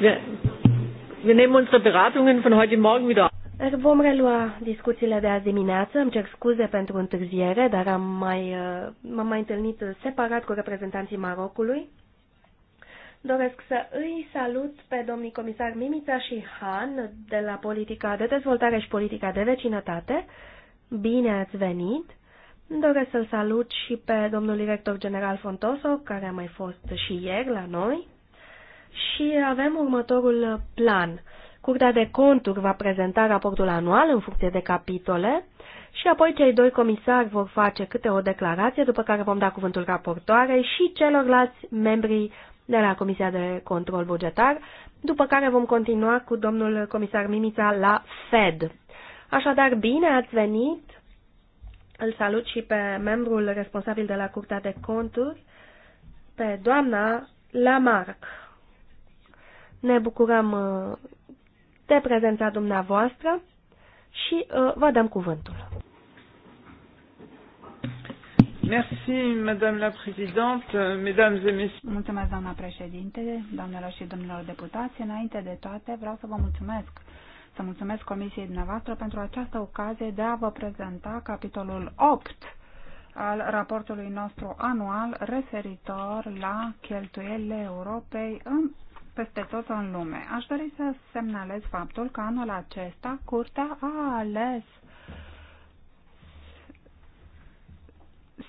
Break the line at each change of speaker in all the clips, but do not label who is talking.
Wir nehmen unsere Beratungen von heute Morgen wieder
Vom relua discuțiile de azi dimineață. Îmi cer scuze pentru întârziere, dar am mai, uh, m-am mai întâlnit separat cu reprezentanții Marocului. Doresc să îi salut pe domnii comisar Mimita și Han de la Politica de Dezvoltare și Politica de Vecinătate. Bine ați venit! Doresc să-l salut și pe domnul director general Fontoso, care a mai fost și ieri la noi și avem următorul plan. Curtea de conturi va prezenta raportul anual în funcție de capitole și apoi cei doi comisari vor face câte o declarație, după care vom da cuvântul raportoarei și celorlalți membrii de la Comisia de Control Bugetar, după care vom continua cu domnul comisar Mimița la Fed. Așadar, bine ați venit! Îl salut și pe membrul responsabil de la Curtea de Conturi, pe doamna Lamarck. Ne bucurăm uh, de prezența dumneavoastră și uh, vă dăm cuvântul.
Merci, Madame la Présidente, Mesdames et Messieurs. Mulțumesc, doamna președinte, doamnelor și domnilor deputați. Înainte de toate, vreau să vă mulțumesc să mulțumesc Comisiei dumneavoastră pentru această ocazie de a vă prezenta capitolul 8 al raportului nostru anual referitor la cheltuielile Europei în peste tot în lume. Aș dori să semnalez faptul că anul acesta Curtea a ales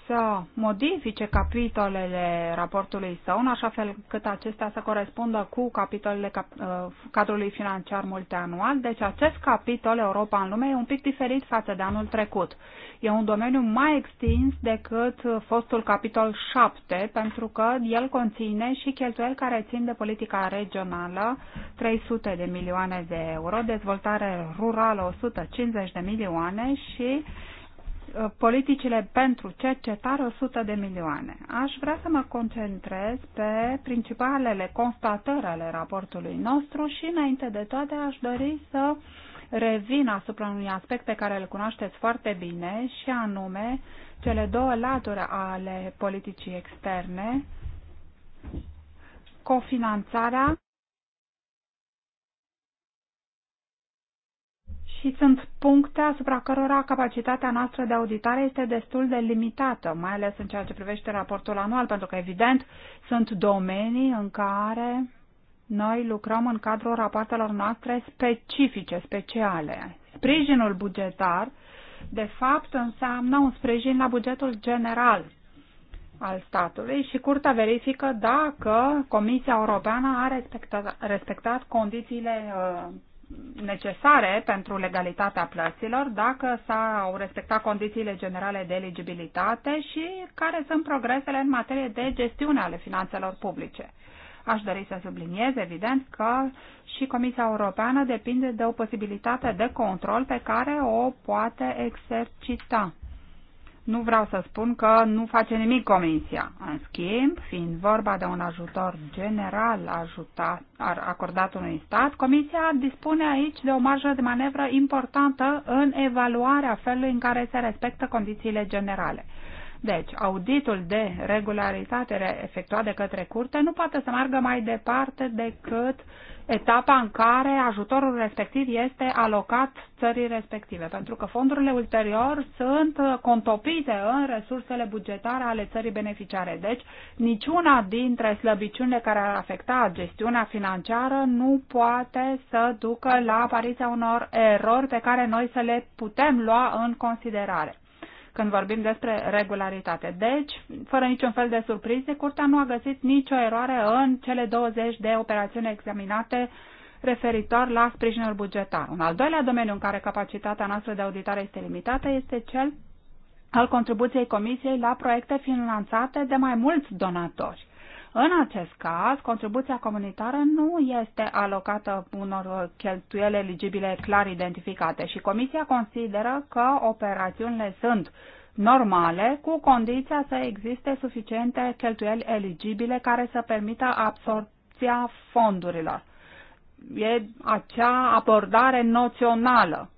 să modifice capitolele raportului său, în așa fel cât acestea să corespundă cu capitolele cap, uh, cadrului financiar multianual. Deci acest capitol Europa în lume e un pic diferit față de anul trecut. E un domeniu mai extins decât fostul capitol 7, pentru că el conține și cheltuieli care țin de politica regională, 300 de milioane de euro, dezvoltare rurală 150 de milioane și Uh, politicile pentru cercetare 100 de milioane. Aș vrea să mă concentrez pe principalele constatări ale raportului nostru și înainte de toate aș dori să revin asupra unui aspect pe care îl cunoașteți foarte bine și anume cele două laturi ale politicii externe, cofinanțarea și sunt puncte asupra cărora capacitatea noastră de auditare este destul de limitată, mai ales în ceea ce privește raportul anual, pentru că, evident, sunt domenii în care noi lucrăm în cadrul rapoartelor noastre specifice, speciale. Sprijinul bugetar, de fapt, înseamnă un sprijin la bugetul general al statului și curtea verifică dacă Comisia Europeană a respectat, respectat condițiile uh, necesare pentru legalitatea plăților dacă s-au respectat condițiile generale de eligibilitate și care sunt progresele în materie de gestiune ale finanțelor publice. Aș dori să subliniez, evident, că și Comisia Europeană depinde de o posibilitate de control pe care o poate exercita nu vreau să spun că nu face nimic comisia. În schimb, fiind vorba de un ajutor general ajutat, acordat unui stat, comisia dispune aici de o marjă de manevră importantă în evaluarea felului în care se respectă condițiile generale. Deci, auditul de regularitate efectuat de către curte nu poate să meargă mai departe decât etapa în care ajutorul respectiv este alocat țării respective, pentru că fondurile ulterior sunt contopite în resursele bugetare ale țării beneficiare. Deci, niciuna dintre slăbiciunile care ar afecta gestiunea financiară nu poate să ducă la apariția unor erori pe care noi să le putem lua în considerare când vorbim despre regularitate. Deci, fără niciun fel de surprize, Curtea nu a găsit nicio eroare în cele 20 de operațiuni examinate referitor la sprijinul bugetar. Un al doilea domeniu în care capacitatea noastră de auditare este limitată este cel al contribuției Comisiei la proiecte finanțate de mai mulți donatori. În acest caz, contribuția comunitară nu este alocată unor cheltuieli eligibile clar identificate și Comisia consideră că operațiunile sunt normale, cu condiția să existe suficiente cheltuieli eligibile care să permită absorpția fondurilor. E acea abordare noțională.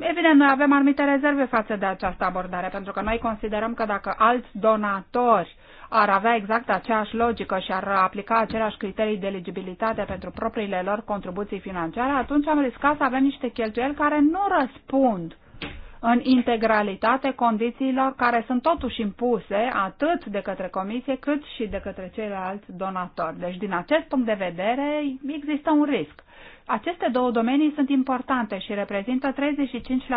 Evident, noi avem anumite rezerve față de această abordare, pentru că noi considerăm că dacă alți donatori ar avea exact aceeași logică și ar aplica aceleași criterii de eligibilitate pentru propriile lor contribuții financiare, atunci am riscat să avem niște cheltuieli care nu răspund în integralitate condițiilor care sunt totuși impuse atât de către comisie cât și de către ceilalți donatori. Deci din acest punct de vedere există un risc. Aceste două domenii sunt importante și reprezintă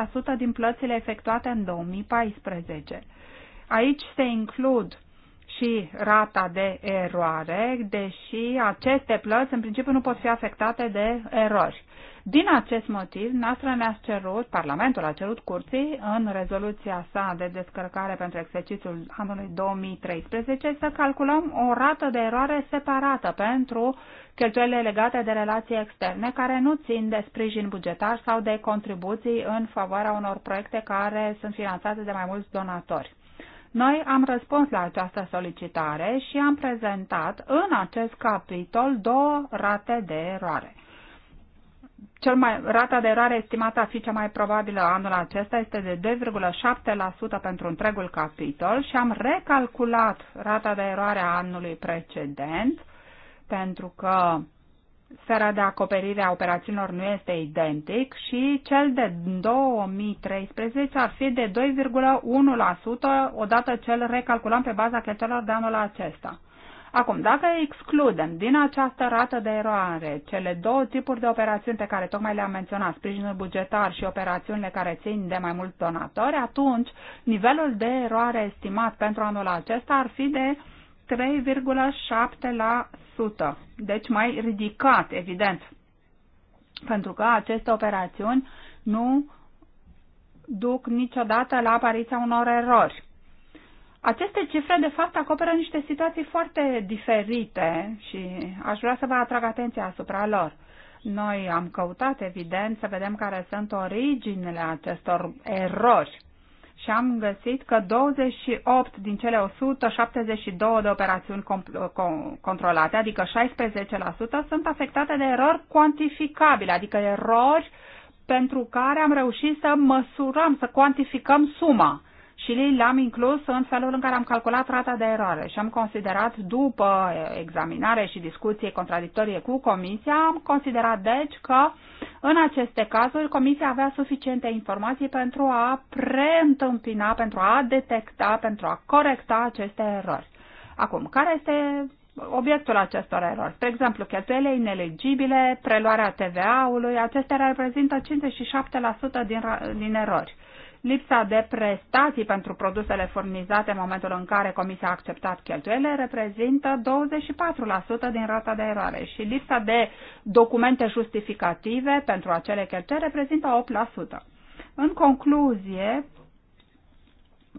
35% din plățile efectuate în 2014. Aici se includ și rata de eroare, deși aceste plăți în principiu nu pot fi afectate de erori. Din acest motiv, noastră ne-a cerut, Parlamentul a cerut curții în rezoluția sa de descărcare pentru exercițiul anului 2013 să calculăm o rată de eroare separată pentru cheltuielile legate de relații externe care nu țin de sprijin bugetar sau de contribuții în favoarea unor proiecte care sunt finanțate de mai mulți donatori. Noi am răspuns la această solicitare și am prezentat în acest capitol două rate de eroare. Cel mai, rata de eroare estimată a fi cea mai probabilă anul acesta este de 2,7% pentru întregul capitol și am recalculat rata de eroare a anului precedent pentru că sfera de acoperire a operațiunilor nu este identic și cel de 2013 ar fi de 2,1% odată ce îl recalculăm pe baza cheltuielor de anul acesta. Acum, dacă excludem din această rată de eroare cele două tipuri de operațiuni pe care tocmai le-am menționat, sprijinul bugetar și operațiunile care țin de mai mulți donatori, atunci nivelul de eroare estimat pentru anul acesta ar fi de 3,7%, deci mai ridicat, evident, pentru că aceste operațiuni nu duc niciodată la apariția unor erori. Aceste cifre, de fapt, acoperă niște situații foarte diferite și aș vrea să vă atrag atenția asupra lor. Noi am căutat, evident, să vedem care sunt originele acestor erori și am găsit că 28 din cele 172 de operațiuni controlate, adică 16%, sunt afectate de erori cuantificabile, adică erori pentru care am reușit să măsurăm, să cuantificăm suma și l-am inclus în felul în care am calculat rata de eroare și am considerat, după examinare și discuție contradictorie cu Comisia, am considerat deci că în aceste cazuri Comisia avea suficiente informații pentru a preîntâmpina, pentru a detecta, pentru a corecta aceste erori. Acum, care este obiectul acestor erori. Spre exemplu, cheltuiele inelegibile, preluarea TVA-ului, acestea reprezintă 57% din, din erori. Lipsa de prestații pentru produsele furnizate în momentul în care Comisia a acceptat cheltuielile reprezintă 24% din rata de eroare și lipsa de documente justificative pentru acele cheltuieli reprezintă 8%. În concluzie,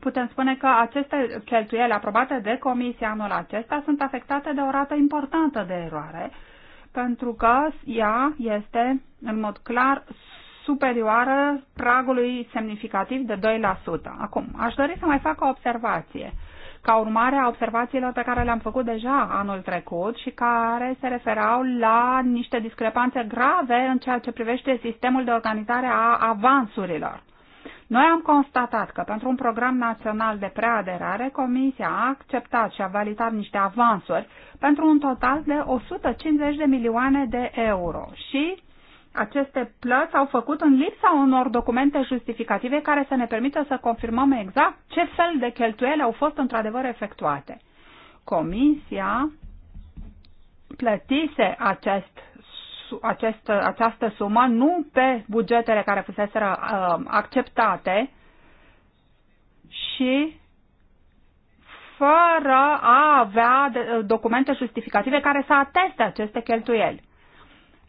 putem spune că aceste cheltuieli aprobate de comisia anul acesta sunt afectate de o rată importantă de eroare, pentru că ea este, în mod clar, superioară pragului semnificativ de 2%. Acum, aș dori să mai fac o observație ca urmare a observațiilor pe care le-am făcut deja anul trecut și care se referau la niște discrepanțe grave în ceea ce privește sistemul de organizare a avansurilor. Noi am constatat că pentru un program național de preaderare, Comisia a acceptat și a validat niște avansuri pentru un total de 150 de milioane de euro și aceste plăți au făcut în lipsa unor documente justificative care să ne permită să confirmăm exact ce fel de cheltuieli au fost într-adevăr efectuate. Comisia plătise acest, acest, această sumă nu pe bugetele care fusese uh, acceptate și fără a avea documente justificative care să ateste aceste cheltuieli.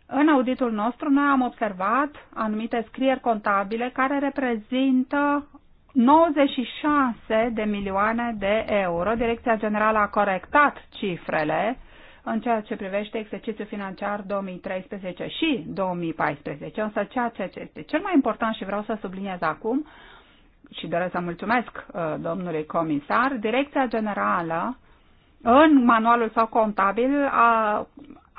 În auditul nostru noi am observat anumite scrieri contabile care reprezintă 96 de milioane de euro. Direcția Generală a corectat cifrele în ceea ce privește exercițiul financiar 2013 și 2014. Însă ceea ce este cel mai important și vreau să subliniez acum și doresc să mulțumesc uh, domnului comisar, Direcția Generală în manualul său contabil a,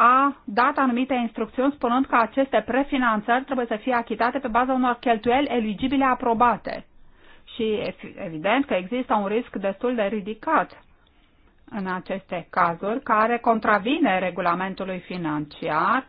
a dat anumite instrucțiuni spunând că aceste prefinanțări trebuie să fie achitate pe baza unor cheltuieli eligibile aprobate. Și evident că există un risc destul de ridicat în aceste cazuri, care contravine regulamentului financiar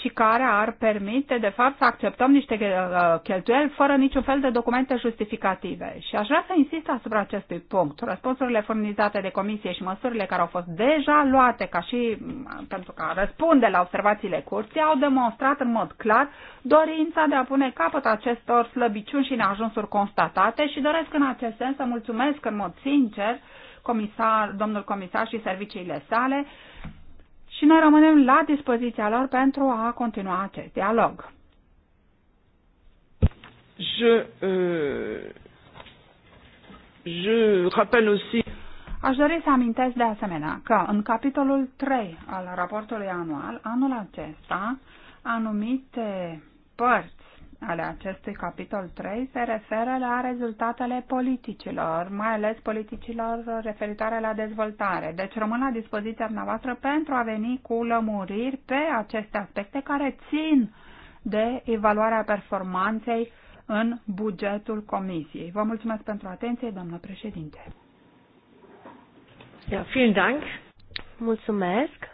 și care ar permite, de fapt, să acceptăm niște uh, cheltuieli fără niciun fel de documente justificative. Și aș vrea să insist asupra acestui punct. Răspunsurile furnizate de comisie și măsurile care au fost deja luate ca și mm, pentru că răspunde la observațiile curții au demonstrat în mod clar dorința de a pune capăt acestor slăbiciuni și neajunsuri constatate și doresc în acest sens să mulțumesc în mod sincer comisar, domnul comisar și serviciile sale și noi rămânem la dispoziția lor pentru a continua acest dialog.
Je, euh, je rappelle aussi
Aș dori să amintesc de asemenea că în capitolul 3 al raportului anual, anul acesta, anumite părți ale acestui capitol 3 se referă la rezultatele politicilor, mai ales politicilor referitoare la dezvoltare. Deci rămân la dispoziția dumneavoastră pentru a veni cu lămuriri pe aceste aspecte care țin de evaluarea performanței în bugetul comisiei. Vă mulțumesc pentru atenție, doamnă președinte. Ja, vielen Dank. Mulțumesc.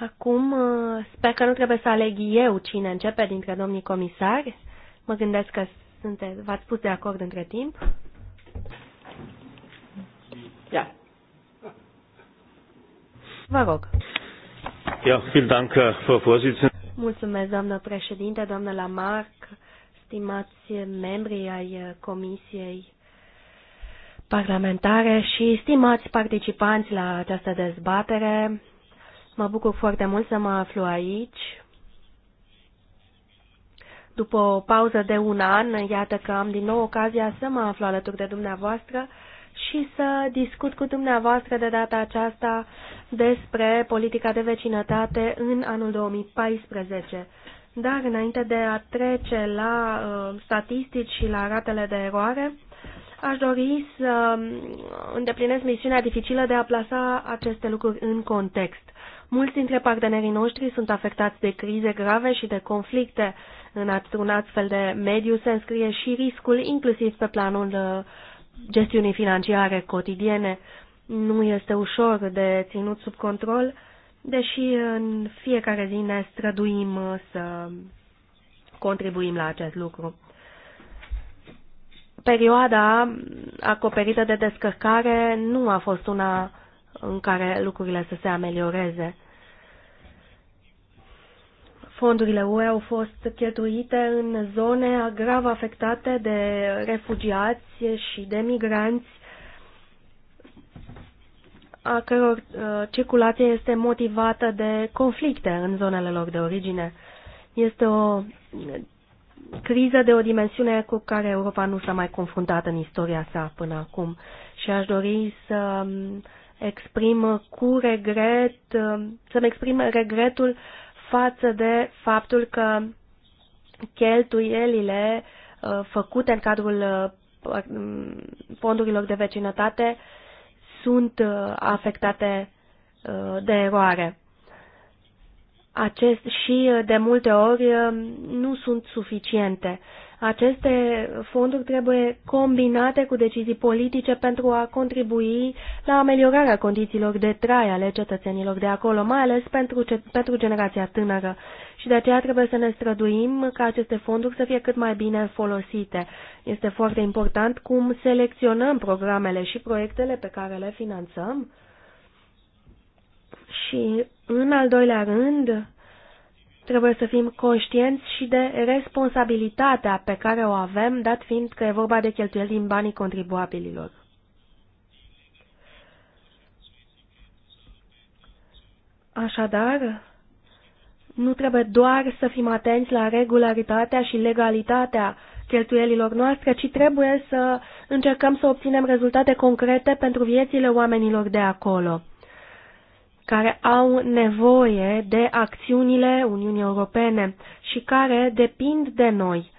Acum, uh, sper că nu trebuie
să aleg eu cine începe dintre domnii comisari. Mă gândesc că sunteți, v-ați pus de acord între timp. Da. Vă rog.
Ia, Dank,
Mulțumesc, doamnă președinte, doamnă Lamarck, stimați membrii ai Comisiei Parlamentare și stimați participanți la această dezbatere. Mă bucur foarte mult să mă aflu aici. După o pauză de un an, iată că am din nou ocazia să mă aflu alături de dumneavoastră și să discut cu dumneavoastră de data aceasta despre politica de vecinătate în anul 2014. Dar înainte de a trece la uh, statistici și la ratele de eroare, aș dori să îndeplinesc misiunea dificilă de a plasa aceste lucruri în context. Mulți dintre partenerii noștri sunt afectați de crize grave și de conflicte. În un astfel de mediu se înscrie și riscul, inclusiv pe planul uh, gestiunii financiare cotidiene. Nu este ușor de ținut sub control, deși în fiecare zi ne străduim uh, să contribuim la acest lucru. Perioada acoperită de descărcare nu a fost una în care lucrurile să se amelioreze. Fondurile UE au fost cheltuite în zone grav afectate de refugiați și de migranți, a căror uh, circulație este motivată de conflicte în zonele lor de origine. Este o criză de o dimensiune cu care Europa nu s-a mai confruntat în istoria sa până acum și aș dori să um, exprim cu regret, să-mi exprim regretul față de faptul că cheltuielile uh, făcute în cadrul uh, fondurilor de vecinătate sunt uh, afectate de eroare. Acest și de multe ori nu sunt suficiente. Aceste fonduri trebuie combinate cu decizii politice pentru a contribui la ameliorarea condițiilor de trai ale cetățenilor de acolo, mai ales pentru, ce, pentru generația tânără. Și de aceea trebuie să ne străduim ca aceste fonduri să fie cât mai bine folosite. Este foarte important cum selecționăm programele și proiectele pe care le finanțăm. Și, în al doilea rând, Trebuie să fim conștienți și de responsabilitatea pe care o avem, dat fiind că e vorba de cheltuieli din banii contribuabililor. Așadar, nu trebuie doar să fim atenți la regularitatea și legalitatea cheltuielilor noastre, ci trebuie să încercăm să obținem rezultate concrete pentru viețile oamenilor de acolo care au nevoie de acțiunile Uniunii Europene și care depind de noi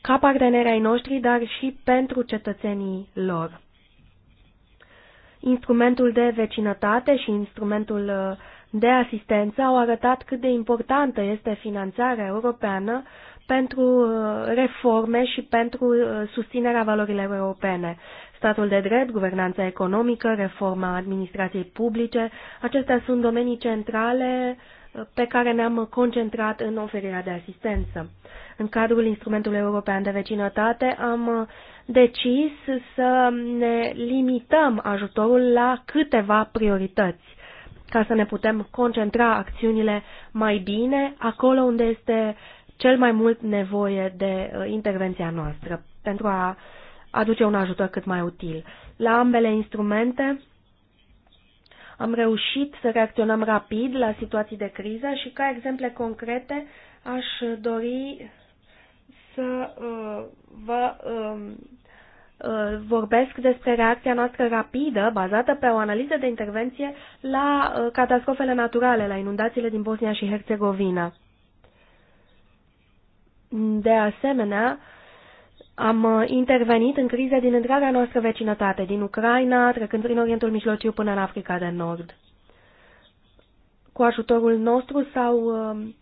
ca parteneri ai noștri, dar și pentru cetățenii lor. Instrumentul de vecinătate și instrumentul uh, de asistență au arătat cât de importantă este finanțarea europeană pentru uh, reforme și pentru uh, susținerea valorilor europene. Statul de drept, guvernanța economică, reforma administrației publice, acestea sunt domenii centrale uh, pe care ne-am concentrat în oferirea de asistență. În cadrul instrumentului european de vecinătate am uh, decis să ne limităm ajutorul la câteva priorități ca să ne putem concentra acțiunile mai bine acolo unde este cel mai mult nevoie de uh, intervenția noastră pentru a aduce un ajutor cât mai util. La ambele instrumente am reușit să reacționăm rapid la situații de criză și ca exemple concrete aș dori să uh, vă uh, uh, vorbesc despre reacția noastră rapidă, bazată pe o analiză de intervenție la uh, catastrofele naturale, la inundațiile din Bosnia și Herțegovina. De asemenea, uh, am uh, intervenit în crize din întreaga noastră vecinătate, din Ucraina, trecând prin Orientul Mijlociu până în Africa de Nord. Cu ajutorul nostru s-au um,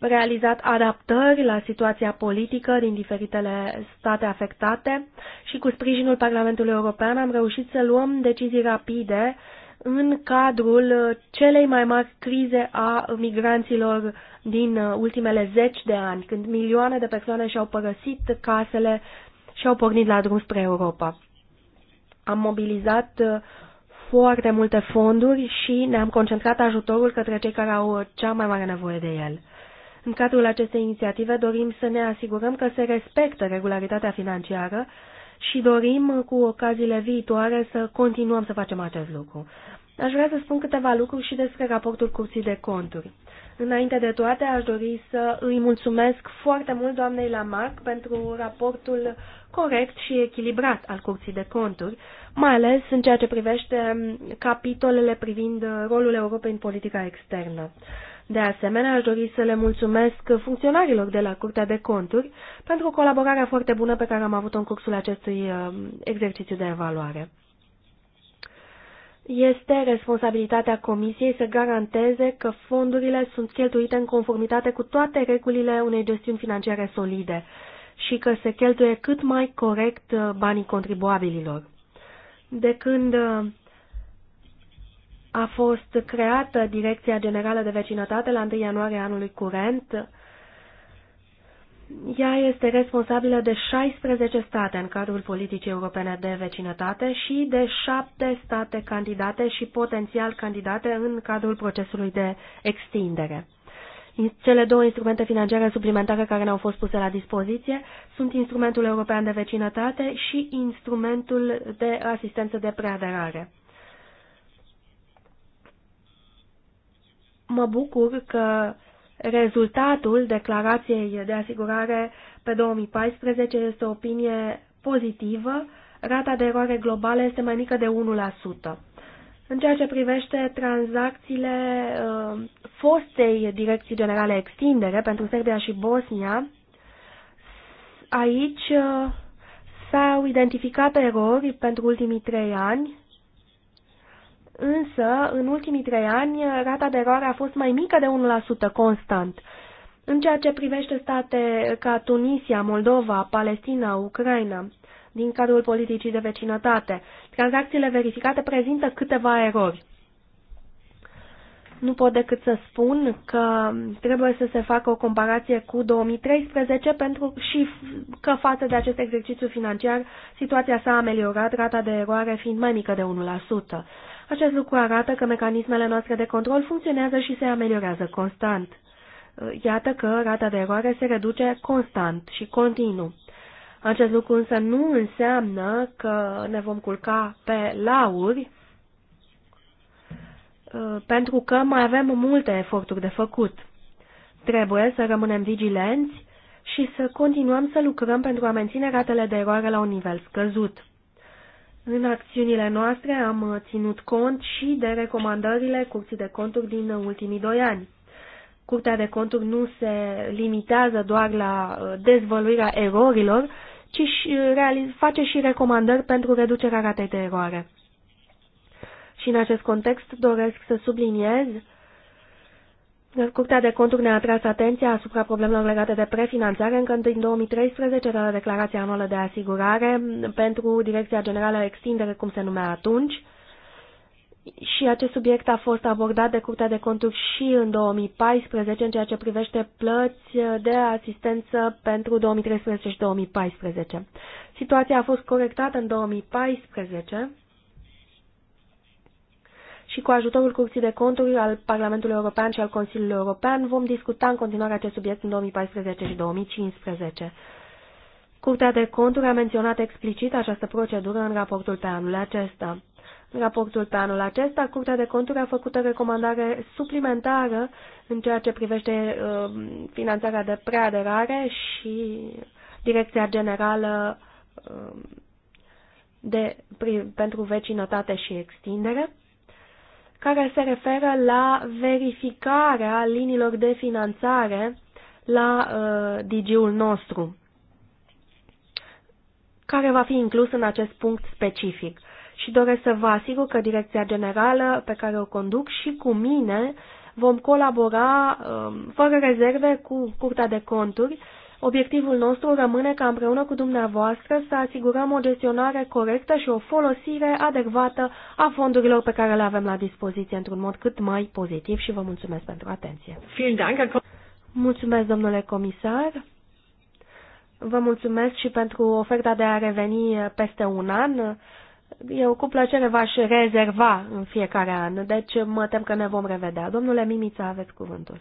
realizat adaptări la situația politică din diferitele state afectate și cu sprijinul Parlamentului European am reușit să luăm decizii rapide în cadrul uh, celei mai mari crize a migranților din uh, ultimele zeci de ani, când milioane de persoane și-au părăsit casele și au pornit la drum spre Europa. Am mobilizat uh, foarte multe fonduri și ne-am concentrat ajutorul către cei care au cea mai mare nevoie de el. În cadrul acestei inițiative dorim să ne asigurăm că se respectă regularitatea financiară și dorim uh, cu ocaziile viitoare să continuăm să facem acest lucru. Aș vrea să spun câteva lucruri și despre raportul Curții de Conturi. Înainte de toate, aș dori să îi mulțumesc foarte mult doamnei Lamarck pentru raportul corect și echilibrat al Curții de Conturi, mai ales în ceea ce privește mm, capitolele privind rolul Europei în politica externă. De asemenea, aș dori să le mulțumesc funcționarilor de la Curtea de Conturi pentru colaborarea foarte bună pe care am avut-o în cursul acestui uh, exercițiu de evaluare. Este responsabilitatea Comisiei să garanteze că fondurile sunt cheltuite în conformitate cu toate regulile unei gestiuni financiare solide și că se cheltuie cât mai corect uh, banii contribuabililor. De când uh, a fost creată Direcția Generală de Vecinătate la 1 ianuarie anului curent. Ea este responsabilă de 16 state în cadrul politicii europene de vecinătate și de 7 state candidate și potențial candidate în cadrul procesului de extindere. Cele două instrumente financiare suplimentare care ne-au fost puse la dispoziție sunt instrumentul european de vecinătate și instrumentul de asistență de preaderare. mă bucur că rezultatul declarației de asigurare pe 2014 este o opinie pozitivă. Rata de eroare globală este mai mică de 1%. În ceea ce privește tranzacțiile uh, fostei Direcții Generale Extindere pentru Serbia și Bosnia, aici uh, s-au identificat erori pentru ultimii trei ani însă în ultimii trei ani rata de eroare a fost mai mică de 1% constant. În ceea ce privește state ca Tunisia, Moldova, Palestina, Ucraina, din cadrul politicii de vecinătate, tranzacțiile verificate prezintă câteva erori. Nu pot decât să spun că trebuie să se facă o comparație cu 2013 pentru și că față de acest exercițiu financiar situația s-a ameliorat, rata de eroare fiind mai mică de 1%. Acest lucru arată că mecanismele noastre de control funcționează și se ameliorează constant. Iată că rata de eroare se reduce constant și continuu. Acest lucru însă nu înseamnă că ne vom culca pe lauri, uh, pentru că mai avem multe eforturi de făcut. Trebuie să rămânem vigilenți și să continuăm să lucrăm pentru a menține ratele de eroare la un nivel scăzut. În acțiunile noastre am uh, ținut cont și de recomandările Curții de Conturi din uh, ultimii doi ani. Curtea de Conturi nu se limitează doar la uh, dezvăluirea erorilor, ci și face și recomandări pentru reducerea ratei de eroare. Și în acest context doresc să subliniez Curtea de Conturi ne-a atras atenția asupra problemelor legate de prefinanțare încă din 2013 de la declarația anuală de asigurare pentru Direcția Generală Extindere, cum se numea atunci. Și acest subiect a fost abordat de Curtea de Conturi și în 2014 în ceea ce privește plăți de asistență pentru 2013 și 2014. Situația a fost corectată în 2014 și cu ajutorul Curții de Conturi al Parlamentului European și al Consiliului European vom discuta în continuare acest subiect în 2014 și 2015. Curtea de Conturi a menționat explicit această procedură în raportul pe anul acesta. În raportul pe anul acesta, Curtea de Conturi a făcut o recomandare suplimentară în ceea ce privește uh, finanțarea de preaderare și Direcția Generală uh, de, pri, pentru Vecinătate și Extindere care se referă la verificarea liniilor de finanțare la uh, DG-ul nostru, care va fi inclus în acest punct specific. Și doresc să vă asigur că Direcția Generală pe care o conduc și cu mine vom colabora uh, fără rezerve cu Curtea de Conturi Obiectivul nostru rămâne ca împreună cu dumneavoastră să asigurăm o gestionare corectă și o folosire adecvată a fondurilor pe care le avem la dispoziție într-un mod cât mai pozitiv și vă mulțumesc pentru atenție. Mulțumesc, domnule comisar. Vă mulțumesc și pentru oferta de a reveni peste un an. Eu cu plăcere v-aș rezerva în fiecare an, deci mă tem că ne vom revedea. Domnule Mimița, aveți cuvântul.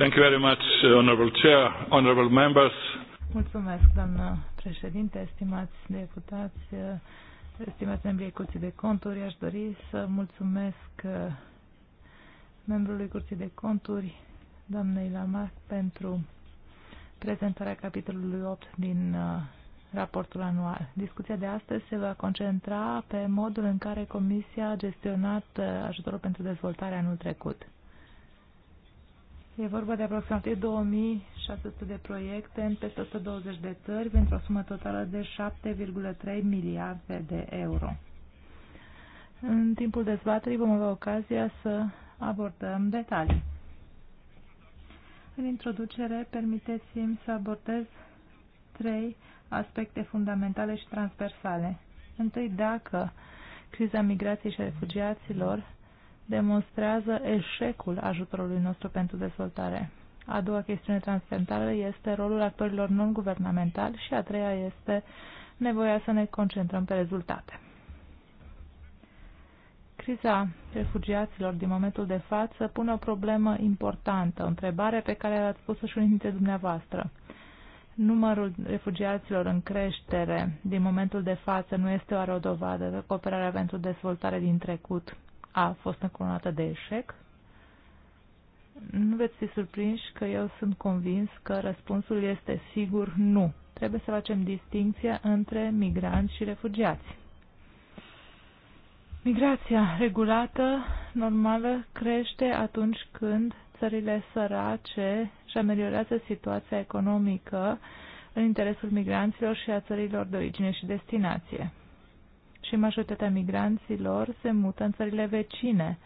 Thank you
very much, Honorable Chair, Honorable Members. Mulțumesc, doamnă președinte, estimați deputați, estimați membrii Curții de Conturi. Aș dori să mulțumesc uh, membrului Curții de Conturi, doamnei Lamac, pentru prezentarea capitolului 8 din uh, raportul anual. Discuția de astăzi se va concentra pe modul în care Comisia a gestionat uh, ajutorul pentru dezvoltare anul trecut. E vorba de aproximativ 2600 de proiecte în peste 120 de țări pentru o sumă totală de 7,3 miliarde de euro. În timpul dezbaterii vom avea ocazia să abordăm detalii. În introducere, permiteți-mi să abordez trei aspecte fundamentale și transversale. Întâi, dacă criza migrației și a refugiaților demonstrează eșecul ajutorului nostru pentru dezvoltare. A doua chestiune transcendentală este rolul actorilor non-guvernamentali și a treia este nevoia să ne concentrăm pe rezultate. Criza refugiaților din momentul de față pune o problemă importantă, o întrebare pe care ați spus-o și unii dintre dumneavoastră. Numărul refugiaților în creștere din momentul de față nu este oare o dovadă de cooperarea pentru dezvoltare din trecut, a fost încoronată de eșec, nu veți fi surprinși că eu sunt convins că răspunsul este sigur nu. Trebuie să facem distinția între migranți și refugiați. Migrația regulată, normală, crește atunci când țările sărace și ameliorează situația economică în interesul migranților și a țărilor de origine și destinație și majoritatea migranților se mută în țările vecine.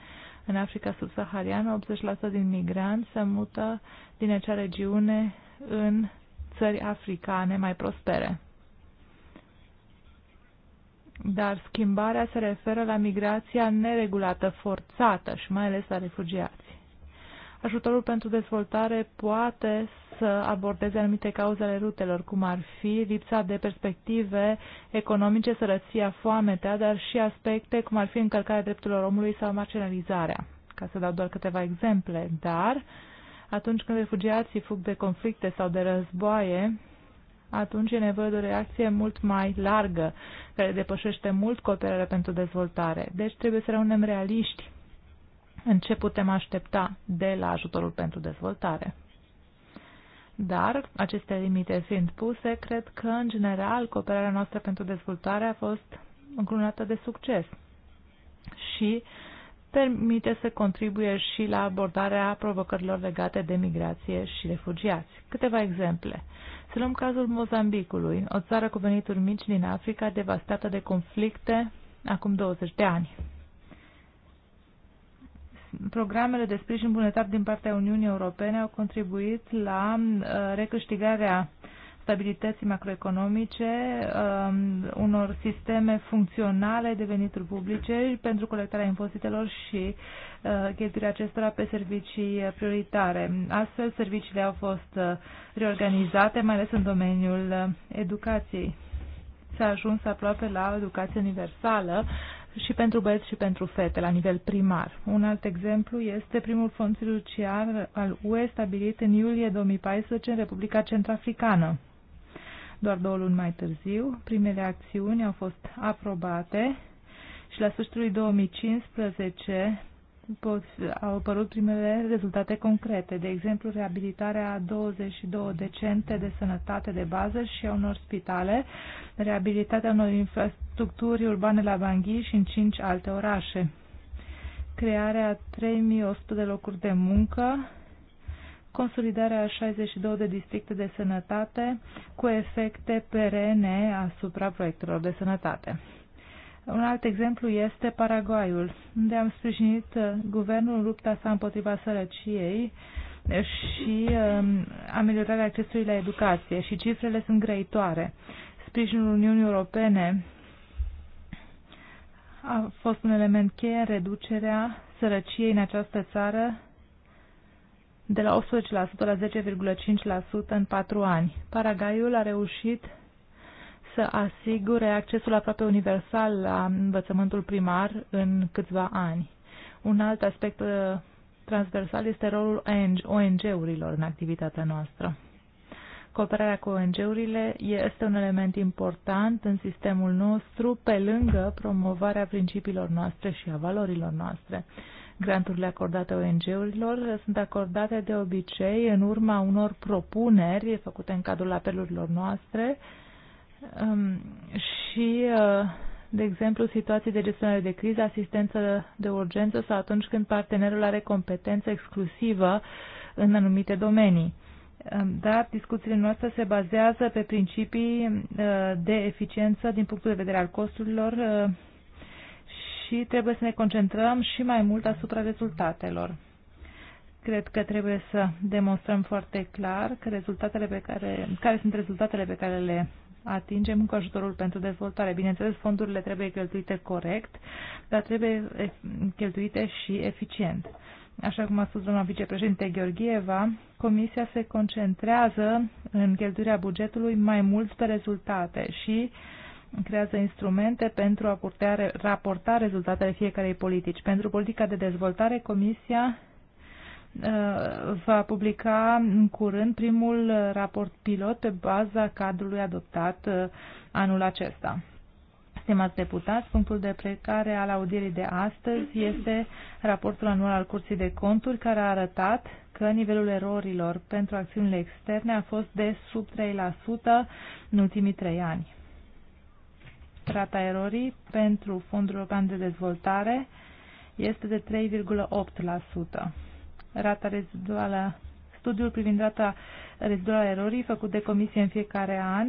În Africa subsahariană, 80% din migranți se mută din acea regiune în țări africane mai prospere. Dar schimbarea se referă la migrația neregulată, forțată și mai ales la refugiați. Ajutorul pentru dezvoltare poate să abordeze anumite cauze ale rutelor, cum ar fi lipsa de perspective economice, sărăția, foametea, dar și aspecte cum ar fi încălcarea drepturilor omului sau marginalizarea, ca să dau doar câteva exemple. Dar atunci când refugiații fug de conflicte sau de războaie, atunci e nevoie de o reacție mult mai largă, care depășește mult cooperarea pentru dezvoltare. Deci trebuie să rămânem realiști în ce putem aștepta de la ajutorul pentru dezvoltare. Dar, aceste limite fiind puse, cred că, în general, cooperarea noastră pentru dezvoltare a fost înclunată de succes și permite să contribuie și la abordarea provocărilor legate de migrație și refugiați. Câteva exemple. Să luăm cazul Mozambicului, o țară cu venituri mici din Africa devastată de conflicte acum 20 de ani programele de sprijin bunetar din partea Uniunii Europene au contribuit la uh, recâștigarea stabilității macroeconomice, um, unor sisteme funcționale de venituri publice pentru colectarea impozitelor și uh, cheltuirea acestora pe servicii prioritare. Astfel, serviciile au fost uh, reorganizate, mai ales în domeniul educației. S-a ajuns aproape la educație universală și pentru băieți și pentru fete la nivel primar. Un alt exemplu este primul fond fiduciar al UE stabilit în iulie 2014 în Republica Centrafricană. Doar două luni mai târziu, primele acțiuni au fost aprobate și la sfârșitul 2015 pot, au apărut primele rezultate concrete, de exemplu reabilitarea a 22 de centre de sănătate de bază și a unor spitale, reabilitarea unor infrastructuri urbane la Banghi și în cinci alte orașe, crearea 3100 de locuri de muncă, consolidarea a 62 de districte de sănătate cu efecte perene asupra proiectelor de sănătate. Un alt exemplu este Paraguayul, unde am sprijinit uh, guvernul în lupta sa împotriva sărăciei și um, ameliorarea accesului la educație și cifrele sunt grăitoare. Sprijinul Uniunii Europene a fost un element cheie în reducerea sărăciei în această țară de la 18% la 10,5% în 4 ani. Paragaiul a reușit să asigure accesul aproape universal la învățământul primar în câțiva ani. Un alt aspect uh, transversal este rolul ONG-urilor în activitatea noastră. Cooperarea cu ONG-urile este un element important în sistemul nostru, pe lângă promovarea principiilor noastre și a valorilor noastre. Granturile acordate ONG-urilor sunt acordate de obicei în urma unor propuneri făcute în cadrul apelurilor noastre, uh, Um, și, uh, de exemplu, situații de gestionare de criză, asistență de urgență sau atunci când partenerul are competență exclusivă în anumite domenii. Um, dar discuțiile noastre se bazează pe principii uh, de eficiență din punctul de vedere al costurilor uh, și trebuie să ne concentrăm și mai mult asupra rezultatelor. Cred că trebuie să demonstrăm foarte clar că rezultatele pe care, care sunt rezultatele pe care le atingem cu ajutorul pentru dezvoltare. Bineînțeles, fondurile trebuie cheltuite corect, dar trebuie eh, cheltuite și eficient. Așa cum a spus doamna vicepreședinte Gheorgheva, Comisia se concentrează în cheltuirea bugetului mai mult pe rezultate și creează instrumente pentru a putea raporta rezultatele fiecarei politici. Pentru politica de dezvoltare, Comisia Uh, va publica în curând primul raport pilot pe baza cadrului adoptat uh, anul acesta. Stimați deputați, punctul de plecare al audierii de astăzi este raportul anual al Curții de Conturi, care a arătat că nivelul erorilor pentru acțiunile externe a fost de sub 3% în ultimii trei ani. Rata erorii pentru Fondul European de Dezvoltare este de 3,8% rata reziduală, studiul privind rata reziduală a erorii făcut de comisie în fiecare an,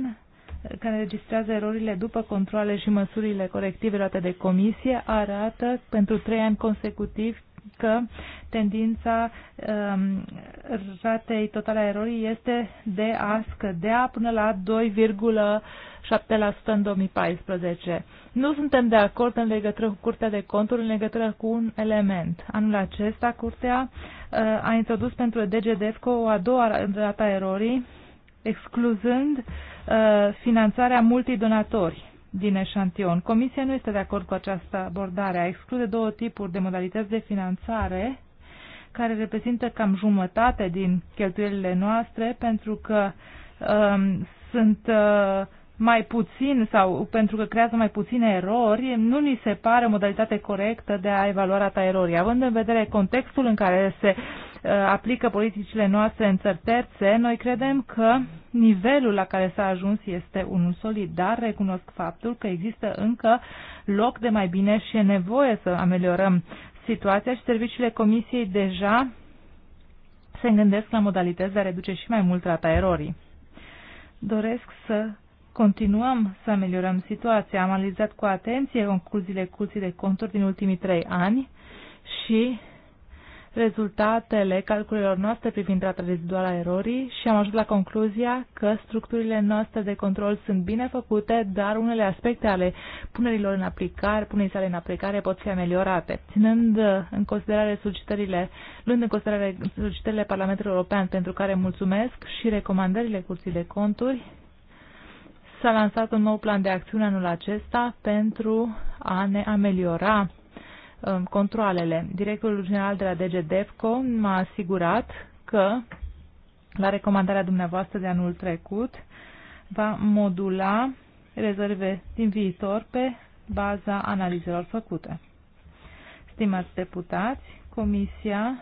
care registrează erorile după controle și măsurile corective luate de comisie, arată pentru trei ani consecutivi că tendința um, ratei totale a erorii este de a scădea până la 2, 7% în 2014. Nu suntem de acord în legătură cu Curtea de Conturi în legătură cu un element. Anul acesta, Curtea uh, a introdus pentru DGDFCO o a doua rata erorii, excluzând uh, finanțarea multidonatori din eșantion. Comisia nu este de acord cu această abordare. A exclude două tipuri de modalități de finanțare care reprezintă cam jumătate din cheltuielile noastre pentru că um, sunt uh, mai puțin sau pentru că creează mai puține erori, nu ni se pare o modalitate corectă de a evalua rata erorii. Având în vedere contextul în care se uh, aplică politicile noastre în țări terțe, noi credem că nivelul la care s-a ajuns este unul solid, dar recunosc faptul că există încă loc de mai bine și e nevoie să ameliorăm situația și serviciile Comisiei deja se gândesc la modalități de a reduce și mai mult rata erorii. Doresc să Continuăm să ameliorăm situația. Am analizat cu atenție concluziile curții de conturi din ultimii trei ani și rezultatele calculelor noastre privind rata reziduală a erorii și am ajuns la concluzia că structurile noastre de control sunt bine făcute, dar unele aspecte ale punerilor în aplicare, punerii sale în aplicare pot fi ameliorate. Ținând în considerare solicitările, luând în considerare solicitările Parlamentului European pentru care mulțumesc și recomandările Curții de Conturi, s-a lansat un nou plan de acțiune anul acesta pentru a ne ameliora um, controlele. Directorul general de la DGDEFCO m-a asigurat că, la recomandarea dumneavoastră de anul trecut, va modula rezerve din viitor pe baza analizelor făcute. Stimați deputați, Comisia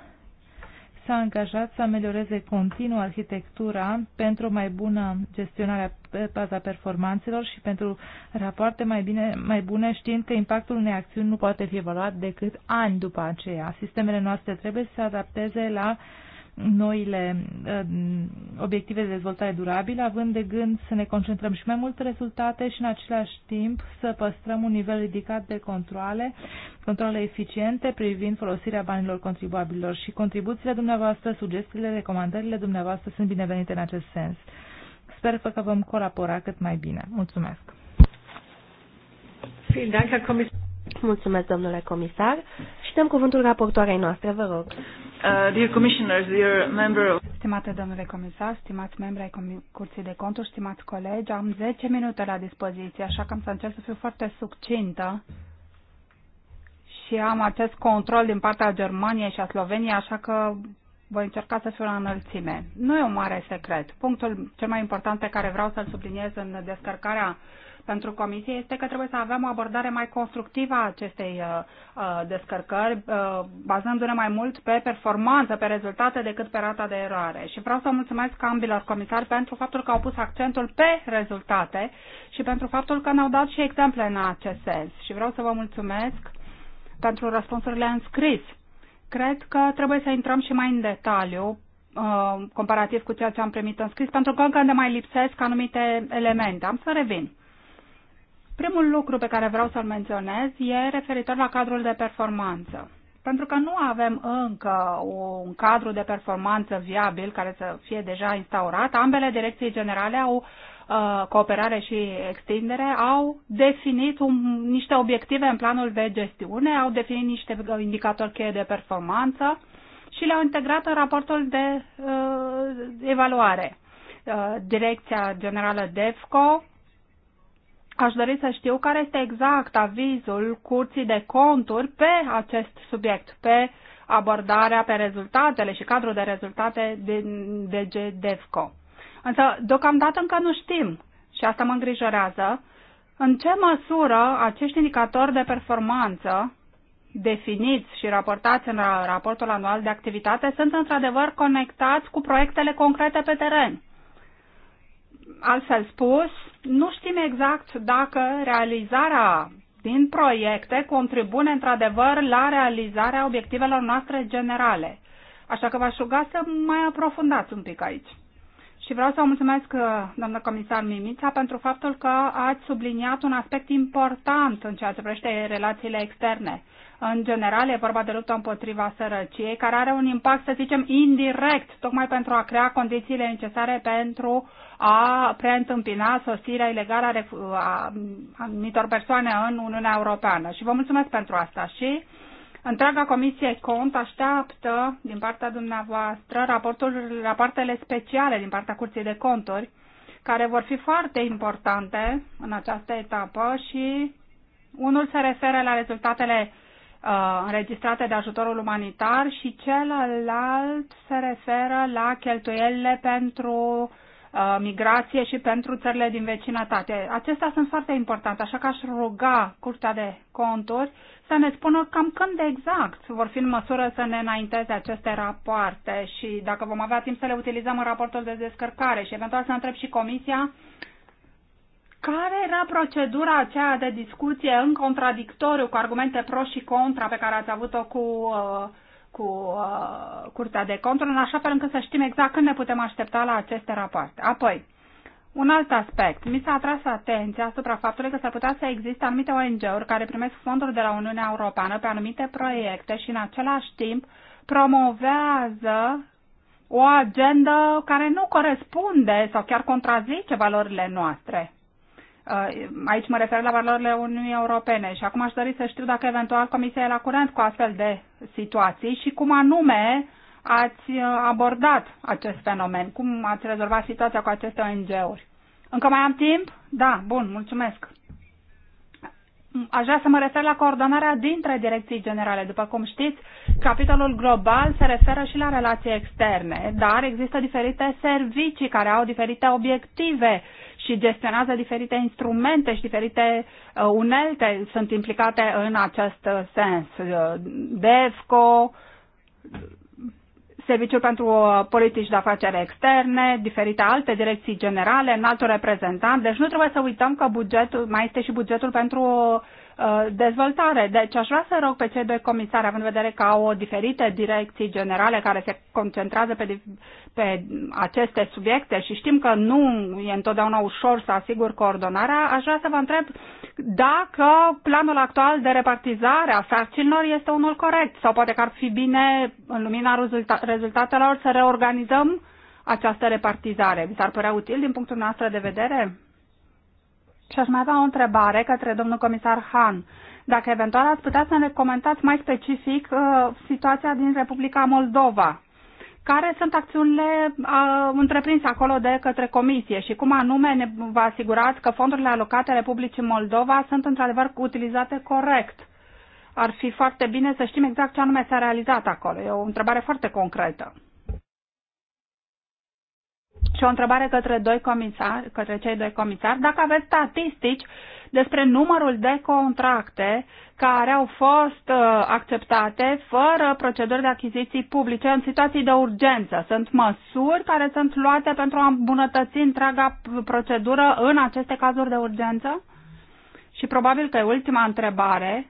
s-a angajat să amelioreze continuu arhitectura pentru mai bună gestionarea pe baza performanțelor și pentru rapoarte mai, bine, mai bune, știind că impactul unei acțiuni nu poate fi evaluat decât ani după aceea. Sistemele noastre trebuie să se adapteze la uh, noile uh, obiective de dezvoltare durabilă, având de gând să ne concentrăm și mai mult rezultate și în același timp să păstrăm un nivel ridicat de controle, controle eficiente privind folosirea banilor contribuabililor și contribuțiile dumneavoastră, sugestiile, recomandările dumneavoastră sunt binevenite în acest sens. Sper că vom colabora cât mai bine. Mulțumesc!
Mulțumesc, domnule comisar. Și dăm cuvântul raportoarei noastre, vă rog. Uh, dear commissioners, dear member of... Stimate domnule comisar, stimați membri ai Curții de Conturi, stimați colegi, am 10 minute la dispoziție, așa că am să încerc să fiu foarte succintă și am acest control din partea Germaniei și a Sloveniei, așa că voi încerca să fiu la înălțime. Nu e un mare secret. Punctul cel mai important pe care vreau să-l subliniez în descărcarea uh, pentru Comisie este că trebuie să avem o abordare mai constructivă a acestei uh, uh, descărcări, uh, bazându-ne mai mult pe performanță, pe rezultate, decât pe rata de eroare. Și vreau să mulțumesc ambilor comisari pentru faptul că au pus accentul pe rezultate și pentru faptul că ne-au dat și exemple în acest sens. Și vreau să vă mulțumesc pentru răspunsurile în scris. Cred că trebuie să intrăm și mai în detaliu comparativ cu ceea ce am primit în scris, pentru că încă ne mai lipsesc anumite elemente. Am să revin. Primul lucru pe care vreau să-l menționez e referitor la cadrul de performanță. Pentru că nu avem încă un cadru de performanță viabil care să fie deja instaurat, ambele direcții generale au uh, cooperare și extindere au definit un, niște obiective în planul de gestiune, au definit niște indicatori cheie de performanță și le-au integrat în raportul de uh, evaluare. Uh, Direcția Generală DEFCO Aș dori să știu care este exact avizul curții de conturi pe acest subiect, pe abordarea, pe rezultatele și cadrul de rezultate din DG DEVCO. Însă, deocamdată încă nu știm, și asta mă îngrijorează, în ce măsură acești indicatori de performanță definiți și raportați în raportul anual de activitate sunt într-adevăr conectați cu proiectele concrete pe teren. Altfel spus, nu știm exact dacă realizarea din proiecte contribuie într-adevăr la realizarea obiectivelor noastre generale. Așa că v-aș ruga să mai aprofundați un pic aici. Și vreau să vă mulțumesc, uh, doamnă comisar Mimița, pentru faptul că ați subliniat un aspect important în ceea ce privește relațiile externe. În general, e vorba de luptă împotriva sărăciei, care are un impact, să zicem, indirect, tocmai pentru a crea condițiile necesare pentru a preîntâmpina sosirea ilegală a, anumitor persoane în Uniunea Europeană. Și vă mulțumesc pentru asta. Și Întreaga Comisie Cont așteaptă din partea dumneavoastră raportul, rapoartele speciale din partea Curții de Conturi, care vor fi foarte importante în această etapă și unul se referă la rezultatele Uh, înregistrate de ajutorul umanitar și celălalt se referă la cheltuielile pentru uh, migrație și pentru țările din vecinătate. Acestea sunt foarte importante, așa că aș ruga Curtea de Conturi să ne spună cam când de exact vor fi în măsură să ne înainteze aceste rapoarte și dacă vom avea timp să le utilizăm în raportul de descărcare și eventual să întreb și Comisia care era procedura aceea de discuție în contradictoriu cu argumente pro și contra pe care ați avut-o cu, uh, cu uh, Curtea de Conturi, în așa fel încât să știm exact când ne putem aștepta la aceste rapoarte. Apoi, un alt aspect. Mi s-a atras atenția asupra faptului că s-ar putea să existe anumite ONG-uri care primesc fonduri de la Uniunea Europeană pe anumite proiecte și în același timp promovează o agendă care nu corespunde sau chiar contrazice valorile noastre. Uh, aici mă refer la valorile Uniunii Europene și acum aș dori să știu dacă eventual Comisia e la curent cu astfel de situații și cum anume ați uh, abordat acest fenomen, cum ați rezolvat situația cu aceste ONG-uri. Încă mai am timp? Da, bun, mulțumesc. Aș vrea să mă refer la coordonarea dintre direcții generale. După cum știți, capitolul global se referă și la relații externe, dar există diferite servicii care au diferite obiective și gestionează diferite instrumente și diferite uh, unelte sunt implicate în acest uh, sens. Uh, DEFCO, Serviciul pentru Politici de Afaceri Externe, diferite alte direcții generale, înaltul reprezentant. Deci nu trebuie să uităm că bugetul, mai este și bugetul pentru Uh, dezvoltare. Deci aș vrea să rog pe cei doi comisari, având în vedere că au diferite direcții generale care se concentrează pe, pe aceste subiecte și știm că nu e întotdeauna ușor să asigur coordonarea, aș vrea să vă întreb dacă planul actual de repartizare a sarcinilor este unul corect sau poate că ar fi bine, în lumina rezulta rezultatelor, să reorganizăm această repartizare. Vi s-ar părea util din punctul noastră de vedere? Și aș mai avea o întrebare către domnul comisar Han. Dacă eventual ați putea să ne comentați mai specific uh, situația din Republica Moldova. Care sunt acțiunile uh, întreprinse acolo de către Comisie și cum anume ne vă asigurați că fondurile alocate Republicii Moldova sunt într-adevăr utilizate corect? Ar fi foarte bine să știm exact ce anume s-a realizat acolo. E o întrebare foarte concretă. Și o întrebare către, doi comisari, către cei doi comisari, dacă aveți statistici despre numărul de contracte care au fost uh, acceptate fără proceduri de achiziții publice în situații de urgență. Sunt măsuri care sunt luate pentru a îmbunătăți întreaga procedură în aceste cazuri de urgență? Și probabil că e ultima întrebare,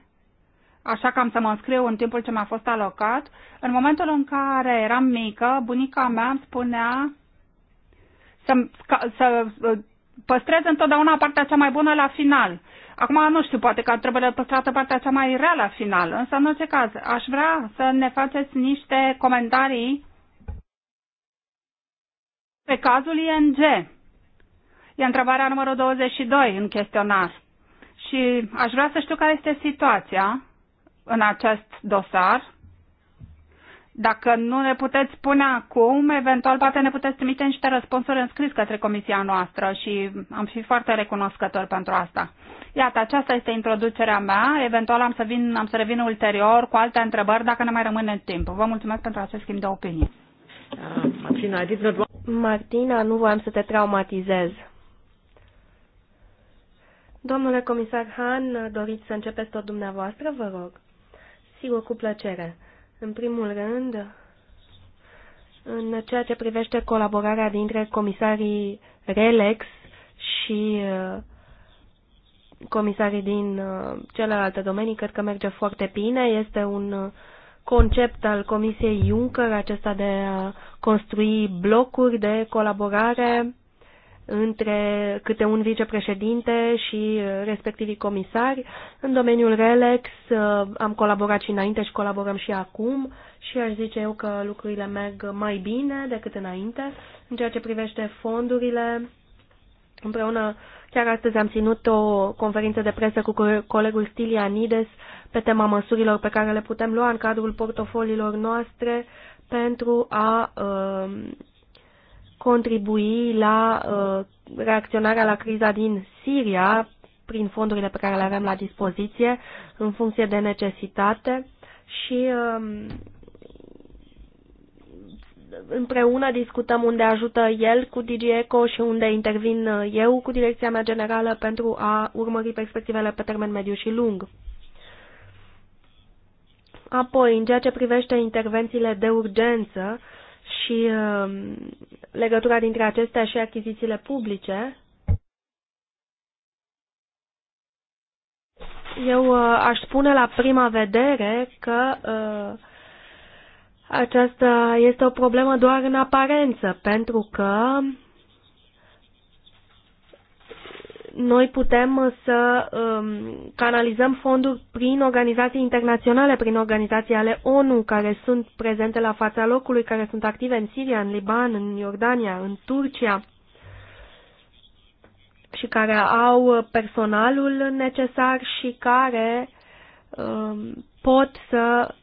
așa că am să mă înscriu în timpul ce mi-a fost alocat. În momentul în care eram mică, bunica mea îmi spunea să, să uh, păstreze întotdeauna partea cea mai bună la final. Acum, nu știu, poate că trebuie păstrată partea cea mai rea la final, însă, în orice caz, aș vrea să ne faceți niște comentarii pe cazul ING. E întrebarea numărul 22 în chestionar. Și aș vrea să știu care este situația în acest dosar dacă nu ne puteți spune acum, eventual poate ne puteți trimite niște răspunsuri scris către comisia noastră și am fi foarte recunoscător pentru asta. Iată, aceasta este introducerea mea. Eventual am să, vin, am să revin ulterior cu alte întrebări dacă ne mai rămâne timp. Vă mulțumesc pentru acest schimb de opinie.
Martina, Martina nu voiam să te traumatizez. Domnule comisar Han, doriți să începeți tot dumneavoastră, vă rog. Sigur, cu plăcere. În primul rând, în ceea ce privește colaborarea dintre comisarii RELEX și uh, comisarii din uh, celelalte domenii, cred că merge foarte bine. Este un concept al Comisiei Juncker, acesta de a construi blocuri de colaborare între câte un vicepreședinte și uh, respectivii comisari. În domeniul RELEX uh, am colaborat și înainte și colaborăm și acum și aș zice eu că lucrurile merg mai bine decât înainte. În ceea ce privește fondurile, împreună chiar astăzi am ținut o conferință de presă cu colegul Stilianides pe tema măsurilor pe care le putem lua în cadrul portofoliilor noastre pentru a uh, contribui la uh, reacționarea la criza din Siria prin fondurile pe care le avem la dispoziție în funcție de necesitate și um, împreună discutăm unde ajută el cu DigiEco și unde intervin uh, eu cu direcția mea generală pentru a urmări perspectivele pe termen mediu și lung. Apoi, în ceea ce privește intervențiile de urgență, și uh, legătura dintre acestea și achizițiile publice. Eu uh, aș spune la prima vedere că uh, aceasta este o problemă doar în aparență, pentru că noi putem uh, să um, canalizăm fonduri prin organizații internaționale, prin organizații ale ONU care sunt prezente la fața locului, care sunt active în Siria, în Liban, în Iordania, în Turcia și care au uh, personalul necesar și care um, pot să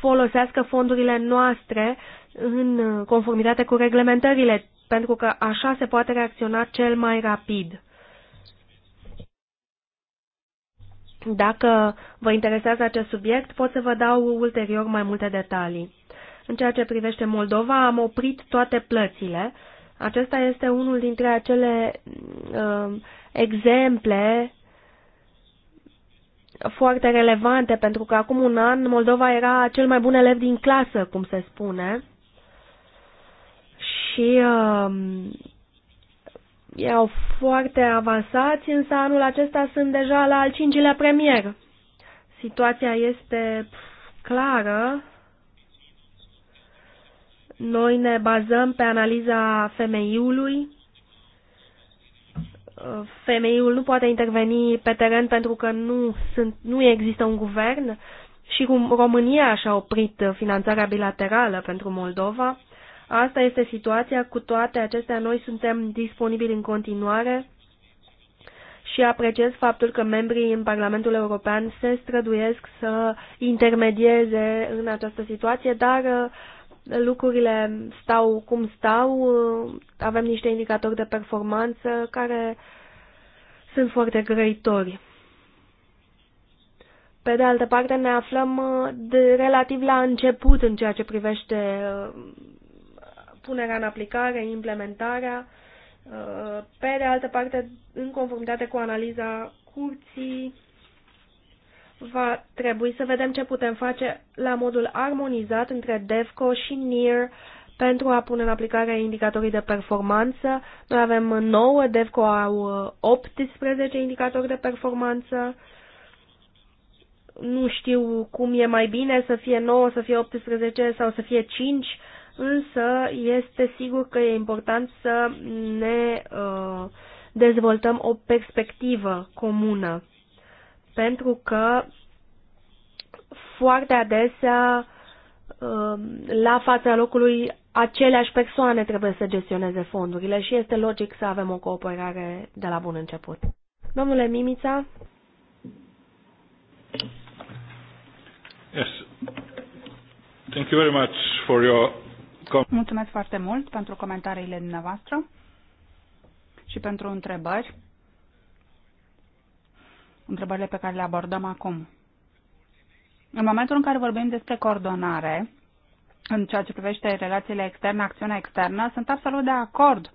folosească fondurile noastre în uh, conformitate cu reglementările, pentru că așa se poate reacționa cel mai rapid. Dacă vă interesează acest subiect, pot să vă dau ulterior mai multe detalii. În ceea ce privește Moldova, am oprit toate plățile. Acesta este unul dintre acele uh, exemple foarte relevante, pentru că acum un an Moldova era cel mai bun elev din clasă, cum se spune. Și uh, erau foarte avansați, însă anul acesta sunt deja la al cincilea premier. Situația este clară. Noi ne bazăm pe analiza femeiului. Femeiul nu poate interveni pe teren pentru că nu, sunt, nu există un guvern și România și-a oprit finanțarea bilaterală pentru Moldova Asta este situația. Cu toate acestea, noi suntem disponibili în continuare și apreciez faptul că membrii în Parlamentul European se străduiesc să intermedieze în această situație, dar uh, lucrurile stau cum stau, uh, avem niște indicatori de performanță care sunt foarte grăitori. Pe de altă parte, ne aflăm uh, de relativ la început în ceea ce privește punerea în aplicare, implementarea, uh, pe de altă parte, în conformitate cu analiza curții, va trebui să vedem ce putem face la modul armonizat între DEVCO și NIR pentru a pune în aplicare indicatorii de performanță. Noi avem 9, DEVCO au 18 uh, indicatori de performanță. Nu știu cum e mai bine să fie 9, să fie 18 sau să fie 5 însă este sigur că e important să ne uh, dezvoltăm o perspectivă comună, pentru că foarte adesea um, la fața locului aceleași persoane trebuie să gestioneze fondurile și este logic să avem o cooperare de la bun început. Domnule Mimița?
Yes. Thank you very much for your
Mulțumesc foarte mult pentru comentariile dumneavoastră și pentru întrebări. Întrebările pe care le abordăm acum. În momentul în care vorbim despre coordonare, în ceea ce privește relațiile externe, acțiunea externă, sunt absolut de acord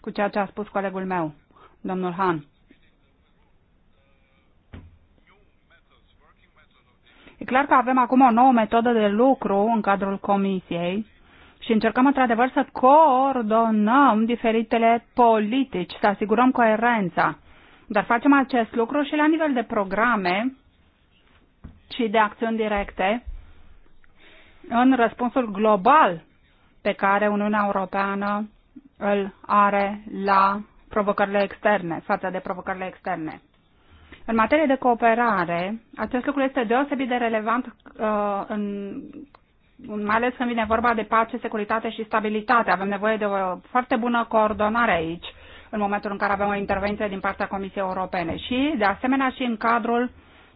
cu ceea ce a spus colegul meu, domnul Han. E clar că avem acum o nouă metodă de lucru în cadrul comisiei și încercăm într-adevăr să coordonăm diferitele politici, să asigurăm coerența. Dar facem acest lucru și la nivel de programe și de acțiuni directe în răspunsul global pe care Uniunea Europeană îl are la provocările externe, față de provocările externe. În materie de cooperare, acest lucru este deosebit de relevant uh, în mai ales când vine vorba de pace, securitate și stabilitate. Avem nevoie de o foarte bună coordonare aici, în momentul în care avem o intervenție din partea Comisiei Europene și, de asemenea, și în cadrul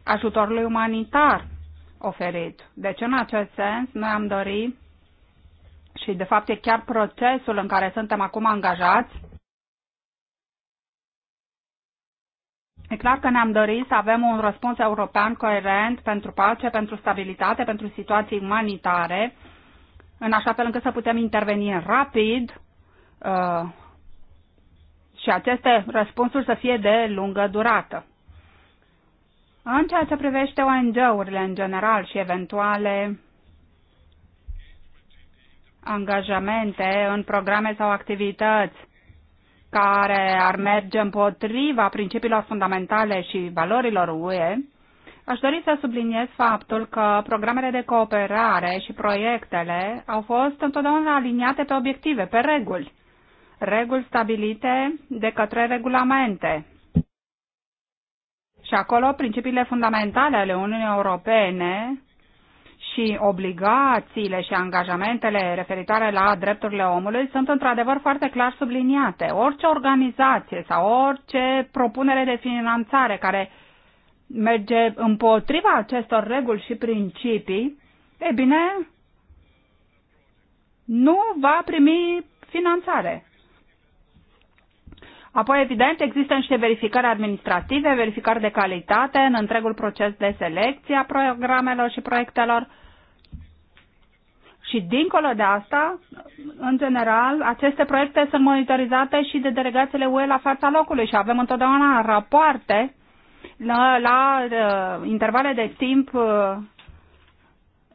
ajutorului umanitar oferit. Deci, în acest sens, noi am dorit și, de fapt, e chiar procesul în care suntem acum angajați, E clar că ne-am dorit să avem un răspuns european coerent pentru pace, pentru stabilitate, pentru situații umanitare, în așa fel încât să putem interveni rapid uh, și aceste răspunsuri să fie de lungă durată. În ceea ce privește ONG-urile în general și eventuale angajamente în programe sau activități care ar merge împotriva principiilor fundamentale și valorilor UE, aș dori să subliniez faptul că programele de cooperare și proiectele au fost întotdeauna aliniate pe obiective, pe reguli, reguli stabilite de către regulamente. Și acolo principiile fundamentale ale Uniunii Europene și obligațiile și angajamentele referitoare la drepturile omului sunt într-adevăr foarte clar subliniate. Orice organizație sau orice propunere de finanțare care merge împotriva acestor reguli și principii, e bine, nu va primi finanțare. Apoi, evident, există niște verificări administrative, verificări de calitate în întregul proces de selecție a programelor și proiectelor și dincolo de asta, în general, aceste proiecte sunt monitorizate și de delegațiile UE la fața locului și avem întotdeauna rapoarte la, la uh, intervale de timp uh,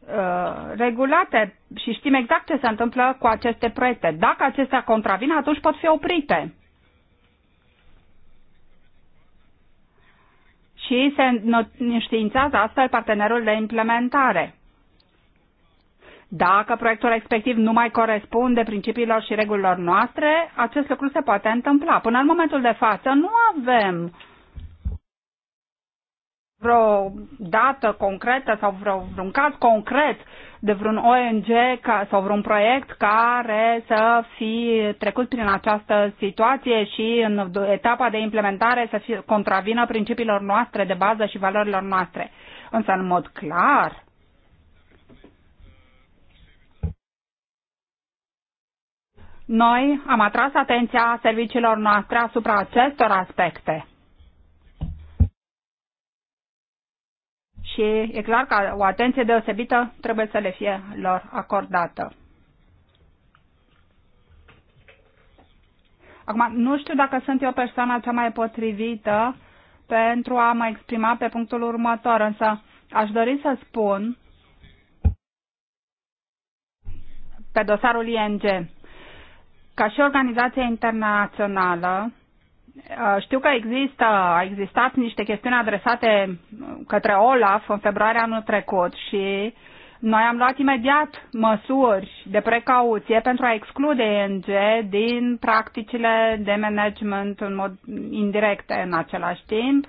uh, regulate și știm exact ce se întâmplă cu aceste proiecte. Dacă acestea contravin, atunci pot fi oprite. Și se înștiințează astfel partenerul de implementare. Dacă proiectul respectiv nu mai corespunde principiilor și regulilor noastre, acest lucru se poate întâmpla. Până în momentul de față nu avem vreo dată concretă sau vreo, vreun caz concret de vreun ONG ca, sau vreun proiect care să fi trecut prin această situație și în etapa de implementare să fi, contravină principiilor noastre de bază și valorilor noastre. Însă, în mod clar, Noi am atras atenția serviciilor noastre asupra acestor aspecte. Și e clar că o atenție deosebită trebuie să le fie lor acordată. Acum, nu știu dacă sunt eu persoana cea mai potrivită pentru a mă exprima pe punctul următor, însă aș dori să spun pe dosarul ING ca și organizație internațională, uh, știu că există, a existat niște chestiuni adresate uh, către Olaf în februarie anul trecut și noi am luat imediat măsuri de precauție pentru a exclude ENG din practicile de management în mod indirect în același timp.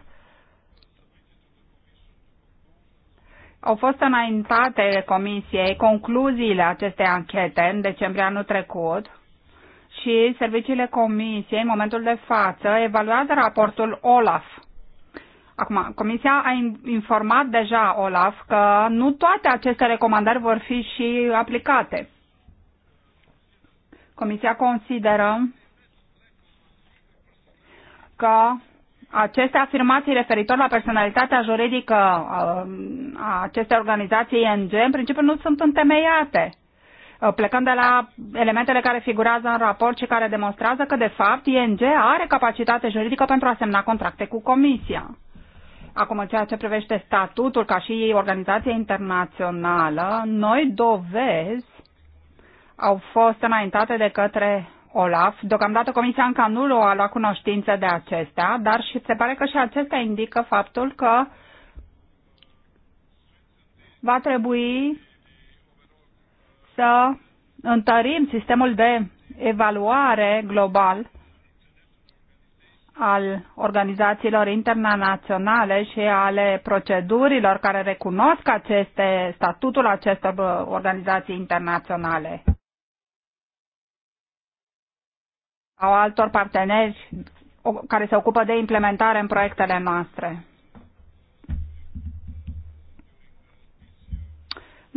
Au fost înaintate comisiei concluziile acestei anchete în decembrie anul trecut ci serviciile comisiei, în momentul de față, evaluează raportul OLAF. Acum, comisia a informat deja OLAF că nu toate aceste recomandări vor fi și aplicate. Comisia consideră că aceste afirmații referitor la personalitatea juridică uh, a acestei organizații ING, în principiu, nu sunt întemeiate Uh, plecând de la elementele care figurează în raport și care demonstrează că, de fapt, ING are capacitate juridică pentru a semna contracte cu Comisia. Acum, în ceea ce privește statutul ca și organizație internațională, noi dovezi au fost înaintate de către Olaf. Deocamdată Comisia încă nu a luat cunoștință de acestea, dar și se pare că și acestea indică faptul că va trebui să întărim sistemul de evaluare global al organizațiilor internaționale și ale procedurilor care recunosc aceste, statutul acestor organizații internaționale Au altor parteneri care se ocupă de implementare în proiectele noastre.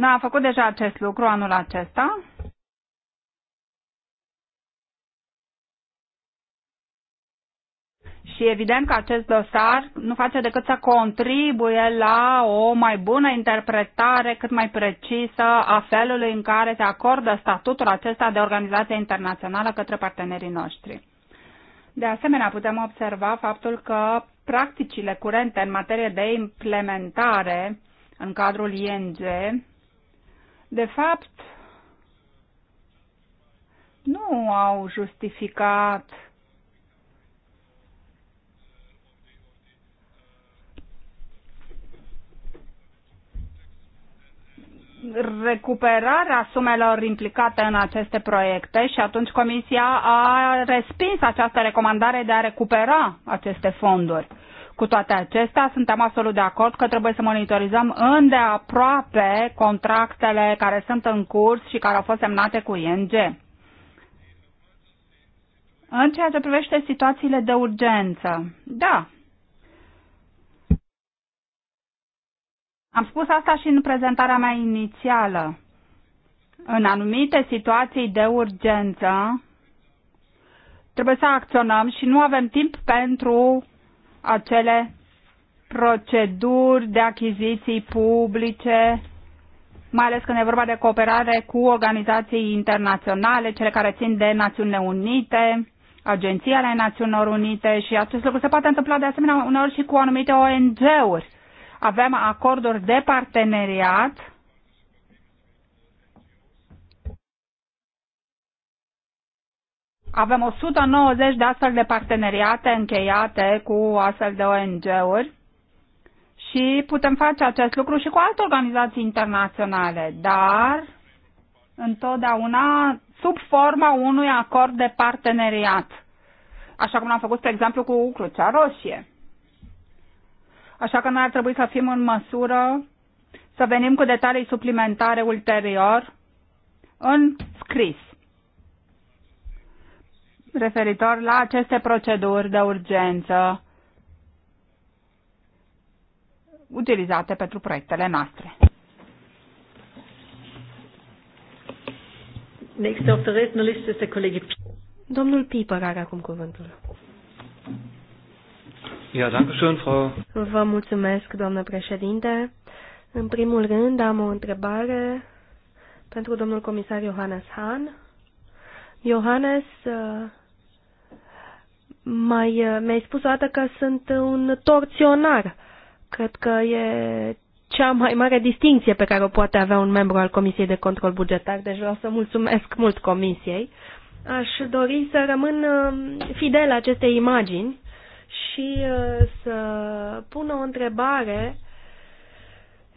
Da, a făcut deja acest lucru anul acesta. Și evident că acest dosar nu face decât să contribuie la o mai bună interpretare cât mai precisă a felului în care se acordă statutul acesta de organizație internațională către partenerii noștri. De asemenea, putem observa faptul că practicile curente în materie de implementare în cadrul ING de fapt, nu au justificat recuperarea sumelor implicate în aceste proiecte și atunci Comisia a respins această recomandare de a recupera aceste fonduri. Cu toate acestea, suntem absolut de acord că trebuie să monitorizăm îndeaproape contractele care sunt în curs și care au fost semnate cu ING. În ceea ce privește situațiile de urgență, da. Am spus asta și în prezentarea mea inițială. În anumite situații de urgență, trebuie să acționăm și nu avem timp pentru acele proceduri de achiziții publice, mai ales când e vorba de cooperare cu organizații internaționale, cele care țin de Națiunile Unite, Agenția ale Națiunilor Unite și acest lucru se poate întâmpla de asemenea uneori și cu anumite ONG-uri. Avem acorduri de parteneriat Avem 190 de astfel de parteneriate încheiate cu astfel de ONG-uri și putem face acest lucru și cu alte organizații internaționale, dar întotdeauna sub forma unui acord de parteneriat, așa cum am făcut, spre exemplu, cu Crucea Roșie. Așa că noi ar trebui să fim în măsură să venim cu detalii suplimentare ulterior în scris referitor la aceste proceduri de urgență utilizate pentru proiectele noastre. Domnul Piper are acum cuvântul.
Ja, danke schön, Frau.
Vă mulțumesc, doamnă președinte. În primul rând, am o întrebare pentru domnul comisar Johannes Hahn. Johannes, uh, mai, eh, mi-ai spus o dată că sunt un torționar. Cred că e cea mai mare distinție pe care o poate avea un membru al Comisiei de Control Bugetar, deci vreau să mulțumesc mult Comisiei. Aș dori să rămân eh, fidel acestei imagini și eh, să pun o întrebare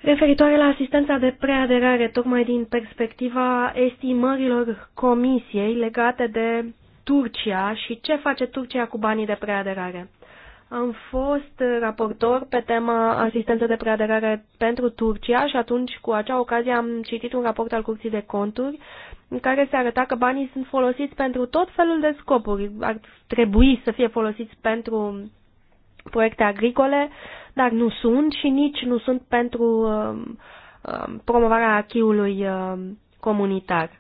referitoare la asistența de preaderare, tocmai din perspectiva estimărilor Comisiei legate de Turcia și ce face Turcia cu banii de preaderare. Am fost raportor pe tema asistență de preaderare pentru Turcia și atunci cu acea ocazie am citit un raport al Curții de Conturi în care se arăta că banii sunt folosiți pentru tot felul de scopuri. Ar trebui să fie folosiți pentru proiecte agricole, dar nu sunt și nici nu sunt pentru um, um, promovarea achiului um, comunitar.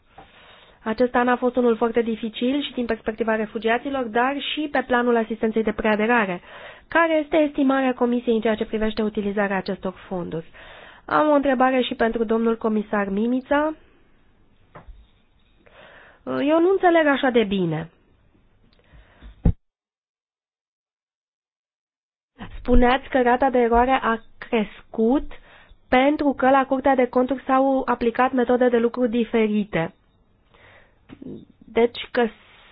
Acest an a fost unul foarte dificil și din perspectiva refugiaților, dar și pe planul asistenței de preaderare. Care este estimarea Comisiei în ceea ce privește utilizarea acestor fonduri? Am o întrebare și pentru domnul comisar Mimița. Eu nu înțeleg așa de bine. Spuneați că rata de eroare a crescut pentru că la Curtea de Conturi s-au aplicat metode de lucru diferite. Deci că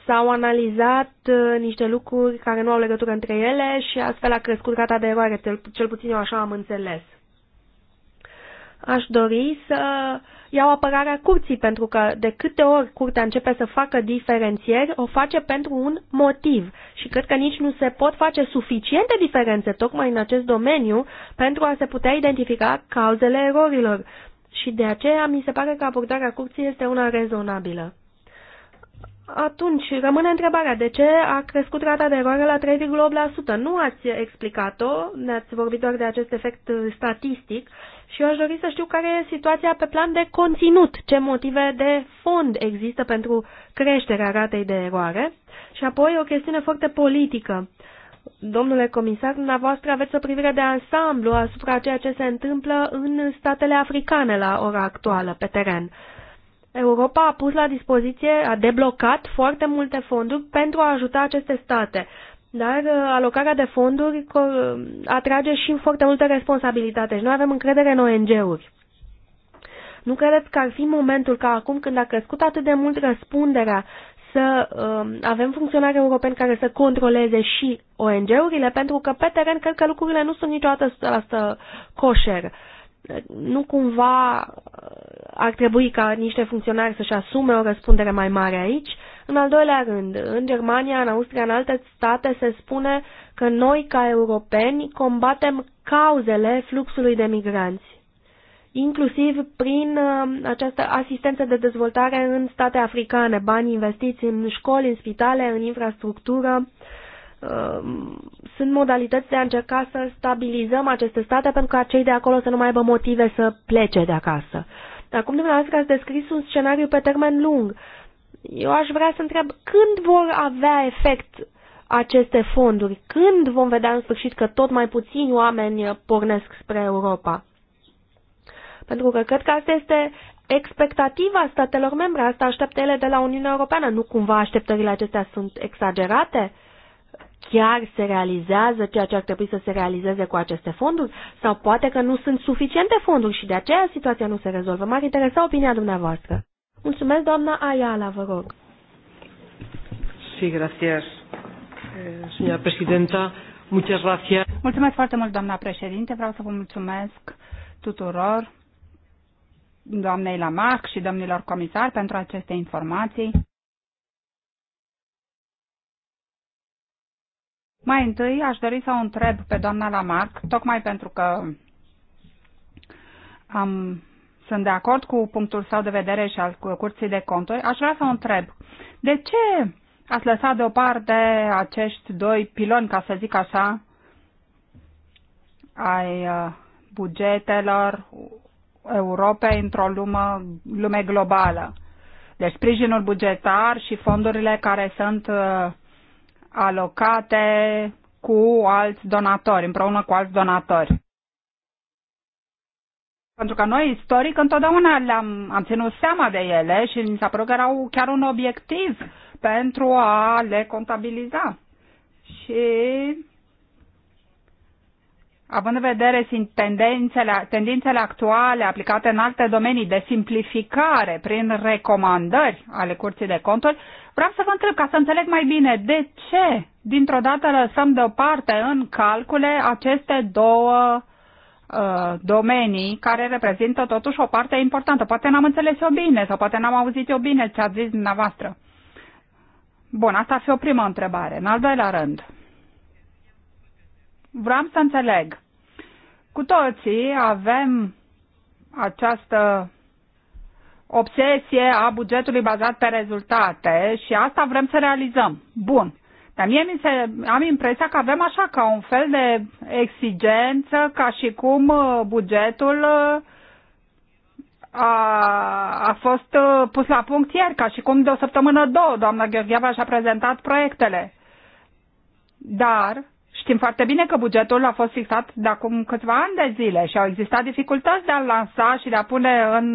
s-au analizat uh, niște lucruri care nu au legătură între ele și astfel a crescut rata de eroare, cel puțin eu așa am înțeles. Aș dori să iau apărarea curții, pentru că de câte ori curtea începe să facă diferențieri, o face pentru un motiv. Și cred că nici nu se pot face suficiente diferențe tocmai în acest domeniu pentru a se putea identifica cauzele erorilor. Și de aceea mi se pare că abordarea curții este una rezonabilă. Atunci, rămâne întrebarea de ce a crescut rata de eroare la 3,8%. Nu ați explicat-o, ne-ați vorbit doar de acest efect uh, statistic și eu aș dori să știu care e situația pe plan de conținut, ce motive de fond există pentru creșterea ratei de eroare și apoi o chestiune foarte politică. Domnule comisar, dumneavoastră aveți o privire de ansamblu asupra ceea ce se întâmplă în statele africane la ora actuală, pe teren. Uh, Europa a pus la dispoziție, a deblocat foarte multe fonduri pentru a ajuta aceste state. Dar uh, alocarea de fonduri uh, atrage și foarte multe responsabilitate și noi avem încredere în ONG-uri. Nu credeți că ar fi momentul ca acum când a crescut atât de mult răspunderea să uh, avem funcționari europeni care să controleze și ONG-urile, pentru că pe teren cred că lucrurile nu sunt niciodată 100% coșer nu cumva uh, ar trebui ca niște funcționari să-și asume o răspundere mai mare aici? În al doilea rând, în Germania, în Austria, în alte state se spune că noi, ca europeni, combatem cauzele fluxului de migranți, inclusiv prin uh, această asistență de dezvoltare în state africane, bani investiți în școli, în spitale, în infrastructură, uh, Um, sunt modalități de a încerca să stabilizăm aceste state pentru ca cei de acolo să nu mai aibă motive să plece de acasă. Acum dumneavoastră ați descris un scenariu pe termen lung. Eu aș vrea să întreb când vor avea efect aceste fonduri? Când vom vedea în sfârșit că tot mai puțini oameni pornesc spre Europa? Pentru că cred că asta este expectativa statelor membre, asta așteaptă ele de la Uniunea Europeană. Nu cumva așteptările acestea sunt exagerate? chiar se realizează ceea ce ar trebui să se realizeze cu aceste fonduri sau poate că nu sunt suficiente fonduri și de aceea situația nu se rezolvă. M-ar interesa opinia dumneavoastră. Mulțumesc, doamna
Ayala, vă rog.
Sí, gracias,
eh, señora
presidenta. Muchas gracias.
Mulțumesc foarte mult, doamna președinte. Vreau să vă mulțumesc tuturor, doamnei Lamarck și domnilor comisari, pentru aceste informații. Mai întâi aș dori să o întreb pe doamna Lamarck, tocmai pentru că am, sunt de acord cu punctul său de vedere și al curții de conturi, aș vrea să o întreb de ce ați lăsat deoparte acești doi piloni, ca să zic așa, ai uh, bugetelor Europei într-o lume, lume globală. Deci sprijinul bugetar și fondurile care sunt uh, alocate cu alți donatori, împreună cu alți donatori. Pentru că noi, istoric, întotdeauna le-am am ținut seama de ele și mi s-a părut că erau chiar un obiectiv pentru a le contabiliza. Și având în vedere tendințele, tendințele actuale aplicate în alte domenii de simplificare prin recomandări ale Curții de Conturi, Vreau să vă întreb, ca să înțeleg mai bine, de ce dintr-o dată lăsăm deoparte în calcule aceste două uh, domenii care reprezintă totuși o parte importantă. Poate n-am înțeles eu bine sau poate n-am auzit eu bine ce ați zis dumneavoastră. Bun, asta ar fi o primă întrebare. În al doilea rând, vreau să înțeleg. Cu toții avem această obsesie a bugetului bazat pe rezultate și asta vrem să realizăm. Bun. Dar mie mi se, am impresia că avem așa ca un fel de exigență ca și cum uh, bugetul uh, a, a fost uh, pus la punct ieri, ca și cum de o săptămână, două, doamna Gheorgheva și-a prezentat proiectele. Dar Știm foarte bine că bugetul a fost fixat de acum câțiva ani de zile și au existat dificultăți de a lansa și de a pune în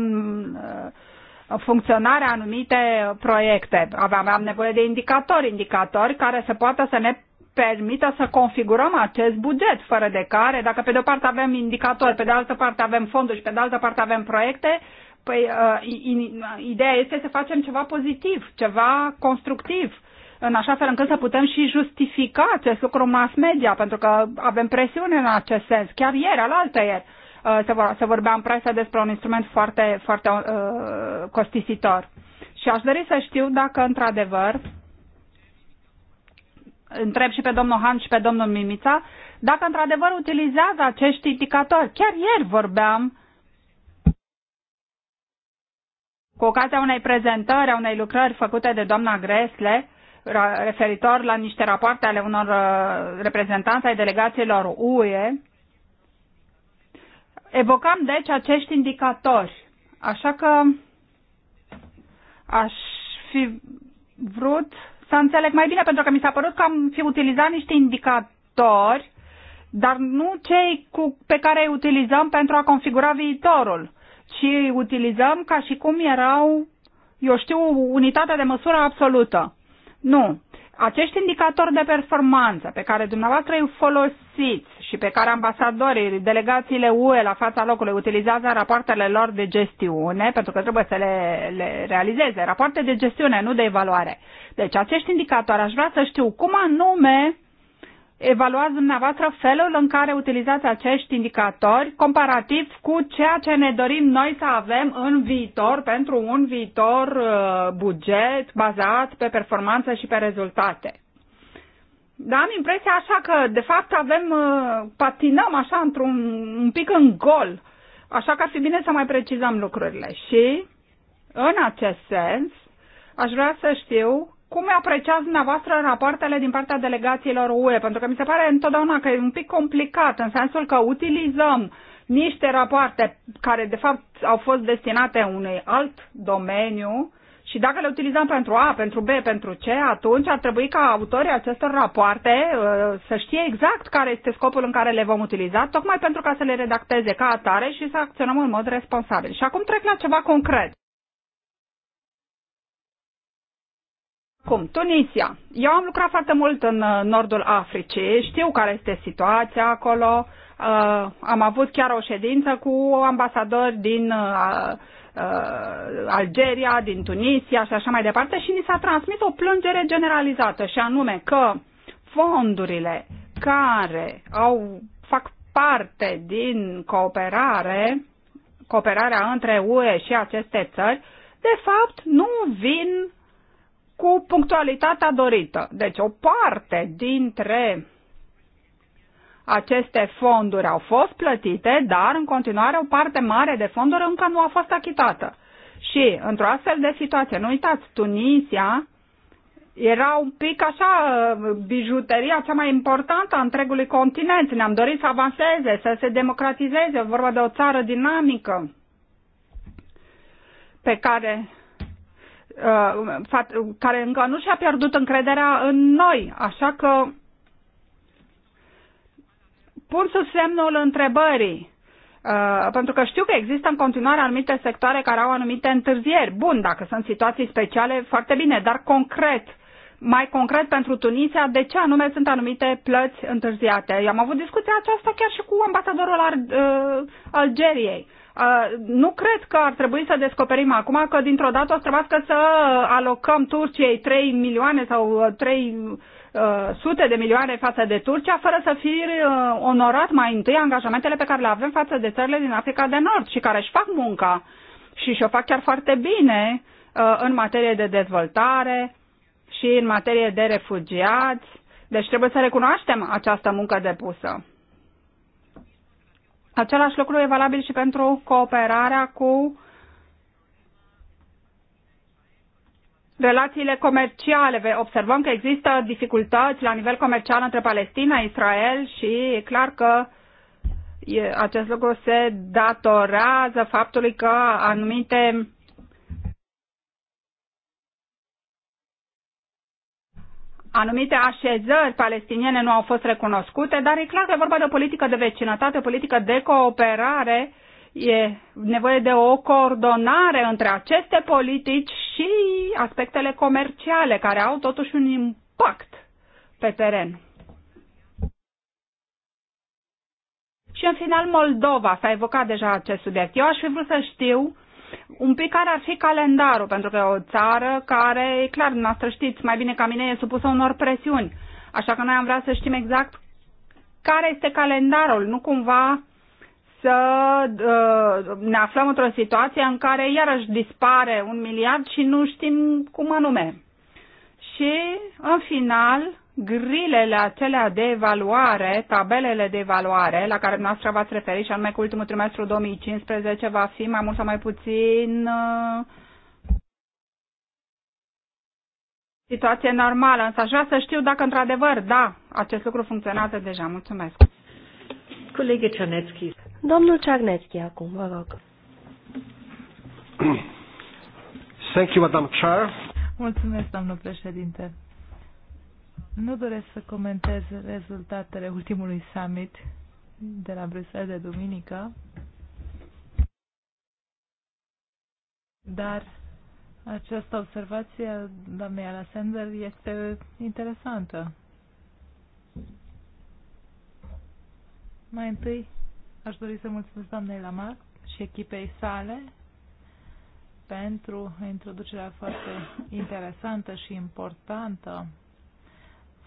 uh, funcționare anumite proiecte. Aveam nevoie de indicatori, indicatori care să poată să ne permită să configurăm acest buget, fără de care, dacă pe de o parte avem indicatori, pe de altă parte avem fonduri și pe de altă parte avem proiecte, păi, uh, ideea este să facem ceva pozitiv, ceva constructiv în așa fel încât să putem și justifica acest lucru mass media, pentru că avem presiune în acest sens. Chiar ieri, alaltă ieri, uh, se, vor, vorbea în presă despre un instrument foarte, foarte uh, costisitor. Și aș dori să știu dacă, într-adevăr, întreb și pe domnul Han și pe domnul Mimița, dacă într-adevăr utilizează acești indicatori. Chiar ieri vorbeam cu ocazia unei prezentări, a unei lucrări făcute de doamna Gresle, referitor la niște rapoarte ale unor uh, reprezentanți ai delegațiilor UE. Evocam, deci, acești indicatori. Așa că aș fi vrut să înțeleg mai bine, pentru că mi s-a părut că am fi utilizat niște indicatori, dar nu cei cu, pe care îi utilizăm pentru a configura viitorul, ci îi utilizăm ca și cum erau, eu știu, unitatea de măsură absolută. Nu. Acești indicatori de performanță pe care dumneavoastră îi folosiți și pe care ambasadorii, delegațiile UE la fața locului utilizează în rapoartele lor de gestiune, pentru că trebuie să le, le realizeze, rapoarte de gestiune, nu de evaluare. Deci acești indicatori, aș vrea să știu cum anume evaluați dumneavoastră felul în care utilizați acești indicatori comparativ cu ceea ce ne dorim noi să avem în viitor pentru un viitor uh, buget bazat pe performanță și pe rezultate. Dar am impresia așa că, de fapt, avem, uh, patinăm așa într-un un pic în gol. Așa că ar fi bine să mai precizăm lucrurile. Și, în acest sens, aș vrea să știu cum apreciați dumneavoastră rapoartele din partea delegațiilor UE? Pentru că mi se pare întotdeauna că e un pic complicat, în sensul că utilizăm niște rapoarte care, de fapt, au fost destinate unui alt domeniu și dacă le utilizăm pentru A, pentru B, pentru C, atunci ar trebui ca autorii acestor rapoarte uh, să știe exact care este scopul în care le vom utiliza, tocmai pentru ca să le redacteze ca atare și să acționăm în mod responsabil. Și acum trec la ceva concret. Cum? Tunisia. Eu am lucrat foarte mult în uh, nordul Africii, știu care este situația acolo. Uh, am avut chiar o ședință cu ambasadori din uh, uh, Algeria, din Tunisia și așa mai departe și ni s-a transmis o plângere generalizată și anume că fondurile care au, fac parte din cooperare, cooperarea între UE și aceste țări, de fapt nu vin cu punctualitatea dorită. Deci o parte dintre aceste fonduri au fost plătite, dar în continuare o parte mare de fonduri încă nu a fost achitată. Și într-o astfel de situație, nu uitați, Tunisia era un pic așa bijuteria cea mai importantă a întregului continent. Ne-am dorit să avanseze, să se democratizeze, vorba de o țară dinamică pe care Uh, care încă nu și-a pierdut încrederea în noi. Așa că pun sub semnul întrebării. Uh, pentru că știu că există în continuare anumite sectoare care au anumite întârzieri. Bun, dacă sunt situații speciale, foarte bine, dar concret, mai concret pentru Tunisia, de ce anume sunt anumite plăți întârziate? Eu am avut discuția aceasta chiar și cu ambasadorul Ar- uh, Algeriei. Uh, Uh, nu cred că ar trebui să descoperim acum că dintr-o dată o să trebuiască să alocăm Turciei 3 milioane sau 3 uh, uh, sute de milioane față de Turcia, fără să fi onorat mai întâi angajamentele pe care le avem față de țările din Africa de Nord și care își fac munca și și-o fac chiar foarte bine în materie de dezvoltare și în materie de refugiați. Deci trebuie să recunoaștem această muncă depusă. Același lucru e valabil și pentru cooperarea cu relațiile comerciale. Observăm că există dificultăți la nivel comercial între Palestina, Israel și e clar că acest lucru se datorează faptului că anumite anumite așezări palestiniene nu au fost recunoscute, dar e clar că e vorba de o politică de vecinătate, o politică de cooperare, e nevoie de o coordonare între aceste politici și aspectele comerciale, care au totuși un impact pe teren. Și în final Moldova, s-a evocat deja acest subiect. Eu aș fi vrut să știu un pic care ar fi calendarul, pentru că e o țară care, e clar, dumneavoastră știți mai bine ca mine, e supusă unor presiuni. Așa că noi am vrea să știm exact care este calendarul, nu cumva să uh, ne aflăm într-o situație în care iarăși dispare un miliard și nu știm cum anume. Și, în final, grilele acelea de evaluare, tabelele de evaluare la care dumneavoastră v-ați referit și anume cu ultimul trimestru 2015 va fi mai mult sau mai puțin uh, situație normală, însă aș vrea să știu dacă într-adevăr, da, acest lucru funcționează deja. Mulțumesc. Colegă Cernetski. Domnul Cernetski acum, vă rog.
Thank you, Madam Chair.
Mulțumesc, domnul președinte. Nu doresc să comentez rezultatele ultimului summit de la Bruxelles de duminică, dar această observație a doamnei Alassander este interesantă. Mai întâi aș dori să mulțumesc doamnei Lamarck și echipei sale pentru introducerea foarte interesantă și importantă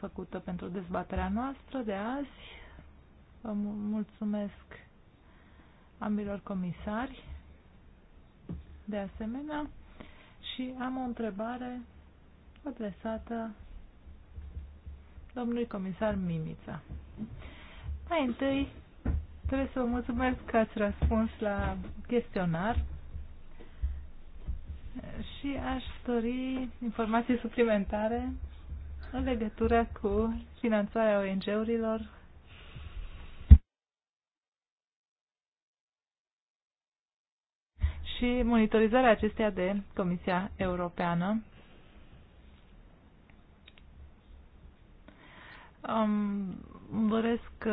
făcută pentru dezbaterea noastră de azi. Vă mulțumesc ambilor comisari de asemenea și am o întrebare adresată domnului comisar Mimița. Mai întâi, trebuie să vă mulțumesc că ați răspuns la chestionar și aș dori informații suplimentare în legătură cu finanțarea ONG-urilor și monitorizarea acesteia de Comisia Europeană. Um, doresc uh,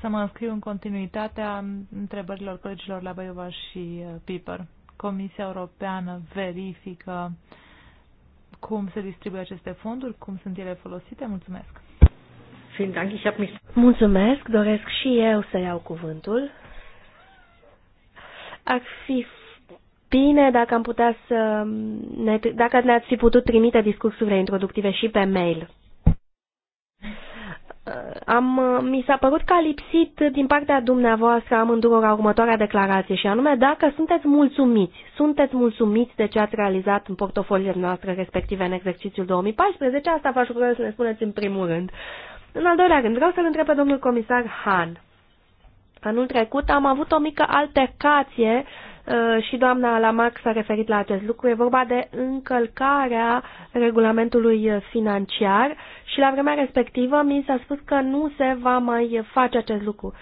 să mă înscriu în continuitatea întrebărilor colegilor la Băiova și uh, Piper. Comisia Europeană verifică uh, cum se distribuie aceste fonduri, cum sunt ele folosite. Mulțumesc!
Mulțumesc, doresc și eu să iau cuvântul. Ar fi bine dacă am putea să ne, dacă ne-ați fi putut trimite discursurile introductive și pe mail. Uh, am, uh, mi s-a părut că a lipsit din partea dumneavoastră amândurora următoarea declarație și anume dacă sunteți mulțumiți, sunteți mulțumiți de ce ați realizat în portofoliile noastre respective în exercițiul 2014, asta v-aș vrea să ne spuneți în primul rând. În al doilea rând, vreau să-l întreb pe domnul comisar Han. Anul trecut am avut o mică altercație Uh, și doamna Alamac s-a referit la acest lucru. E vorba de încălcarea regulamentului financiar și la vremea respectivă mi s-a spus că nu se va mai face acest lucru.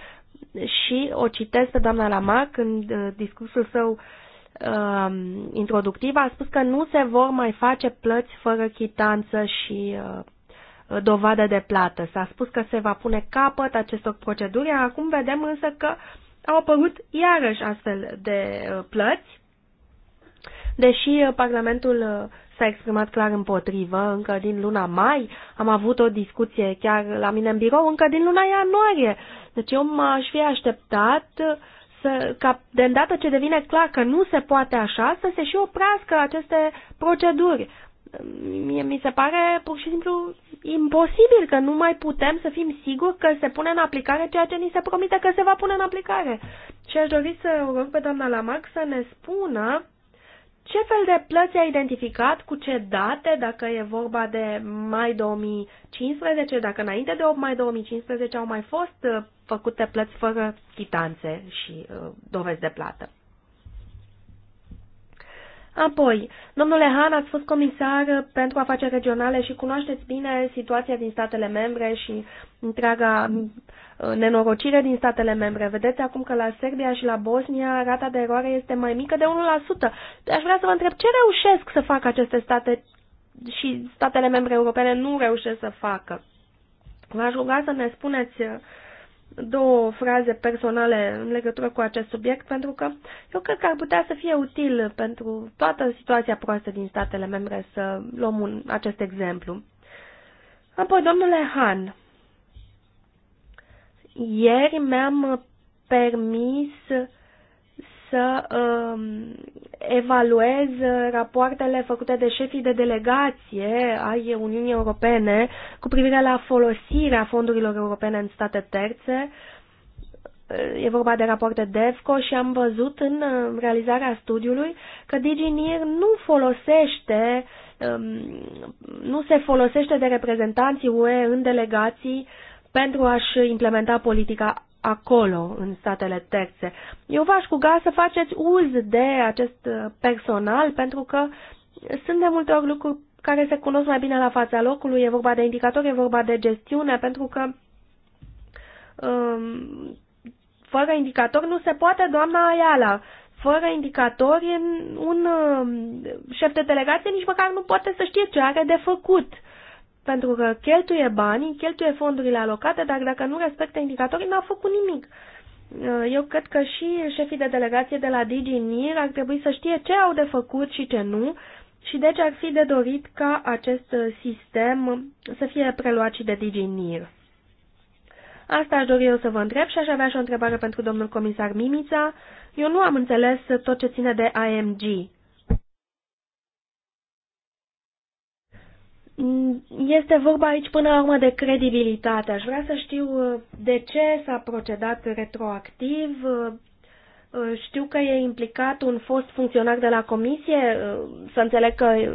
Și o citesc pe doamna Alamac în uh, discursul său uh, introductiv, a spus că nu se vor mai face plăți fără chitanță și uh, dovadă de plată. S-a spus că se va pune capăt acestor proceduri, acum vedem însă că au apărut iarăși astfel de uh, plăți, deși uh, Parlamentul uh, s-a exprimat clar împotrivă încă din luna mai, am avut o discuție chiar la mine în birou încă din luna ianuarie. Deci eu m-aș fi așteptat să, ca de îndată ce devine clar că nu se poate așa, să se și oprească aceste proceduri mie mi se pare pur și simplu imposibil că nu mai putem să fim siguri că se pune în aplicare ceea ce ni se promite că se va pune în aplicare. Și aș dori să rog pe doamna Lamarck să ne spună ce fel de plăți a identificat, cu ce date, dacă e vorba de mai 2015, dacă înainte de 8 mai 2015 au mai fost uh, făcute plăți fără chitanțe și uh, dovezi de plată. Apoi, domnule Han, ați fost comisar pentru afaceri regionale și cunoașteți bine situația din statele membre și întreaga uh, nenorocire din statele membre. Vedeți acum că la Serbia și la Bosnia rata de eroare este mai mică de 1%. Deci aș vrea să vă întreb ce reușesc să facă aceste state și statele membre europene nu reușesc să facă. V-aș ruga să ne spuneți uh, două fraze personale în legătură cu acest subiect, pentru că eu cred că ar putea să fie util pentru toată situația proastă din statele membre să luăm un, acest exemplu. Apoi, domnule Han, ieri mi-am permis uh, să um, evaluez rapoartele făcute de șefii de delegație ai Uniunii Europene cu privire la folosirea fondurilor europene în state terțe. E vorba de rapoarte DEFCO și am văzut în um, realizarea studiului că DigiNIR nu folosește, um, nu se folosește de reprezentanții UE în delegații pentru a-și implementa politica acolo, în statele terțe. Eu v-aș ruga să faceți uz de acest uh, personal, pentru că sunt de multe ori lucruri care se cunosc mai bine la fața locului, e vorba de indicatori, e vorba de gestiune, pentru că um, fără indicator nu se poate, doamna Ayala. Fără indicatori, un um, șef de delegație nici măcar nu poate să știe ce are de făcut. Uh, pentru că cheltuie banii, cheltuie fondurile alocate, dar dacă nu respectă indicatorii, n-a făcut nimic. Uh, eu cred că și șefii de delegație de la DigiNIR ar trebui să știe ce au de făcut și ce nu și deci ar fi de dorit ca acest sistem să fie preluat și de DigiNIR. Asta aș dori eu să vă întreb și aș avea și o întrebare pentru domnul comisar Mimița. Eu nu am înțeles tot ce ține de AMG. Este vorba aici până la urmă de credibilitate. Aș vrea să știu uh, de ce s-a procedat retroactiv. Uh, uh, știu că e implicat un fost funcționar de la comisie. Să înțeleg că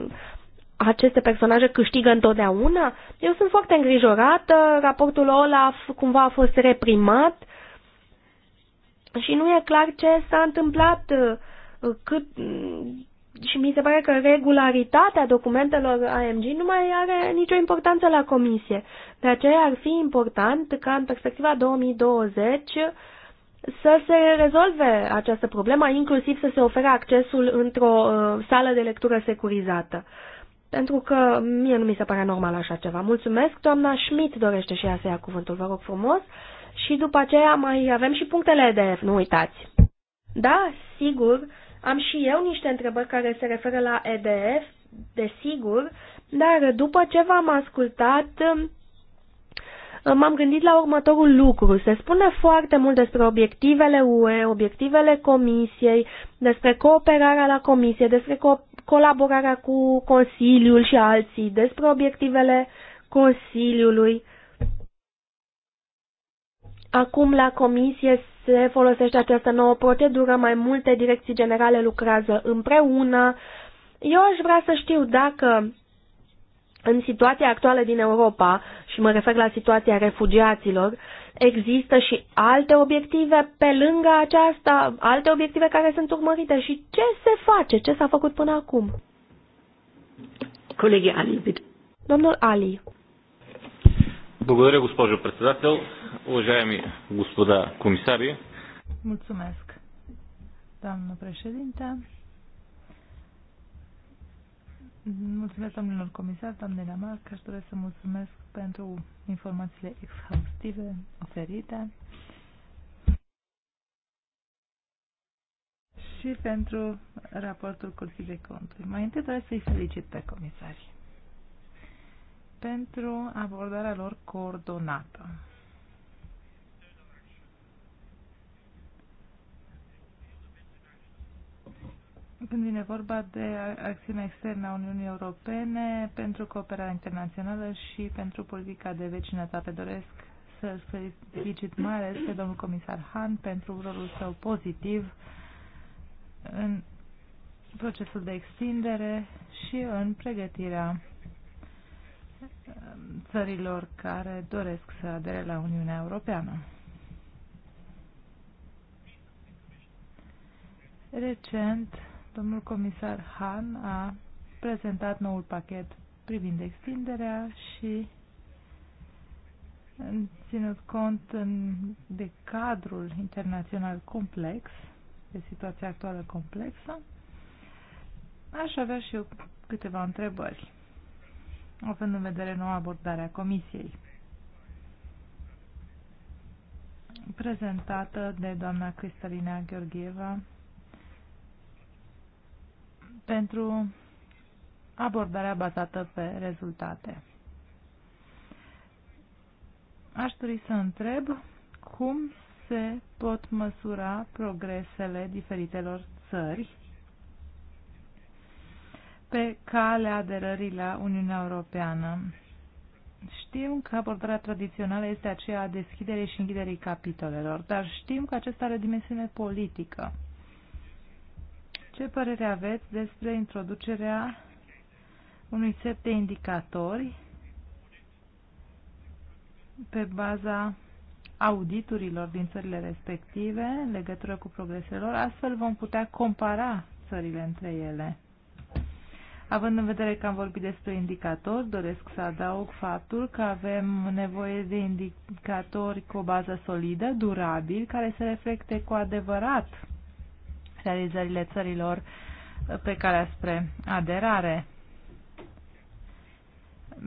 aceste personaje câștigă întotdeauna. Eu sunt foarte îngrijorată. Raportul Olaf cumva a fost reprimat și nu e clar ce s-a întâmplat cât, și mi se pare că regularitatea documentelor AMG nu mai are nicio importanță la comisie. De aceea ar fi important ca în perspectiva 2020 să se rezolve această problemă, inclusiv să se ofere accesul într-o uh, sală de lectură securizată. Pentru că mie nu mi se pare normal așa ceva. Mulțumesc, doamna Schmidt dorește și ea să ia cuvântul, vă rog frumos. Și după aceea mai avem și punctele EDF, nu uitați. Da, sigur, am și eu niște întrebări care se referă la EDF, desigur, dar după ce v-am ascultat, m-am gândit la următorul lucru. Se spune foarte mult despre obiectivele UE, obiectivele Comisiei, despre cooperarea la Comisie, despre co- colaborarea cu Consiliul și alții, despre obiectivele Consiliului. Acum la Comisie se folosește această nouă procedură, mai multe direcții generale lucrează împreună. Eu aș vrea să știu dacă în situația actuală din Europa, și mă refer la situația refugiaților, există și alte obiective pe lângă aceasta, alte obiective care sunt urmărite și ce se face, ce s-a făcut până acum?
Colegii Ali, bine. Domnul Ali.
Благодаря, госпожо председател уважаеми господа комисари.
Mulțumesc, doamnă președinte. Mulțumesc, domnilor comisar, doamne Lamarck, aș doresc să mulțumesc pentru informațiile exhaustive oferite și pentru raportul Curții de Conturi. Mai întâi doresc să-i felicit pe comisari pentru abordarea lor coordonată. când vine vorba de acțiunea externă a Uniunii Europene pentru cooperarea internațională și pentru politica de vecinătate. Doresc să felicit mai ales pe domnul comisar Han pentru rolul său pozitiv în procesul de extindere și în pregătirea um, țărilor care doresc să adere la Uniunea Europeană. Recent, Domnul comisar Han a prezentat noul pachet privind extinderea și ținut cont în, de cadrul internațional complex, de situația actuală complexă, aș avea și eu câteva întrebări, având în vedere noua abordare a Comisiei prezentată de doamna Cristalina Gheorgheva pentru abordarea bazată pe rezultate. Aș dori să întreb cum se pot măsura progresele diferitelor țări pe calea aderării la Uniunea Europeană. Știm că abordarea tradițională este aceea a deschiderii și închiderii capitolelor, dar știm că acesta are o dimensiune politică. Ce părere aveți despre introducerea unui set de indicatori pe baza auditurilor din țările respective în legătură cu progreselor, astfel vom putea compara țările între ele. Având în vedere că am vorbit despre indicatori, doresc să adaug faptul că avem nevoie de indicatori cu o bază solidă, durabil, care să reflecte cu adevărat realizările țărilor pe calea spre aderare.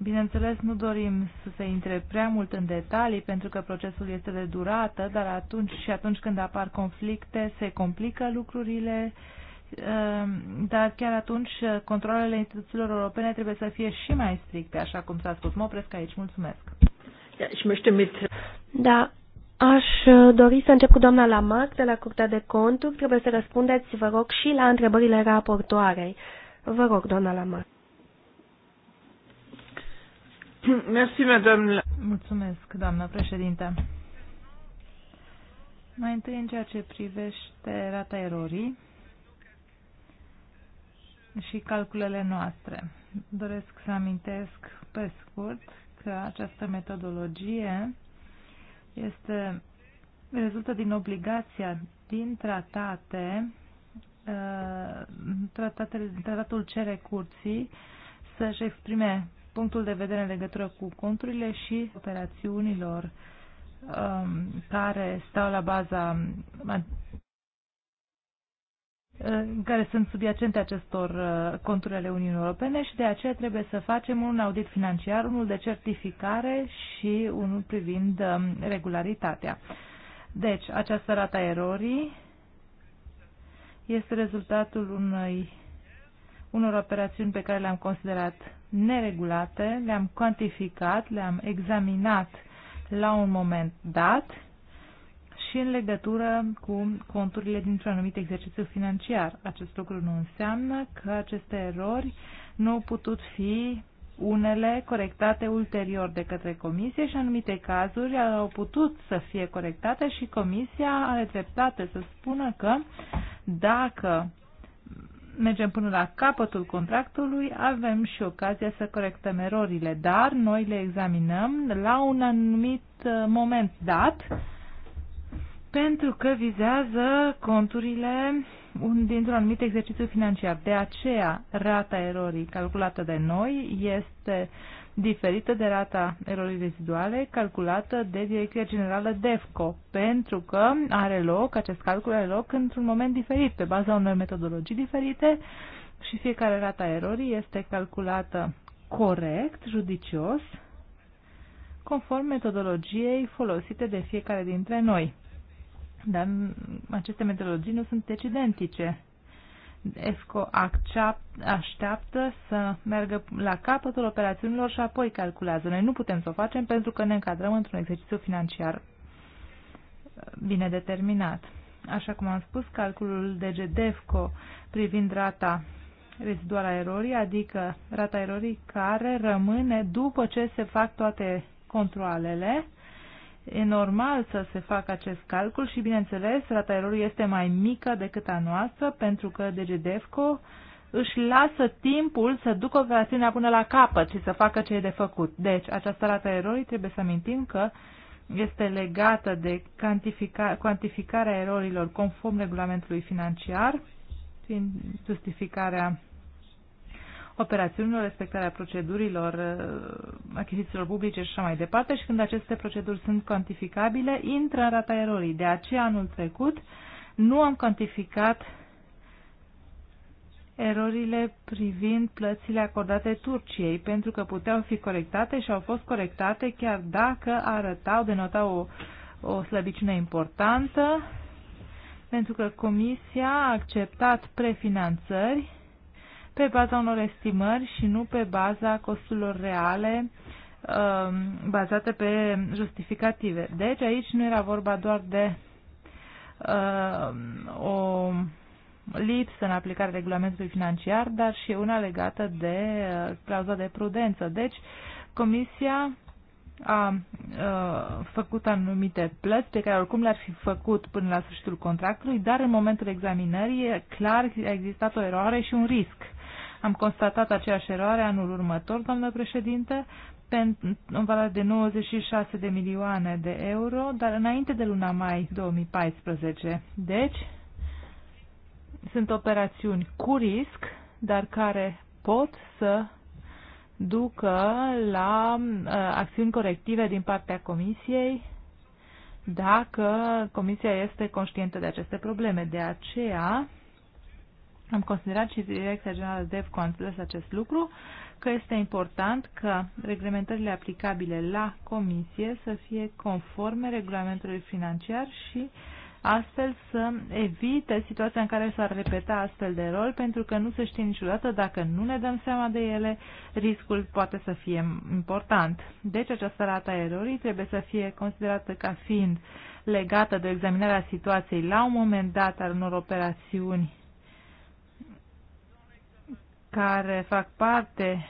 Bineînțeles, nu dorim să se intre prea mult în detalii, pentru că procesul este de durată, dar atunci și atunci când apar conflicte, se complică lucrurile, ehm, dar chiar atunci eh, controlele instituțiilor europene trebuie să fie și mai stricte, așa cum s-a spus. Mă opresc aici. Mulțumesc.
Da, Aș uh, dori să încep cu doamna Lamarck de la Curtea de Conturi. Trebuie să răspundeți, vă rog, și la întrebările raportoarei. Vă rog, doamna Lamarck.
Mersi, madame. Mulțumesc, doamna președinte. Mai întâi, în ceea ce privește rata erorii și calculele noastre. Doresc să amintesc pe scurt că această metodologie este, rezultă din obligația din tratate, uh, tratatele, tratatul cere curții să-și exprime punctul de vedere în legătură cu conturile și operațiunilor um, care stau la baza care sunt subiacente acestor uh, conturi ale Uniunii Europene și de aceea trebuie să facem un audit financiar, unul de certificare și unul privind um, regularitatea. Deci, această rata erorii este rezultatul unei, unor operațiuni pe care le-am considerat neregulate, le-am cuantificat, le-am examinat la un moment dat și în legătură cu conturile dintr-un anumit exercițiu financiar. Acest lucru nu înseamnă că aceste erori nu au putut fi unele corectate ulterior de către comisie și anumite cazuri au putut să fie corectate și comisia are dreptate să spună că dacă mergem până la capătul contractului, avem și ocazia să corectăm erorile, dar noi le examinăm la un anumit uh, moment dat pentru că vizează conturile un dintr-un anumit exercițiu financiar. De aceea, rata erorii calculată de noi este diferită de rata erorii reziduale calculată de Direcția Generală DEFCO, pentru că are loc, acest calcul are loc într-un moment diferit, pe baza unor metodologii diferite și fiecare rata erorii este calculată corect, judicios, conform metodologiei folosite de fiecare dintre noi. Dar aceste metodologii nu sunt deci identice. EFCO așteaptă să meargă la capătul operațiunilor și apoi calculează. Noi nu putem să o facem pentru că ne încadrăm într-un exercițiu financiar uh, bine determinat. Așa cum am spus, calculul DGDEFCO privind rata reziduală a erorii, adică rata erorii care rămâne după ce se fac toate controalele, E normal să se facă acest calcul și, bineînțeles, rata erorii este mai mică decât a noastră, pentru că DGDEFCO își lasă timpul să ducă operațiunea până la capăt și să facă ce e de făcut. Deci, această rata erorii trebuie să amintim că este legată de cantifica, cuantificarea erorilor conform regulamentului financiar, prin justificarea operațiunilor, respectarea procedurilor, uh, achizițiilor publice și așa mai departe și când aceste proceduri sunt cuantificabile, intră în rata erorii. De aceea, anul trecut, nu am cuantificat erorile privind plățile acordate Turciei, pentru că puteau fi corectate și au fost corectate chiar dacă arătau, denotau o, o slăbiciune importantă, pentru că Comisia a acceptat prefinanțări pe baza unor estimări și nu pe baza costurilor reale um, bazate pe justificative. Deci aici nu era vorba doar de um, o lipsă în aplicarea regulamentului financiar, dar și una legată de uh, clauza de prudență. Deci, Comisia a, uh, făcut anumite plăți pe care oricum le-ar fi făcut până la sfârșitul contractului, dar în momentul examinării, clar, a existat o eroare și un risc. Am constatat aceeași eroare anul următor, doamnă președinte, în valoare de 96 de milioane de euro, dar înainte de luna mai 2014. Deci, sunt operațiuni cu risc, dar care pot să ducă la uh, acțiuni corective din partea Comisiei dacă Comisia este conștientă de aceste probleme. De aceea, am considerat și Direcția Generală DEVCO a înțeles acest lucru, că este important că reglementările aplicabile la comisie să fie conforme regulamentului financiar și astfel să evite situația în care s-ar repeta astfel de rol, pentru că nu se știe niciodată dacă nu ne dăm seama de ele, riscul poate să fie important. Deci această rata erorii trebuie să fie considerată ca fiind legată de examinarea situației la un moment dat al unor operațiuni care fac parte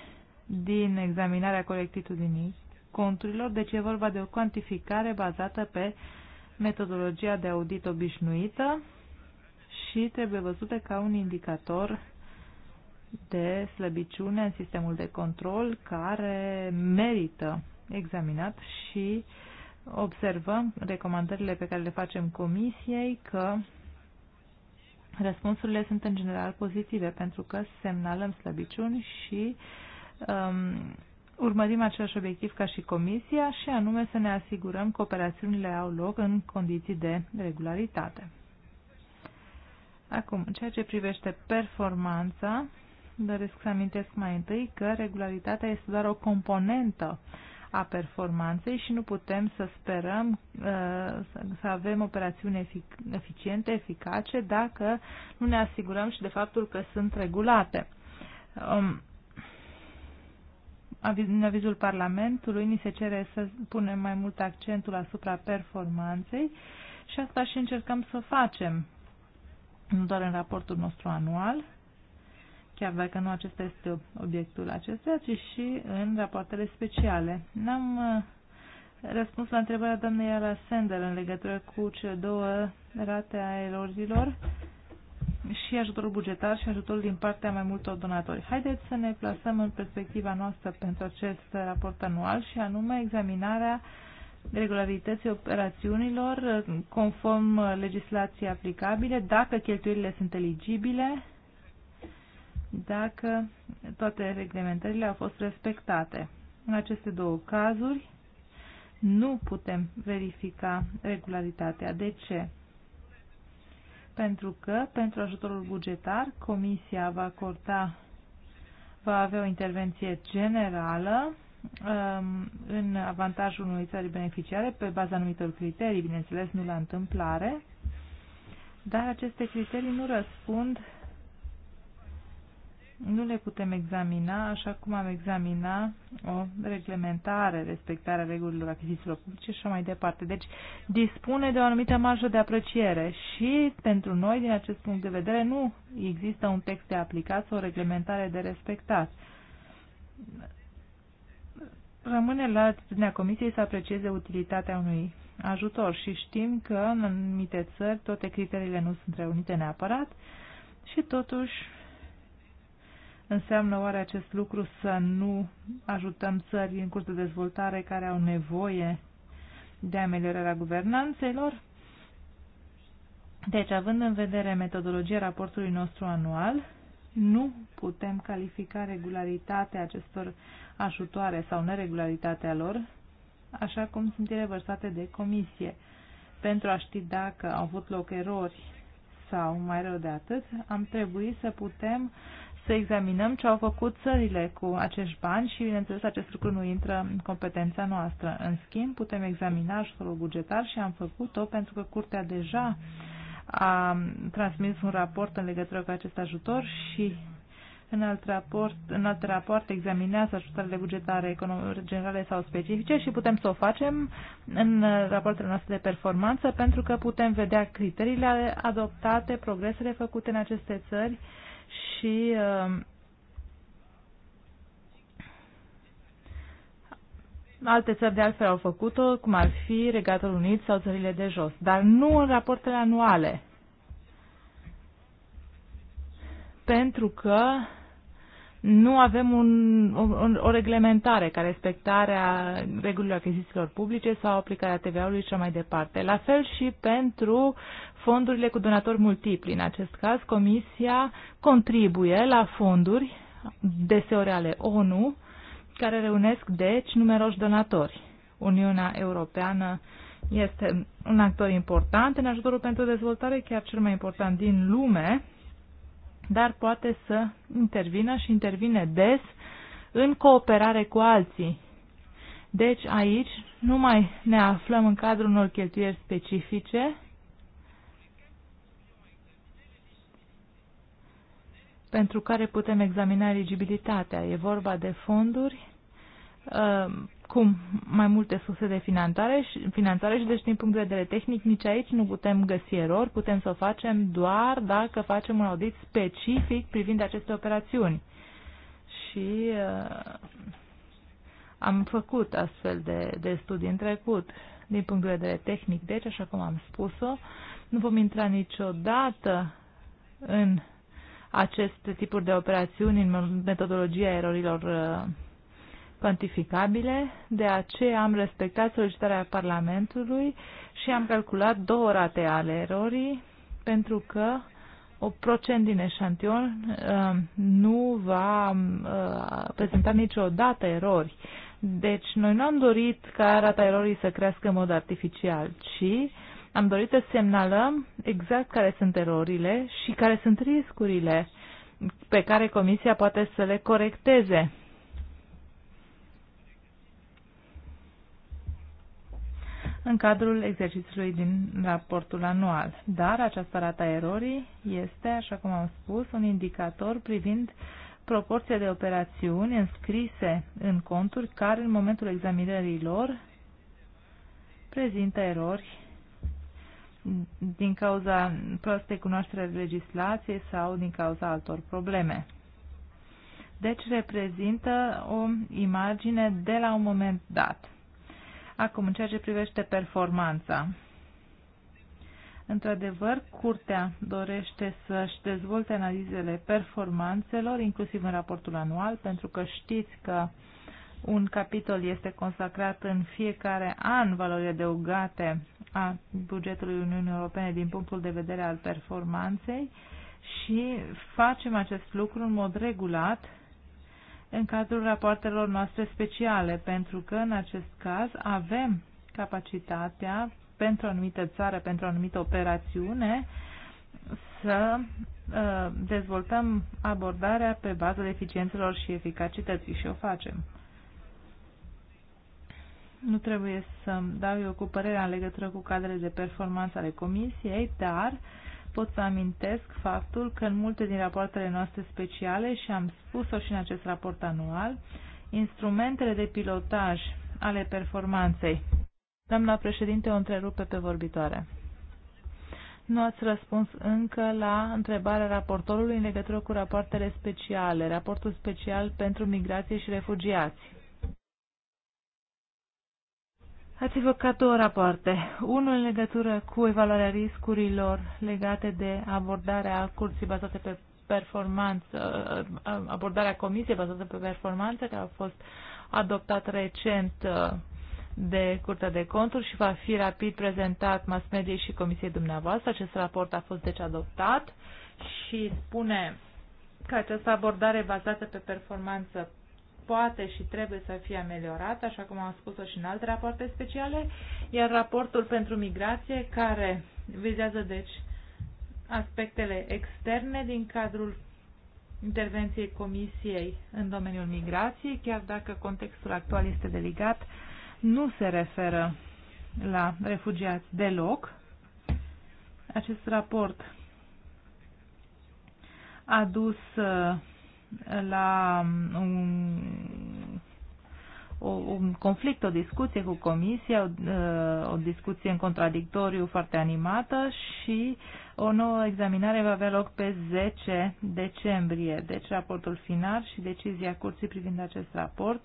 din examinarea colectitudinii conturilor, deci e vorba de o cuantificare bazată pe metodologia de audit obișnuită și trebuie văzută ca un indicator de slăbiciune în sistemul de control care merită examinat și observăm recomandările pe care le facem comisiei că Răspunsurile sunt în general pozitive pentru că semnalăm slăbiciuni și um, urmărim același obiectiv ca și Comisia și anume să ne asigurăm că operațiunile au loc în condiții de regularitate. Acum, în ceea ce privește performanța, doresc să amintesc mai întâi că regularitatea este doar o componentă uh, a performanței și nu putem să sperăm uh, să avem operațiuni efic- eficiente, eficace, dacă nu ne asigurăm și de faptul că sunt regulate. Um, în avizul Parlamentului ni se cere să punem mai mult accentul asupra performanței și asta și încercăm să facem, nu doar în raportul nostru anual, chiar dacă nu acesta este obiectul acesta ci și în rapoartele speciale. N-am uh, răspuns la întrebarea doamnei Ala Sender în legătură cu cele două rate a erorilor și ajutorul bugetar și ajutorul din partea mai multor donatori. Haideți să ne plasăm în perspectiva noastră pentru acest raport anual și anume examinarea regularității operațiunilor uh, conform uh, legislației aplicabile, dacă cheltuielile sunt eligibile dacă toate reglementările au fost respectate. În aceste două cazuri nu putem verifica regularitatea. De ce? Pentru că pentru ajutorul bugetar Comisia va acorda va avea o intervenție generală um, în avantajul unui țări beneficiare pe baza anumitor criterii, bineînțeles nu la întâmplare, dar aceste criterii nu răspund nu le putem examina așa cum am examina o reglementare, respectarea regulilor achizițiilor publice și așa mai departe. Deci dispune de o anumită marjă de apreciere și pentru noi, din acest punct de vedere, nu există un text de aplicat sau o reglementare de respectat. Rămâne la atitudinea Comisiei să aprecieze utilitatea unui ajutor și știm că în anumite țări toate criteriile nu sunt reunite neapărat și totuși Înseamnă oare acest lucru să nu ajutăm țări în curs de dezvoltare care au nevoie de ameliorarea guvernanțelor? Deci, având în vedere metodologia raportului nostru anual, nu putem califica regularitatea acestor ajutoare sau neregularitatea lor, așa cum sunt ele vărsate de comisie. Pentru a ști dacă au avut loc erori sau mai rău de atât, am trebuit să putem să examinăm ce au făcut țările cu acești bani și, bineînțeles, acest lucru nu intră în competența noastră. În schimb, putem examina ajutorul bugetar și am făcut-o pentru că Curtea deja a transmis un raport în legătură cu acest ajutor și în alt raport, în alt raport examinează ajutoarele bugetare generale sau specifice și putem să o facem în rapoartele noastre de performanță pentru că putem vedea criteriile adoptate, progresele făcute în aceste țări și um, Alte țări de altfel au făcut-o, cum ar fi Regatul Unit sau țările de jos, dar nu în rapoartele anuale. Pentru că nu avem un, o, o reglementare ca respectarea regulilor achizițiilor publice sau aplicarea TVA-ului și mai departe. La fel și pentru fondurile cu donatori multipli. În acest caz, Comisia contribuie la fonduri, deseori ale ONU, care reunesc, deci, numeroși donatori. Uniunea Europeană este un actor important în ajutorul pentru dezvoltare, chiar cel mai important din lume, dar poate să intervină și intervine des în cooperare cu alții. Deci aici nu mai ne aflăm în cadrul unor cheltuieri specifice, pentru care putem examina eligibilitatea. E vorba de fonduri uh, acum mai multe surse de finanțare și, finanțare și deci din punct de vedere tehnic nici aici nu putem găsi erori, putem să o facem doar dacă facem un audit specific privind aceste operațiuni. Și uh, am făcut astfel de, de studii în trecut din punct de vedere tehnic, deci așa cum am spus-o, nu vom intra niciodată în aceste tipuri de operațiuni, în metodologia erorilor uh, cuantificabile, de aceea am respectat solicitarea Parlamentului și am calculat două rate ale erorii, pentru că o procent din eșantion uh, nu va uh, prezenta niciodată erori. Deci noi nu am dorit ca rata erorii să crească în mod artificial, ci am dorit să semnalăm exact care sunt erorile și care sunt riscurile pe care Comisia poate să le corecteze în cadrul exercițiului din raportul anual. Dar această rata erorii este, așa cum am spus, un indicator privind proporția de operațiuni înscrise în conturi care în momentul examinării lor prezintă erori din cauza proastei cunoaștere legislației sau din cauza altor probleme. Deci reprezintă o imagine de la un moment dat. Acum, în ceea ce privește performanța, Într-adevăr, Curtea dorește să-și dezvolte analizele performanțelor, inclusiv în raportul anual, pentru că știți că un capitol este consacrat în fiecare an valori adăugate a bugetului Uniunii Europene din punctul de vedere al performanței și facem acest lucru în mod regulat în cadrul rapoartelor noastre speciale, pentru că în acest caz avem capacitatea pentru o anumită țară, pentru o anumită operațiune, să uh, dezvoltăm abordarea pe baza eficiențelor și eficacității și o facem. Nu trebuie să dau eu cu părerea în legătură cu cadrele de performanță ale comisiei, dar uh, pot să amintesc faptul că în multe din rapoartele noastre speciale, și am spus-o și în acest raport anual, instrumentele de pilotaj ale performanței. Doamna președinte o întrerupe pe vorbitoare. Nu ați răspuns încă la întrebarea raportorului în legătură cu rapoartele speciale, raportul special pentru migrație și refugiați. Ați evocat două rapoarte. Unul în legătură cu evaluarea riscurilor legate de abordarea curții bazate pe performanță, uh, abordarea comisiei bazată pe performanță, care a fost adoptat recent uh, de Curtea de Conturi și va fi rapid prezentat mass media și comisiei dumneavoastră. Acest raport a fost deci adoptat și spune că această abordare bazată pe performanță poate și trebuie să fie ameliorat, așa cum am spus-o și în alte rapoarte speciale, iar raportul pentru migrație, care vizează, deci, aspectele externe din cadrul intervenției Comisiei în domeniul migrației, chiar dacă contextul actual este delicat, nu se referă la refugiați deloc. Acest raport a dus uh, la un, um, un conflict, o discuție cu comisia, o, uh, o discuție în contradictoriu foarte animată și o nouă examinare va avea loc pe 10 decembrie. Deci raportul final și decizia curții privind acest raport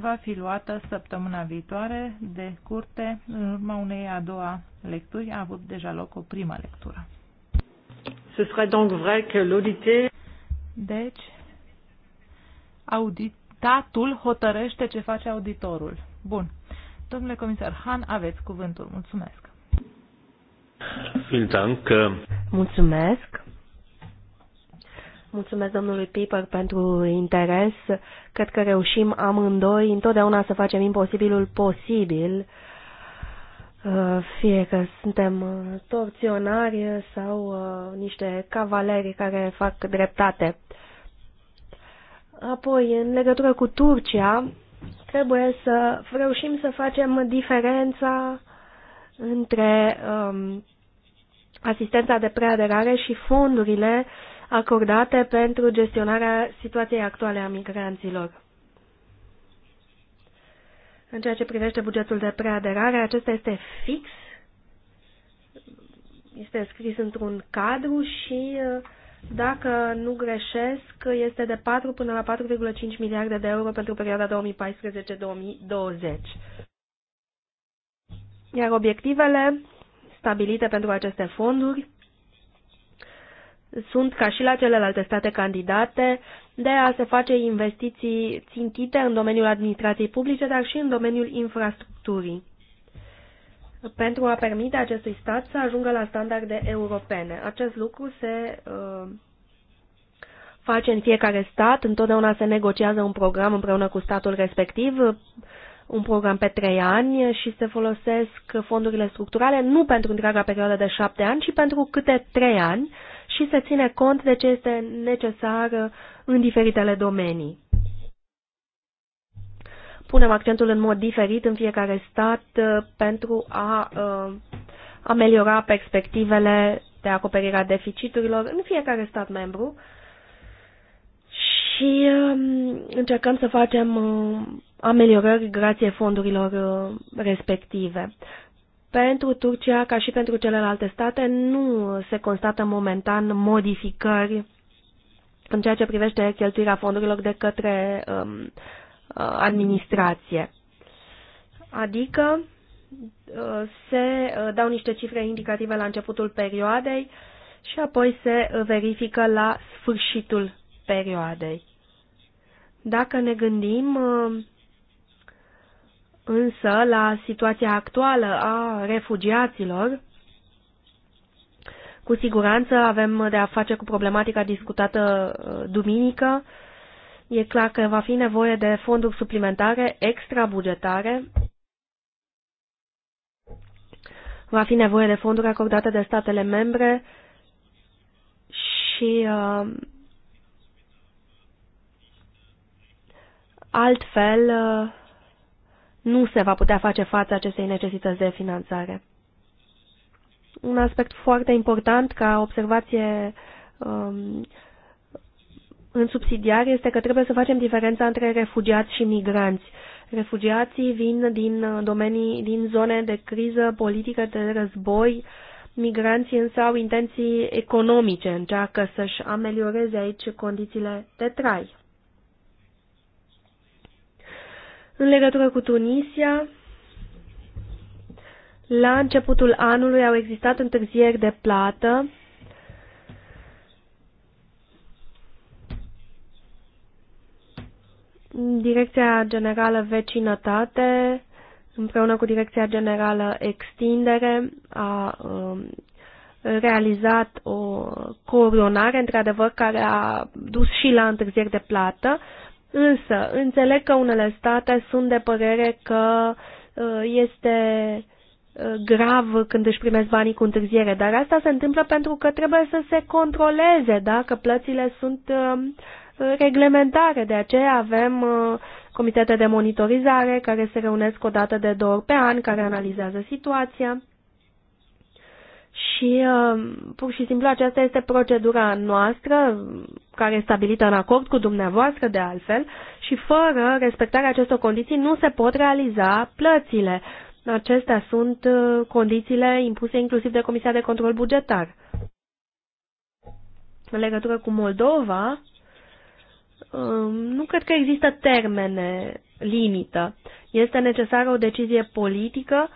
va fi luată săptămâna viitoare de curte în urma unei a doua lecturi. A avut deja loc o prima lectură. Ce serait donc vrai que l'audité... Deci, auditatul hotărăște ce face auditorul. Bun. Domnule comisar Han, aveți cuvântul. Mulțumesc.
Mulțumesc. Mulțumesc domnului Piper pentru interes. Cred că reușim amândoi întotdeauna să facem imposibilul posibil, uh, fie că suntem uh, torționari sau uh, niște cavaleri care fac dreptate. Apoi, în legătură cu Turcia, trebuie să reușim să facem diferența între um, asistența de preaderare și fondurile acordate pentru gestionarea situației actuale a migranților. În ceea ce privește bugetul de preaderare, acesta este fix, este scris într-un cadru și uh, dacă nu greșesc, este de 4 până la 4,5 miliarde de euro pentru perioada 2014-2020. Iar obiectivele stabilite pentru aceste fonduri sunt, ca și la celelalte state candidate, de a se face investiții țintite în domeniul administrației publice, dar și în domeniul infrastructurii pentru a permite acestui stat să ajungă la standarde europene. Acest lucru se uh, face în fiecare stat, întotdeauna se negociază un program împreună cu statul respectiv, un program pe trei ani și se folosesc fondurile structurale nu pentru întreaga perioadă de șapte ani, ci pentru câte trei ani și se ține cont de ce este necesar în diferitele domenii punem accentul în mod diferit în fiecare stat uh, pentru a uh, ameliora perspectivele de acoperire a deficiturilor în fiecare stat membru și um, încercăm să facem uh, ameliorări grație fondurilor respective. Pentru Turcia, ca și pentru celelalte state, nu se constată momentan modificări în ceea ce privește cheltuirea fondurilor de către um, Uh, administrație. Adică uh, se uh, dau niște cifre indicative la începutul perioadei și apoi se verifică la sfârșitul perioadei. Dacă ne gândim însă la situația actuală a refugiaților, cu siguranță avem de a face cu problematica discutată duminică E clar că va fi nevoie de fonduri suplimentare, extrabugetare, va fi nevoie de fonduri acordate de statele membre și uh, altfel uh, nu se va putea face față acestei necesități de finanțare. Un aspect foarte important ca observație uh, în subsidiar este că trebuie să facem diferența între refugiați și migranți. Refugiații vin din domenii, din zone de criză politică, de război. Migranții însă au intenții economice, încearcă să-și amelioreze aici condițiile de trai. În legătură cu Tunisia, la începutul anului au existat întârzieri de plată Direcția Generală Vecinătate, împreună cu Direcția Generală Extindere, a um, realizat o coordonare, într-adevăr, care a dus și la întârzieri de plată, însă înțeleg că unele state sunt de părere că uh, este uh, grav când își primesc banii cu întârziere, dar asta se întâmplă pentru că trebuie să se controleze dacă plățile sunt um, reglementare. De aceea avem uh, comitete de monitorizare care se reunesc o dată de două ori pe an, care analizează situația. Și uh, pur și simplu aceasta este procedura noastră care este stabilită în acord cu dumneavoastră de altfel și fără respectarea acestor condiții nu se pot realiza plățile. Acestea sunt uh, condițiile impuse inclusiv de Comisia de Control Bugetar. În legătură cu Moldova, Um, nu cred că există termene limită. Este necesară o decizie politică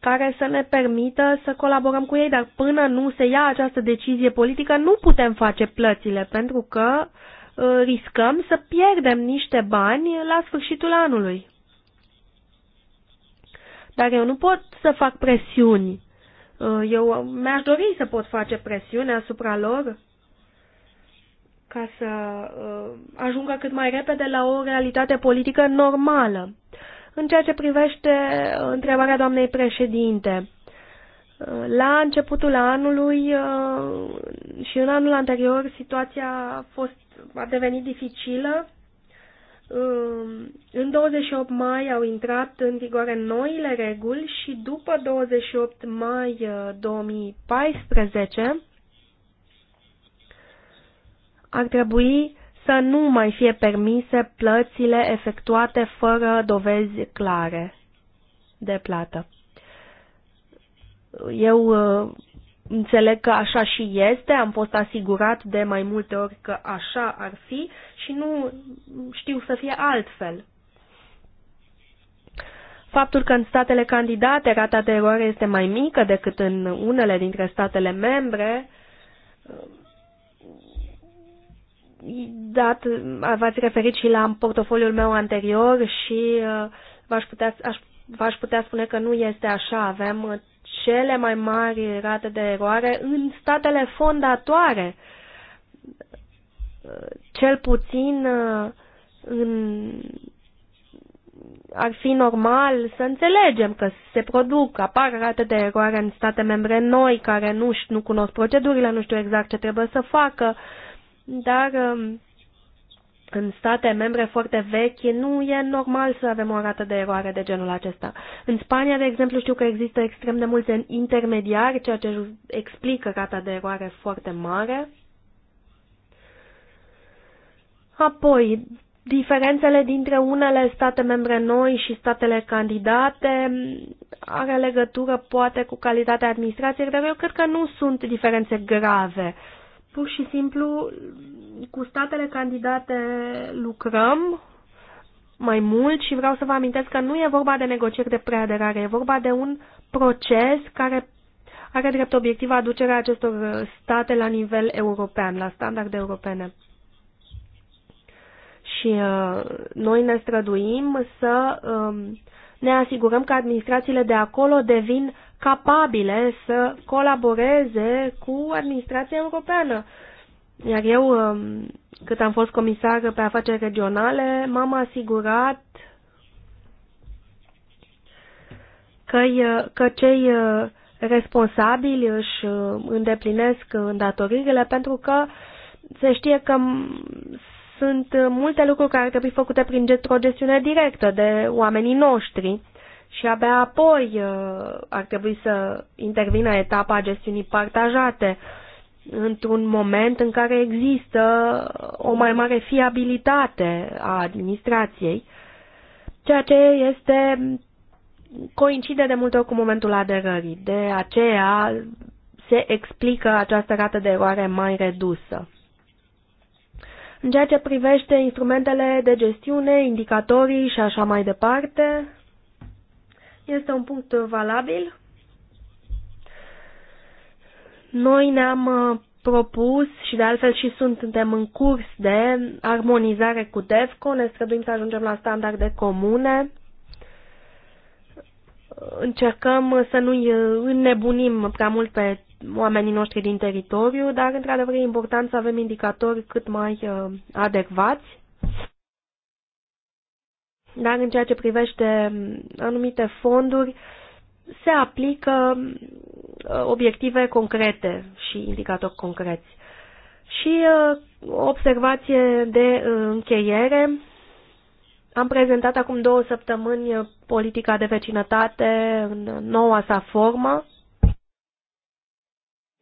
care să ne permită să colaborăm cu ei, dar până nu se ia această decizie politică, nu putem face plățile, pentru că uh, riscăm să pierdem niște bani la sfârșitul anului. Dar eu nu pot să fac presiuni. Uh, eu mi-aș dori să pot face presiune asupra lor ca să uh, ajungă cât mai repede la o realitate politică normală. În ceea ce privește întrebarea doamnei președinte, uh, la începutul anului uh, și în anul anterior situația a, fost, a devenit dificilă. În 28 mai au intrat în vigoare noile reguli și după 28 mai 2014 ar trebui să nu mai fie permise plățile efectuate fără dovezi clare de plată. Eu uh, înțeleg că așa și este, am fost asigurat de mai multe ori că așa ar fi și nu știu să fie altfel. Faptul că în statele candidate rata de eroare este mai mică decât în unele dintre statele membre dat, v-ați referit și la portofoliul meu anterior și uh, v-aș putea, aș, v-aș putea spune că nu este așa. Avem cele mai mari rate de eroare în statele fondatoare. Uh, cel puțin uh, în, ar fi normal să înțelegem că se produc, apar rate de eroare în state membre noi care nu, nu cunosc procedurile, nu știu exact ce trebuie să facă. Uh, dar um, în state membre foarte vechi nu e normal să avem o rată de eroare de genul acesta. În Spania, de exemplu, știu că există extrem de mulți intermediari, ceea ce explică rata de eroare foarte mare. Apoi, diferențele dintre unele state membre noi și statele candidate are legătură poate cu calitatea administrației, dar eu cred că nu sunt diferențe grave. Uh, Pur și simplu, cu statele candidate lucrăm mai mult și vreau să vă amintesc că nu e vorba de negocieri de preaderare, e vorba de un proces care are drept obiectiv aducerea acestor state la nivel european, la standarde europene. Și uh, noi ne străduim să uh, ne asigurăm că administrațiile de acolo devin capabile să colaboreze cu administrația europeană. Iar eu, um, cât am fost comisară pe afaceri regionale, m-am asigurat că, uh, că cei uh, responsabili își uh, îndeplinesc îndatoririle pentru că se știe că sunt multe lucruri care ar trebui făcute prin o gestiune directă de oamenii noștri și abia apoi uh, ar trebui să intervină etapa gestiunii partajate într-un moment în care există o mai mare fiabilitate a administrației, ceea ce este coincide de multe ori cu momentul aderării. De aceea se explică această rată de eroare mai redusă. În ceea ce privește instrumentele de gestiune, indicatorii și așa mai departe, este un punct valabil. Noi ne-am uh, propus și de altfel și suntem în curs de armonizare cu DEFCO, ne străduim să ajungem la standarde comune, încercăm să nu uh, înnebunim prea mult pe oamenii noștri din teritoriu, dar într-adevăr e important să avem indicatori cât mai uh, adecvați dar în ceea ce privește mm, anumite fonduri, se aplică mm, obiective concrete și indicatori concreți. Și mm, o observație de încheiere. Am prezentat acum două săptămâni politica de vecinătate în noua sa formă,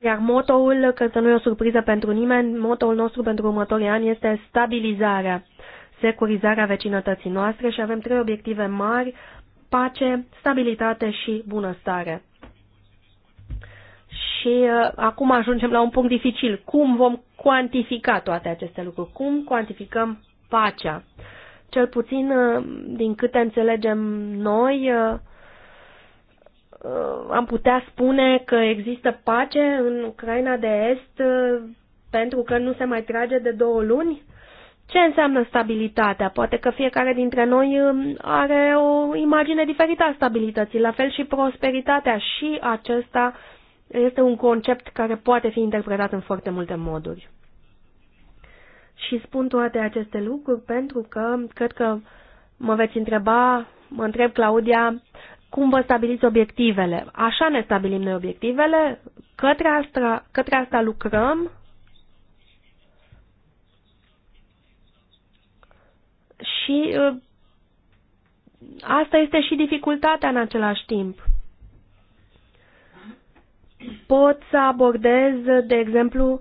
iar motoul, că că nu e o surpriză pentru nimeni, motoul nostru pentru următorii ani este stabilizarea securizarea vecinătății noastre și avem trei obiective mari, pace, stabilitate și bunăstare. Și uh, acum ajungem la un punct dificil. Cum vom cuantifica toate aceste lucruri? Cum cuantificăm pacea? Cel puțin, uh, din câte înțelegem noi, uh, uh, am putea spune că există pace în Ucraina de Est uh, pentru că nu se mai trage de două luni? Uh, ce înseamnă stabilitatea? Poate că fiecare dintre noi um, are o imagine diferită a stabilității, la fel și prosperitatea și acesta este un concept care poate fi interpretat în foarte multe moduri. Și spun toate aceste lucruri pentru că cred că mă veți întreba, mă întreb Claudia, cum vă stabiliți obiectivele? Așa ne stabilim noi obiectivele, către asta, către asta lucrăm Și uh, asta este și dificultatea în același timp. Pot să abordez, de exemplu,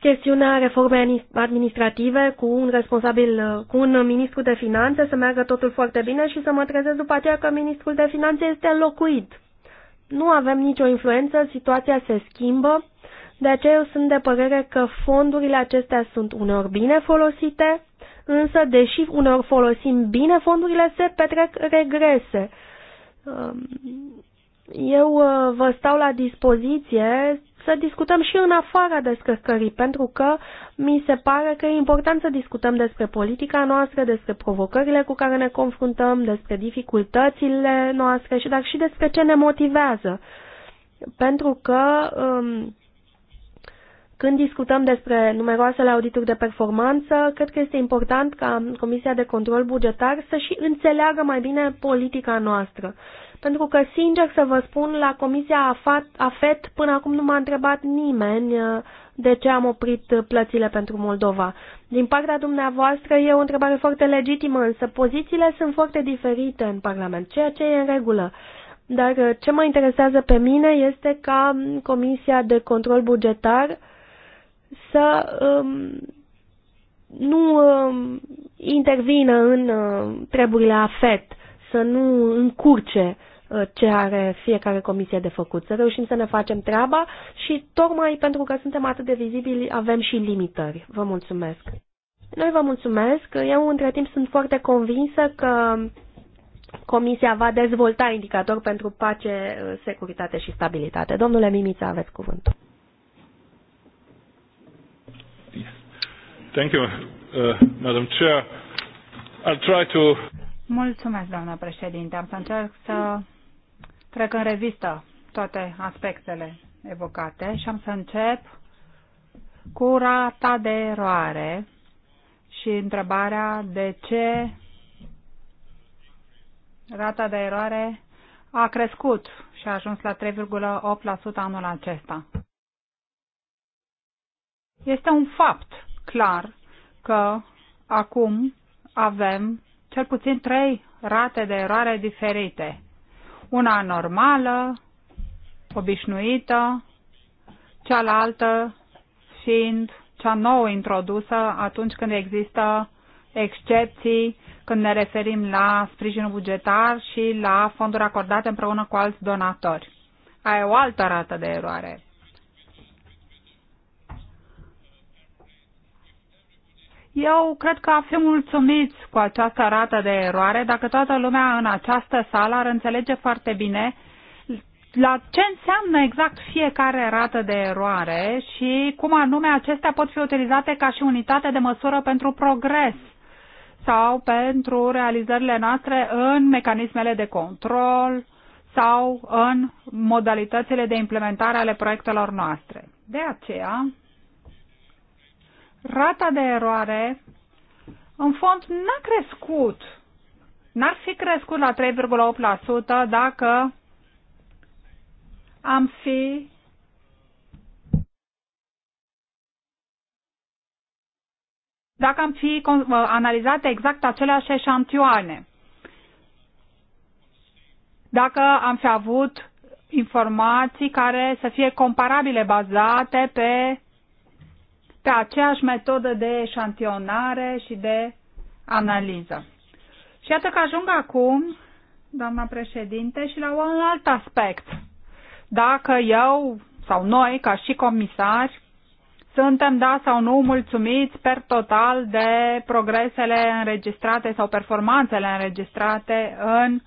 chestiunea reformei administrative cu un responsabil, ă, cu un ministru de finanțe, să meargă totul foarte bine și să mă trezesc după aceea că ministrul de finanțe este înlocuit. Nu avem nicio influență, situația se schimbă, de aceea eu sunt de părere că fondurile acestea sunt uneori bine folosite, însă deși uneori folosim bine fondurile, se petrec regrese. Um, eu uh, vă stau la dispoziție să discutăm și în afara descărcării, pentru că mi se pare că e important să discutăm despre politica noastră, despre provocările cu care ne confruntăm, despre dificultățile noastre, și dar și despre ce ne motivează. Pentru că um, când discutăm despre numeroasele audituri de performanță, cred că este important ca Comisia de Control Bugetar să și înțeleagă mai bine politica noastră. Pentru că, sincer să vă spun, la Comisia AFET până acum nu m-a întrebat nimeni uh, de ce am oprit plățile pentru Moldova. Din partea dumneavoastră e o întrebare foarte legitimă, însă pozițiile sunt foarte diferite în Parlament, ceea ce e în regulă. Dar uh, ce mă interesează pe mine este ca Comisia de Control Bugetar să um, nu um, intervină în uh, treburile afet, să nu încurce uh, ce are fiecare comisie de făcut, să reușim să ne facem treaba și tocmai pentru că suntem atât de vizibili avem și limitări. Vă mulțumesc! Noi vă mulțumesc. Eu între timp sunt foarte convinsă că Comisia va dezvolta indicator pentru pace, uh, securitate și stabilitate. Domnule Mimița, aveți cuvântul.
Thank you, uh, Madam Chair. I'll try to...
Mulțumesc, doamnă președinte. Am să încerc să trec în revistă toate aspectele evocate și am să încep cu rata de eroare și întrebarea de ce rata de eroare a crescut și a ajuns la 3,8% anul acesta. Este un fapt clar că acum avem cel puțin trei rate de eroare diferite. Una normală, obișnuită, cealaltă fiind cea nouă introdusă atunci când există excepții, când ne referim la sprijinul bugetar și la fonduri acordate împreună cu alți donatori. Ai o altă rată de eroare. Eu cred că ar fi mulțumiți cu această rată de eroare dacă toată lumea în această sală ar înțelege foarte bine la ce înseamnă exact fiecare rată de eroare și cum anume acestea pot fi utilizate ca și unitate de măsură pentru progres sau pentru realizările noastre în mecanismele de control sau în modalitățile de implementare ale proiectelor noastre. De aceea, rata de eroare în fond n-a crescut. N-ar fi crescut la 3,8% dacă am fi dacă am fi uh, analizate exact aceleași eșantioane, dacă am fi avut informații care să fie comparabile, bazate pe pe aceeași metodă de eșantionare și de analiză. Și iată că ajung acum, doamna președinte, și la un alt aspect. Dacă eu sau noi, ca și comisari, suntem, da sau nu, mulțumiți per total de progresele înregistrate sau performanțele înregistrate în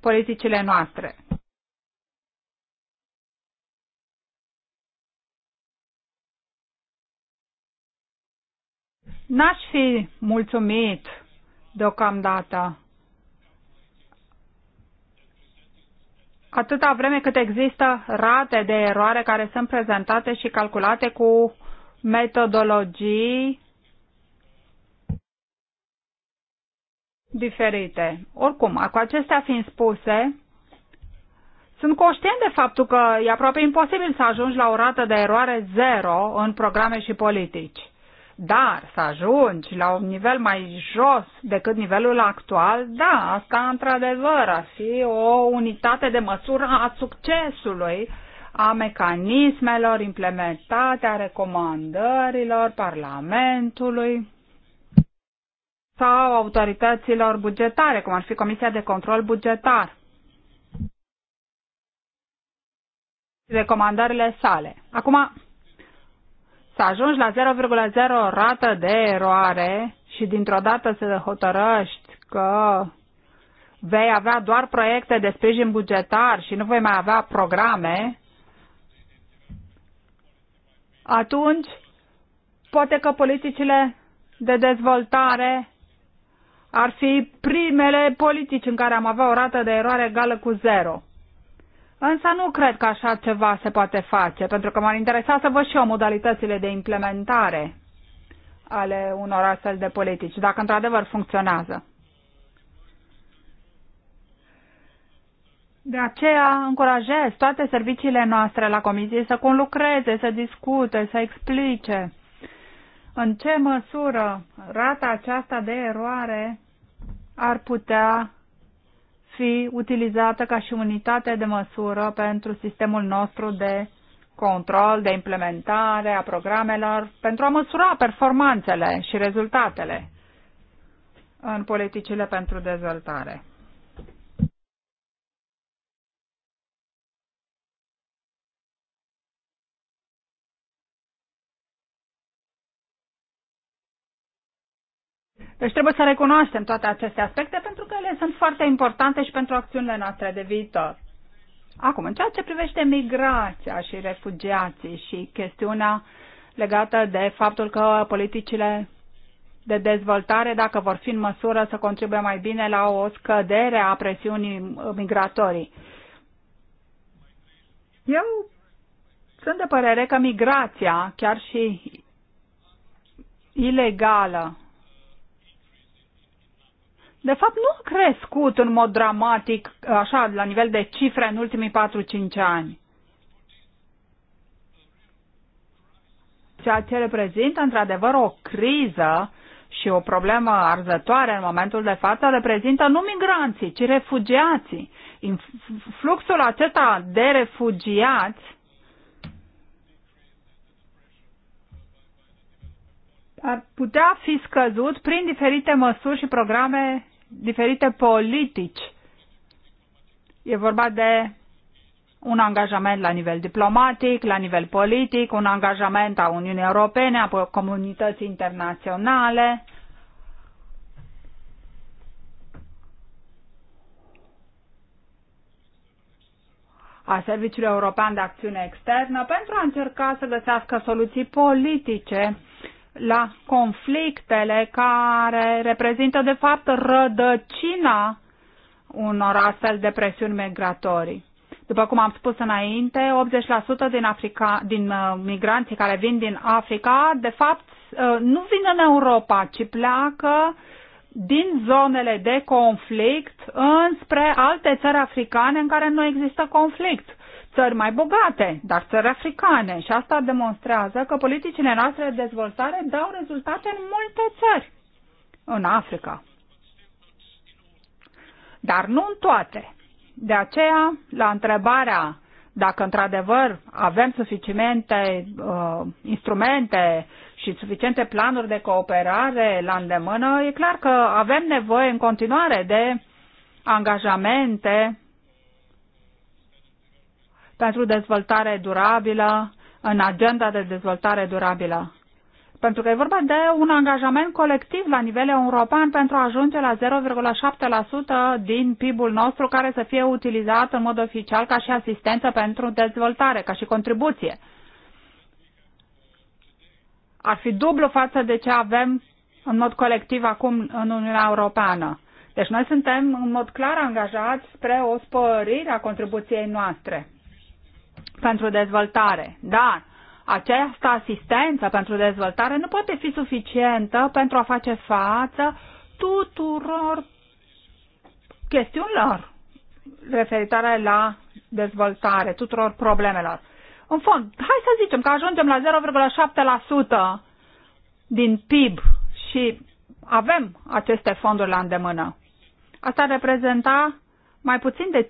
politicile noastre. N-aș fi mulțumit deocamdată atâta vreme cât există rate de eroare care sunt prezentate și calculate cu metodologii diferite. Oricum, cu acestea fiind spuse, sunt conștient de faptul că e aproape imposibil să ajungi la o rată de eroare zero în programe și politici. Dar să ajungi la un nivel mai jos decât nivelul actual, da, asta într-adevăr ar fi o unitate de măsură a succesului a mecanismelor implementate, a recomandărilor Parlamentului sau autorităților bugetare, cum ar fi Comisia de Control Bugetar. Recomandările sale. Acum, să ajungi la 0,0 rată de eroare și dintr-o dată să hotărăști că vei avea doar proiecte de sprijin bugetar și nu vei mai avea programe, atunci poate că politicile de dezvoltare ar fi primele politici în care am avea o rată de eroare egală cu zero. Însă nu cred că așa ceva se poate face, pentru că m-ar interesa să văd și eu modalitățile de implementare ale unor astfel de politici, dacă într-adevăr funcționează. De aceea încurajez toate serviciile noastre la comisie să conlucreze, să discute, să explice în ce măsură rata aceasta de eroare ar putea fi utilizată ca și unitate de măsură pentru sistemul nostru de control, de implementare a programelor, pentru a măsura performanțele și rezultatele în politicile pentru dezvoltare. Deci trebuie să recunoaștem toate aceste aspecte pentru că ele sunt foarte importante și pentru acțiunile noastre de viitor. Acum, în ceea ce privește migrația și refugiații și chestiunea legată de faptul că politicile de dezvoltare, dacă vor fi în măsură să contribuie mai bine la o scădere a presiunii migratorii. Eu sunt de părere că migrația, chiar și ilegală, de fapt nu a crescut în mod dramatic, așa, la nivel de cifre în ultimii 4-5 ani. Ceea ce reprezintă într-adevăr o criză și o problemă arzătoare în momentul de față reprezintă nu migranții, ci refugiații. Fluxul acesta de refugiați ar putea fi scăzut prin diferite măsuri și programe diferite politici. E vorba de un angajament la nivel diplomatic, la nivel politic, un angajament a Uniunii Europene, a comunității internaționale. a Serviciului European de Acțiune Externă pentru a încerca să găsească soluții politice la conflictele care reprezintă de fapt rădăcina unor astfel de presiuni migratorii. După cum am spus înainte, 80% din, Africa, din uh, migranții care vin din Africa, de fapt, uh, nu vin în Europa, ci pleacă din zonele de conflict înspre alte țări africane în care nu există conflict țări mai bogate, dar țări africane și asta demonstrează că politicile noastre de dezvoltare dau rezultate în multe țări în Africa. Dar nu în toate. De aceea, la întrebarea dacă într-adevăr avem suficiente uh, instrumente și suficiente planuri de cooperare la îndemână, e clar că avem nevoie în continuare de angajamente pentru dezvoltare durabilă, în agenda de dezvoltare durabilă. Pentru că e vorba de un angajament colectiv la nivel european pentru a ajunge la 0,7% din PIB-ul nostru care să fie utilizat în mod oficial ca și asistență pentru dezvoltare, ca și contribuție. Ar fi dublu față de ce avem în mod colectiv acum în Uniunea Europeană. Deci noi suntem în mod clar angajați spre o sporire a contribuției noastre pentru dezvoltare. Dar această asistență pentru dezvoltare nu poate fi suficientă pentru a face față tuturor chestiunilor referitoare la dezvoltare, tuturor problemelor. În fond, hai să zicem că ajungem la 0,7% din PIB și avem aceste fonduri la îndemână. Asta reprezenta mai puțin de 15%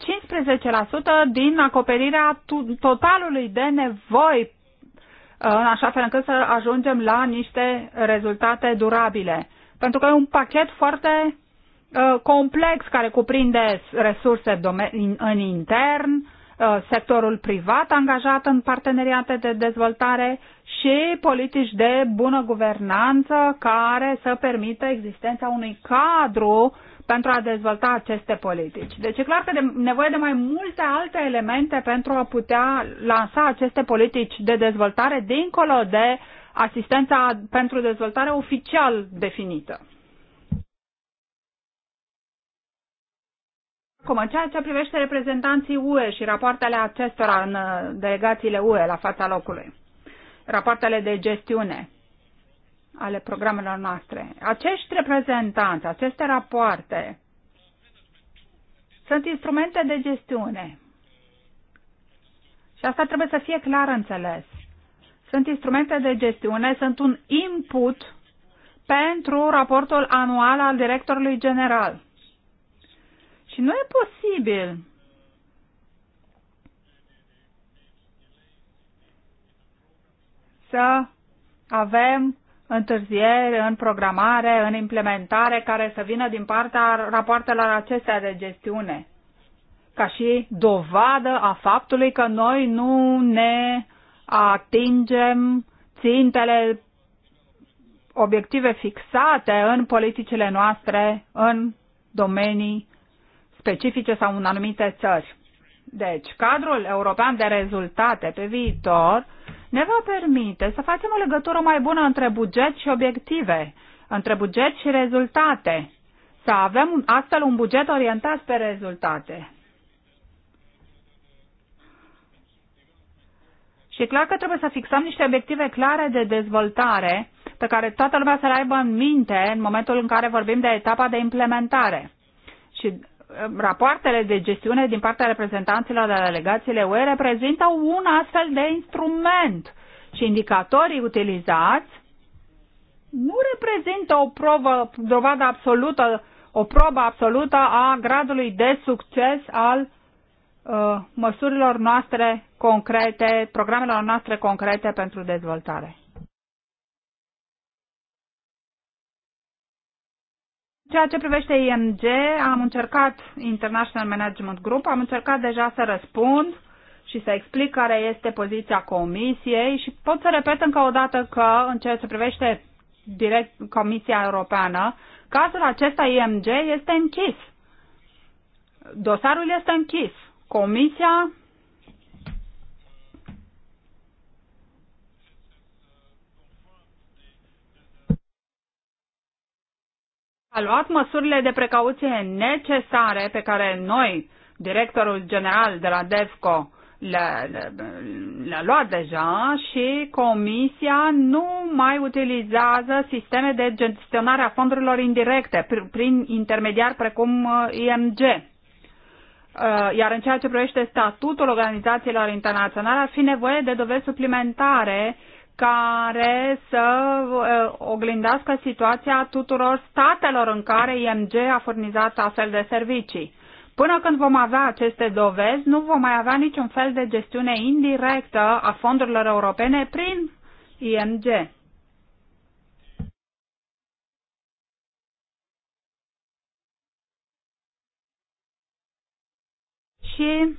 din acoperirea totalului de nevoi, în așa fel încât să ajungem la niște rezultate durabile. Pentru că e un pachet foarte uh, complex care cuprinde resurse în intern, uh, sectorul privat angajat în parteneriate de dezvoltare și politici de bună guvernanță care să permită existența unui cadru pentru a dezvolta aceste politici. Deci e clar că de nevoie de mai multe alte elemente pentru a putea lansa aceste politici de dezvoltare dincolo de asistența pentru dezvoltare oficial definită. Acum, în ceea ce privește reprezentanții UE și rapoartele acestora în uh, delegațiile UE la fața locului, rapoartele de gestiune, ale programelor noastre. Acești reprezentanți, aceste rapoarte, sunt instrumente de gestiune. Și asta trebuie să fie clar înțeles. Sunt instrumente de gestiune, sunt un input pentru raportul anual al directorului general. Și nu e posibil să avem întârzieri în programare, în implementare, care să vină din partea rapoartelor acestea de gestiune, ca și dovadă a faptului că noi nu ne atingem țintele obiective fixate în politicile noastre, în domenii specifice sau în anumite țări. Deci, cadrul european de rezultate pe viitor ne va permite să facem o legătură mai bună între buget și obiective, între buget și rezultate, să avem astfel un buget orientat pe rezultate. Și e clar că trebuie să fixăm niște obiective clare de dezvoltare pe care toată lumea să le aibă în minte în momentul în care vorbim de etapa de implementare. Și rapoartele de gestiune din partea reprezentanților de la delegațiile UE reprezintă un astfel de instrument și indicatorii utilizați nu reprezintă o probă, dovadă absolută, o probă absolută a gradului de succes al uh, măsurilor noastre concrete, programelor noastre concrete pentru dezvoltare. ceea ce privește IMG, am încercat International Management Group, am încercat deja să răspund și să explic care este poziția comisiei și pot să repet încă o dată că în ceea ce privește direct Comisia Europeană, cazul acesta IMG este închis. Dosarul este închis. Comisia a luat măsurile de precauție necesare pe care noi, directorul general de la DEFCO, le-a le, le luat deja și Comisia nu mai utilizează sisteme de gestionare a fondurilor indirecte prin intermediar precum uh, IMG. Uh, iar în ceea ce privește statutul organizațiilor internaționale, ar fi nevoie de dovezi suplimentare uh, care să eh, oglindească situația tuturor statelor în care IMG a furnizat astfel de servicii. Până când vom avea aceste dovezi, nu vom mai avea niciun fel de gestiune indirectă a fondurilor europene prin IMG. Și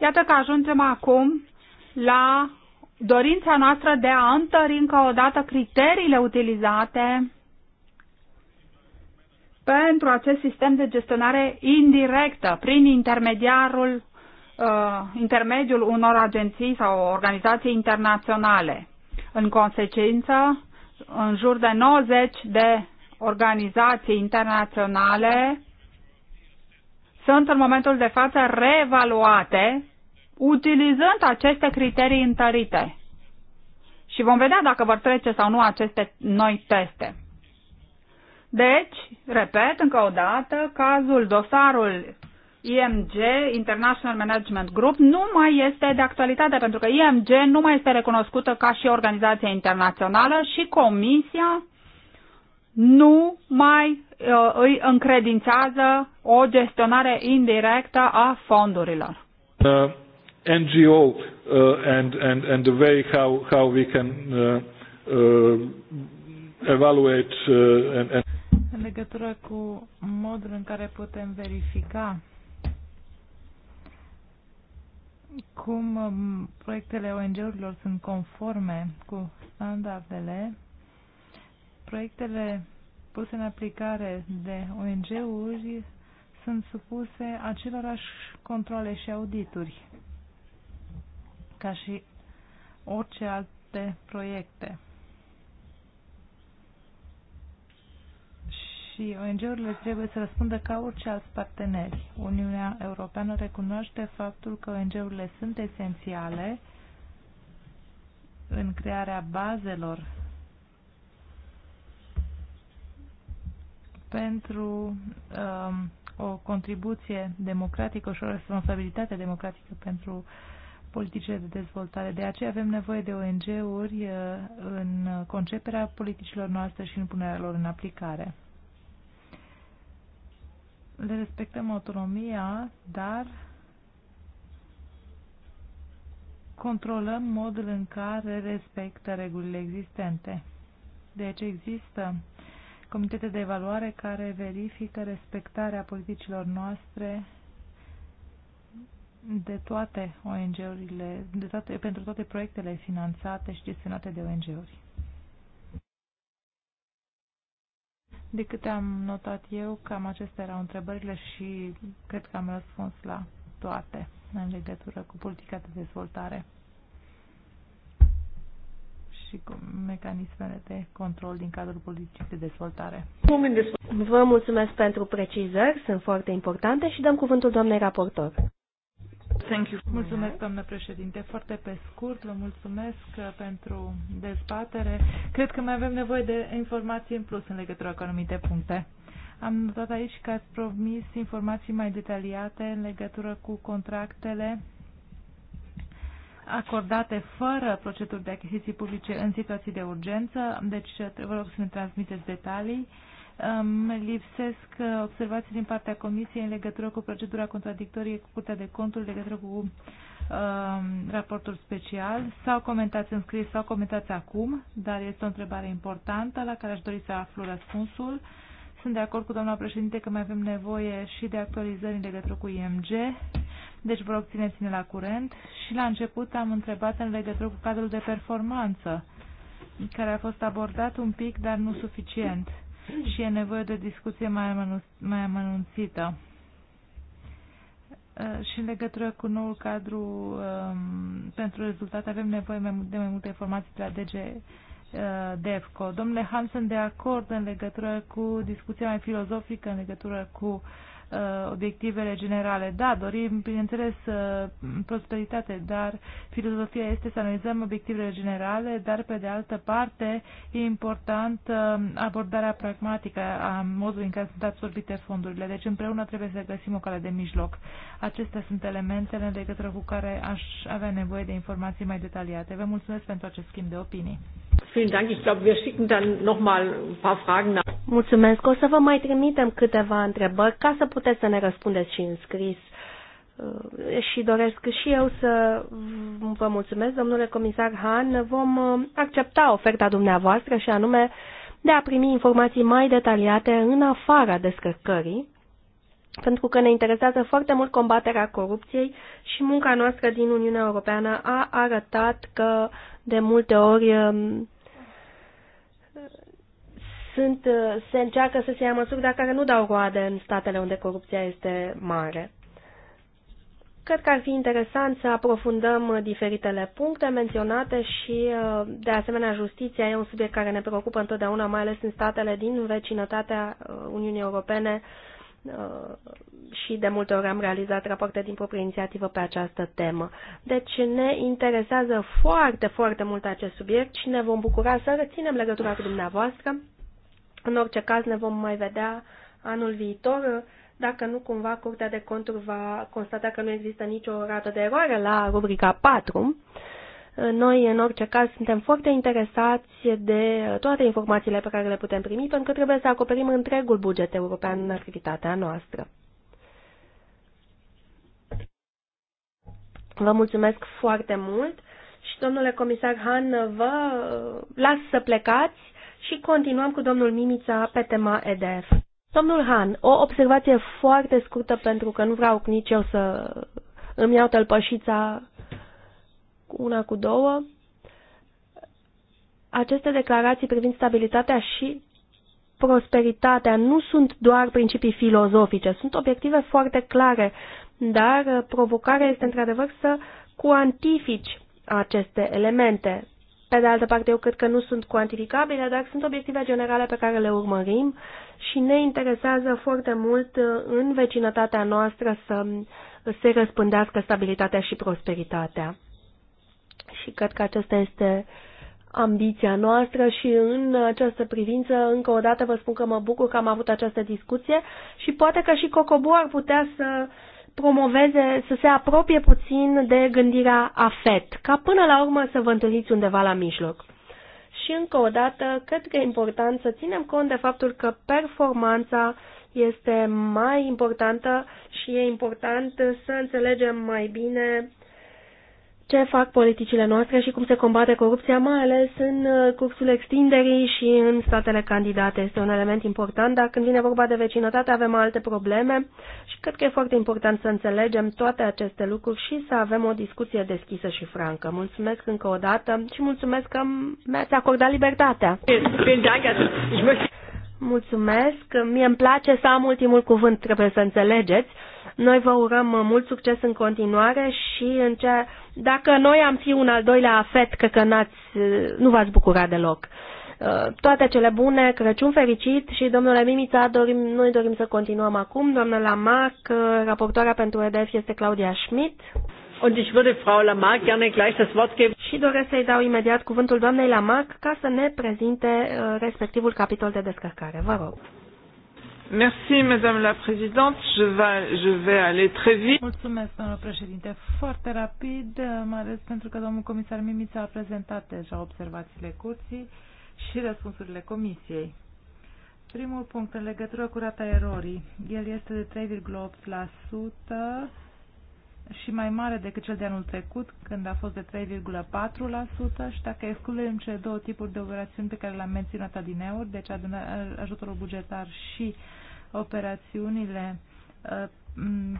iată că ajungem acum la dorința noastră de a întări încă o dată criteriile utilizate pentru acest sistem de gestionare indirectă, prin intermediarul, uh, intermediul unor agenții sau organizații internaționale. În consecință, în jur de 90 de organizații internaționale sunt în momentul de față reevaluate utilizând aceste criterii întărite. Și vom vedea dacă vor trece sau nu aceste noi teste. Deci, repet încă o dată, cazul, dosarul IMG, International Management Group, nu mai este de actualitate, pentru că IMG nu mai este recunoscută ca și organizație internațională și Comisia nu mai uh, îi încredințează o gestionare indirectă a fondurilor.
Uh. NGO uh, and, and, and the way how, how we can uh, uh, evaluate uh, and, and în legătură cu modul în care putem verifica cum um, proiectele ONG-urilor sunt conforme cu standardele, proiectele puse în aplicare de ONG-uri sunt supuse acelorași controle și audituri ca și orice alte proiecte. și ONG-urile trebuie să răspundă ca orice alți parteneri. Uniunea Europeană recunoaște faptul că ONG-urile sunt esențiale în crearea bazelor pentru um, o contribuție democratică și o responsabilitate democratică pentru politicile de dezvoltare. De aceea avem nevoie de ONG-uri uh, în conceperea politicilor noastre și în punerea lor în aplicare. Le respectăm autonomia, dar controlăm modul în care respectă regulile existente. Deci există comitete de evaluare care verifică respectarea politicilor noastre de toate ONG-urile, de toate, pentru toate proiectele finanțate și gestionate de ONG-uri. De câte am notat eu, cam acestea erau întrebările și cred că am răspuns la toate în legătură cu politica de dezvoltare și cu mecanismele de control din cadrul politicii de dezvoltare.
Vă mulțumesc pentru precizări, sunt foarte importante și dăm cuvântul doamnei raportor.
Thank you. Mulțumesc, doamnă președinte. Foarte pe scurt, vă mulțumesc pentru dezbatere. Cred că mai avem nevoie de informații în plus în legătură cu anumite puncte. Am notat aici că ați promis informații mai detaliate în legătură cu contractele acordate fără proceduri de achiziții publice în situații de urgență, deci vă rog să ne transmiteți detalii lipsesc uh, observații din partea Comisiei în legătură cu procedura contradictorie cu Curtea de Conturi, în legătură cu um, raportul special. Sau comentați în scris sau comentați acum, dar este o întrebare importantă la care aș dori să aflu răspunsul. Sunt de acord cu doamna președinte că mai avem nevoie și de actualizări în legătură cu IMG, deci vă rog țineți-ne la curent. Și la început am întrebat în legătură cu cadrul de performanță, care a fost abordat un pic, dar nu suficient și e nevoie de discuție mai, mai amănunțită. Uh, și în legătură cu noul cadru um, pentru rezultate avem nevoie de mai multe informații de la DG uh, DEFCO. Domnule Hansen, de acord în legătură cu discuția mai filozofică, în legătură cu Uh, obiectivele generale. Da, dorim, bineînțeles, uh, prosperitate, dar filozofia este să analizăm obiectivele generale, dar pe de altă parte e important uh, abordarea pragmatică a modului în care sunt absorbite fondurile. Deci împreună trebuie să găsim o cale de mijloc. Acestea sunt elementele de către cu care aș avea nevoie de informații mai detaliate. Vă mulțumesc pentru acest schimb de opinii. Mulțumesc. O să vă mai trimitem câteva întrebări ca
să puteți să ne răspundeți și în scris. Uh, și doresc și eu să vă mulțumesc, domnule comisar Han. Vom uh, accepta oferta dumneavoastră și anume de a primi informații mai detaliate în afara descărcării, pentru că ne interesează foarte mult combaterea corupției și munca noastră din Uniunea Europeană a arătat că de multe ori um, sunt, uh, se încearcă să se ia măsuri, dar care nu dau roade în statele unde corupția este mare. Cred că ar fi interesant să aprofundăm uh, diferitele puncte menționate și, uh, de asemenea, justiția e un subiect care ne preocupă întotdeauna, mai ales în statele din vecinătatea Uniunii Europene, și de multe ori am realizat rapoarte din proprie inițiativă pe această temă. Deci ne interesează foarte, foarte mult acest subiect și ne vom bucura să reținem legătura cu dumneavoastră. În orice caz ne vom mai vedea anul viitor, dacă nu cumva Curtea de Conturi va constata că nu există nicio rată de eroare la rubrica 4. Noi, în orice caz, suntem foarte interesați de toate informațiile pe care le putem primi, pentru că trebuie să acoperim întregul buget european în activitatea noastră. Vă mulțumesc foarte mult și, domnule comisar Han, vă las să plecați și continuăm cu domnul Mimița pe tema EDF. Domnul Han, o observație foarte scurtă pentru că nu vreau nici eu să îmi iau tălpășița cu una cu două. Aceste declarații privind stabilitatea și prosperitatea nu sunt doar principii filozofice, sunt obiective foarte clare dar uh, provocarea este într-adevăr să cuantifici aceste elemente. Pe de altă parte, eu cred că nu sunt cuantificabile, dar sunt obiective generale pe care le urmărim și ne interesează foarte mult uh, în vecinătatea noastră să uh, se răspândească stabilitatea și prosperitatea. Și cred că acesta este ambiția noastră și în această privință, încă o dată vă spun că mă bucur că am avut această discuție și poate că și Cocobu ar putea să uh, promoveze, să se apropie puțin de gândirea afet, ca până la urmă să vă întâlniți undeva la mijloc. Și încă o dată, cred că e important să ținem cont de faptul că performanța este mai importantă și e important să înțelegem mai bine ce fac politicile noastre și cum se combate corupția, mai ales în uh, cursul extinderii și în statele candidate. Este un element important, dar când vine vorba de vecinătate avem alte probleme și cred că e foarte important să înțelegem toate aceste lucruri și să avem o discuție deschisă și francă. Mulțumesc încă o dată și mulțumesc că mi-ați acordat libertatea. Mulțumesc, mie îmi place să am ultimul cuvânt, trebuie să înțelegeți. Noi vă urăm mult succes în continuare și în ceea dacă noi am fi un al doilea afet, cred că n-ați, nu v-ați bucura deloc. Uh, toate cele bune, Crăciun fericit și domnule Mimița, dorim, noi dorim să continuăm acum. Doamna Lamarck, uh, raportoarea pentru EDF este Claudia Schmidt.
Und ich würde Frau Lamarck gerne gleich das Wort
geben. Și doresc să-i dau imediat cuvântul doamnei Lamarck ca să ne prezinte uh, respectivul capitol de descărcare. Vă rog.
Merci, Madame la Présidente. Je vais, je vais aller très vite. Mulțumesc, domnule președinte. Foarte rapid, mai ales pentru că domnul comisar Mimița a prezentat deja observațiile curții și răspunsurile comisiei. Primul punct, în legătură cu rata erorii, el este de 3,8%, și mai mare decât cel de anul trecut, când a fost de 3,4% și dacă excludem cele două tipuri de operațiuni pe care le-am menționat adineuri, deci ajutorul bugetar și operațiunile uh,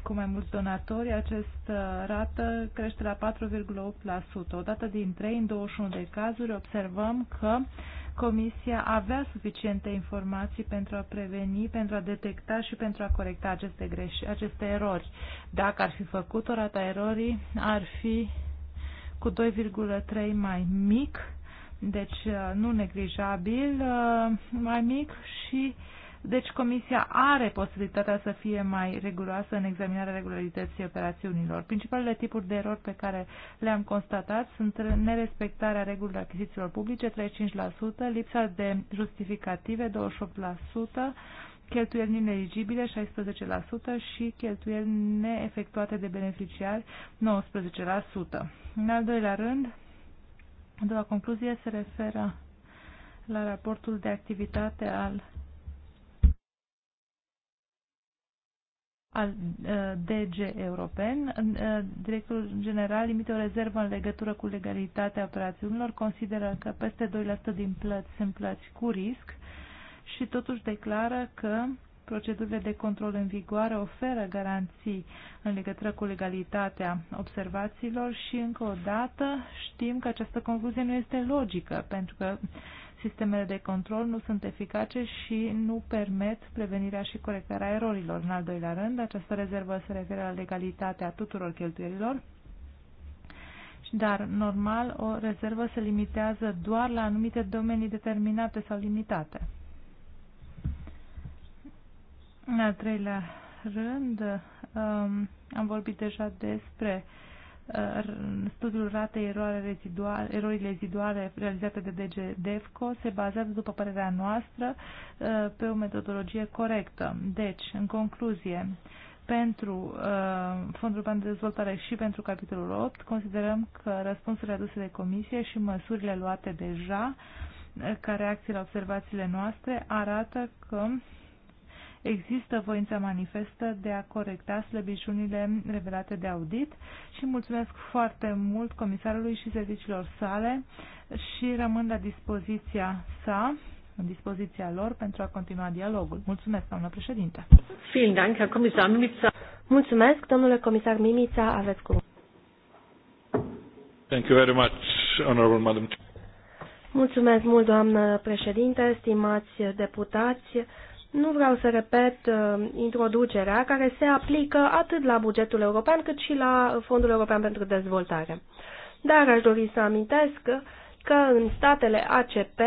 cu mai mulți donatori, acest uh, rată crește la 4,8%. Odată din 3, în 21 de cazuri, observăm că Comisia avea suficiente informații pentru a preveni, pentru a detecta și pentru a corecta aceste, greș- aceste erori. Dacă ar fi făcut o rata erorii, ar fi cu 2,3 mai mic, deci uh, nu neglijabil, uh, mai mic și uh, deci Comisia are posibilitatea să fie mai riguroasă în examinarea regularității operațiunilor. Principalele tipuri de erori pe care le-am constatat sunt nerespectarea regulilor achizițiilor publice, 35%, lipsa de justificative, 28%, cheltuieli ineligibile 16% și cheltuieli neefectuate de beneficiari 19%. În al doilea rând, a doua concluzie se referă la raportul de activitate al al uh, DG European. Uh, directorul general limite o rezervă în legătură cu legalitatea operațiunilor, consideră că peste 2% din plăți sunt plăți cu risc și totuși declară că procedurile de control în vigoare oferă garanții în legătură cu legalitatea observațiilor și încă o dată știm că această concluzie nu este logică, pentru că Sistemele de control nu sunt eficace și nu permit prevenirea și corectarea erorilor. În al doilea rând, această rezervă se referă la legalitatea tuturor cheltuielilor, dar, normal, o rezervă se limitează doar la anumite domenii determinate sau limitate. În al treilea rând, um, am vorbit deja despre uh, studiul ratei reziduale, erorii reziduale realizate de DG DEFCO se bazează, după părerea noastră, uh, pe o metodologie corectă. Deci, în concluzie, pentru uh, Fondul Urban de Dezvoltare și pentru capitolul 8, considerăm că răspunsurile aduse de comisie și măsurile luate deja uh, ca reacție la observațiile noastre arată că există voința manifestă de a corecta slăbiciunile revelate de audit și mulțumesc foarte mult comisarului și serviciilor sale și rămân la dispoziția sa în dispoziția lor pentru a continua dialogul. Mulțumesc, doamnă președinte. Mulțumesc, domnule comisar Mimița, aveți cuvânt. Thank you very much, honorable madam.
Mulțumesc mult, doamnă președinte, stimați deputați. Nu vreau să repet uh, introducerea care se aplică atât la bugetul european cât și la Fondul European pentru Dezvoltare. Dar aș dori să amintesc că în statele ACP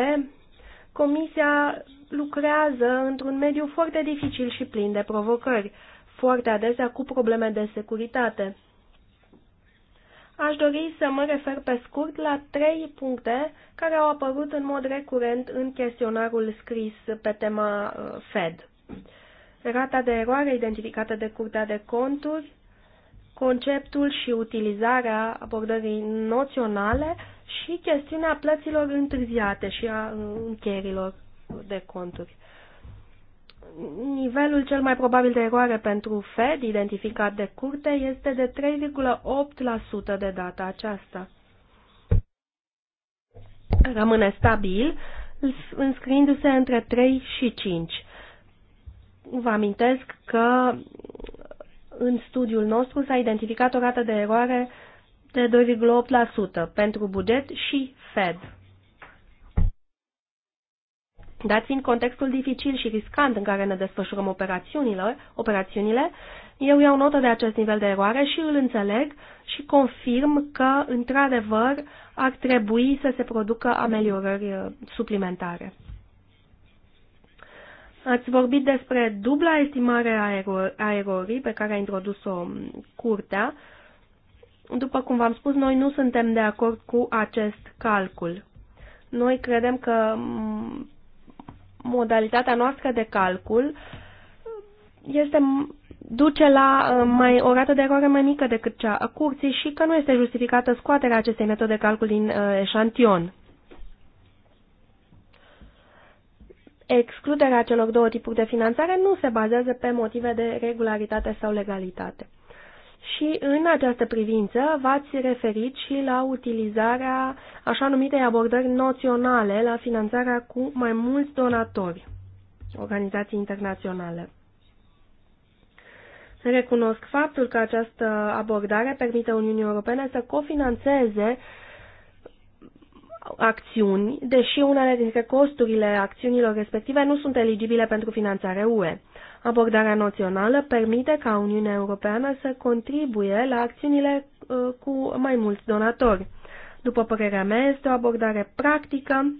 Comisia lucrează într-un mediu foarte dificil și plin de provocări, foarte adesea cu probleme de securitate. Aș dori să mă refer pe scurt la trei puncte care au apărut în mod recurent în chestionarul scris pe tema uh, Fed. Rata de eroare identificată de Curtea de Conturi, conceptul și utilizarea abordării noționale și chestiunea plăților întârziate și a uh, încheierilor de conturi nivelul cel mai probabil de eroare pentru Fed, identificat de curte, este de 3,8% de data aceasta. Rămâne stabil, înscriindu-se între 3 și 5. Vă amintesc că în studiul nostru s-a identificat o rată de eroare de 2,8% pentru buget și Fed. Dar fiind contextul dificil și riscant în care ne desfășurăm operațiunile, operațiunile, eu iau notă de acest nivel de eroare și îl înțeleg și confirm că, într-adevăr, ar trebui să se producă ameliorări uh, suplimentare. Ați vorbit despre dubla estimare a, ero a erorii pe care a introdus-o um, curtea. După cum v-am spus, noi nu suntem de acord cu acest calcul. Noi credem că modalitatea noastră de calcul este duce la uh, mai, o rată de eroare mai mică decât cea a curții și că nu este justificată scoaterea acestei metode de calcul din uh, eșantion. Excluderea celor două tipuri de finanțare nu se bazează pe motive de regularitate sau legalitate. Și în această privință v-ați referit și la utilizarea așa numitei abordări noționale la finanțarea cu mai mulți donatori, organizații internaționale. Recunosc faptul că această abordare permite Uniunii Europene să cofinanțeze acțiuni, deși unele dintre costurile acțiunilor respective nu sunt eligibile pentru finanțare UE. Abordarea noțională permite ca Uniunea Europeană să contribuie la acțiunile uh, cu mai mulți donatori. După părerea mea, este o abordare practică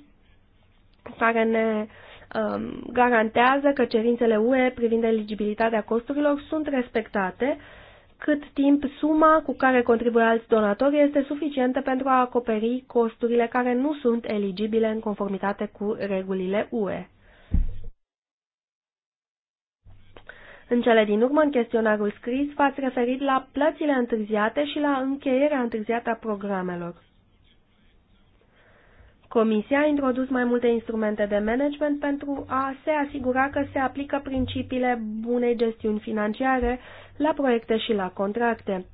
care ne um, garantează că cerințele UE privind eligibilitatea costurilor sunt respectate, cât timp suma cu care contribuie alți donatori este suficientă pentru a acoperi costurile care nu sunt eligibile în conformitate cu regulile UE. În cele din urmă, în chestionarul scris, v-ați referit la plățile întârziate și la încheierea întârziată a programelor. Comisia a introdus mai multe instrumente de management pentru a se asigura că se aplică principiile bunei gestiuni financiare la proiecte și la contracte.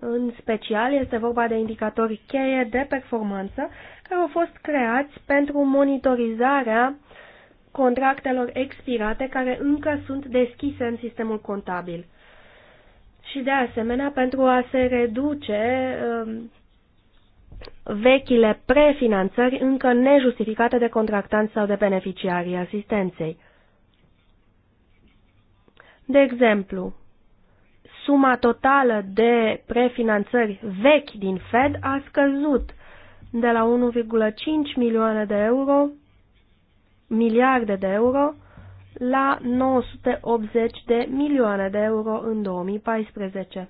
În special este vorba de indicatori cheie de performanță care au fost creați pentru monitorizarea contractelor expirate care încă sunt deschise în sistemul contabil. Și de asemenea, pentru a se reduce um, vechile prefinanțări încă nejustificate de contractanți sau de beneficiarii asistenței. De exemplu, suma totală de prefinanțări vechi din Fed a scăzut de la 1,5 milioane de euro miliarde de euro la 980 de milioane de euro în 2014.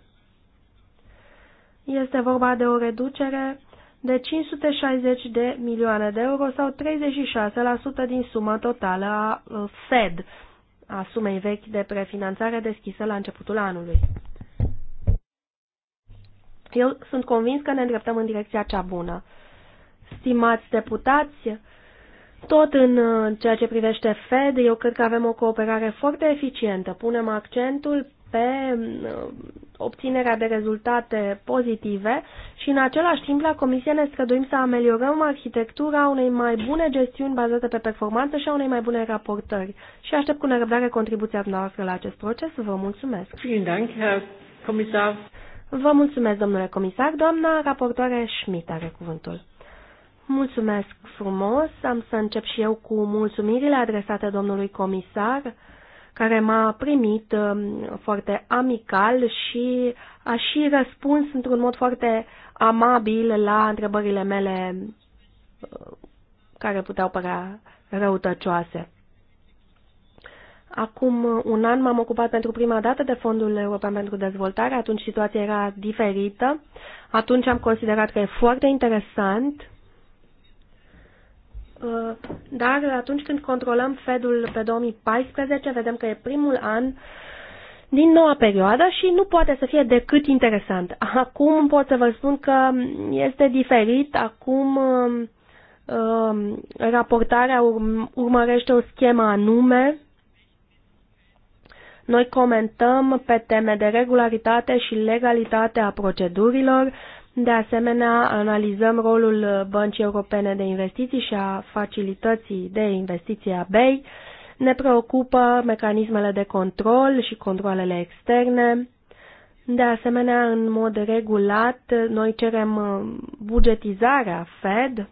Este vorba de o reducere de 560 de milioane de euro sau 36% din suma totală a uh, Fed, a sumei vechi de prefinanțare deschisă la începutul anului. Eu sunt convins că ne îndreptăm în direcția cea bună. Stimați deputați, tot în uh, ceea ce privește Fed, eu cred că avem o cooperare foarte eficientă. Punem accentul pe uh, obținerea de rezultate pozitive și în același timp la Comisie ne străduim să ameliorăm arhitectura unei mai bune gestiuni bazate pe performanță și a unei mai bune raportări. Și aștept cu nerăbdare contribuția noastră la acest proces. Vă mulțumesc! Vă mulțumesc, domnule comisar. Doamna raportoare Schmidt are cuvântul. Mulțumesc frumos. Am să încep și eu cu mulțumirile adresate domnului comisar, care m-a primit um, foarte amical și a și răspuns într-un mod foarte amabil la întrebările mele uh, care puteau părea răutăcioase. Acum un an m-am ocupat pentru prima dată de Fondul European pentru Dezvoltare, atunci situația era diferită, atunci am considerat că e foarte interesant Uh, dar atunci când controlăm Fedul pe 2014, vedem că e primul an din noua perioadă și nu poate să fie decât interesant. Acum pot să vă spun că este diferit. Acum uh, uh, raportarea urmărește o schemă anume. Noi comentăm pe teme de regularitate și legalitate a procedurilor de asemenea, analizăm rolul Băncii Europene de Investiții și a facilității de investiție a BEI. Ne preocupă mecanismele de control și controlele externe. De asemenea, în mod regulat, noi cerem uh, bugetizarea Fed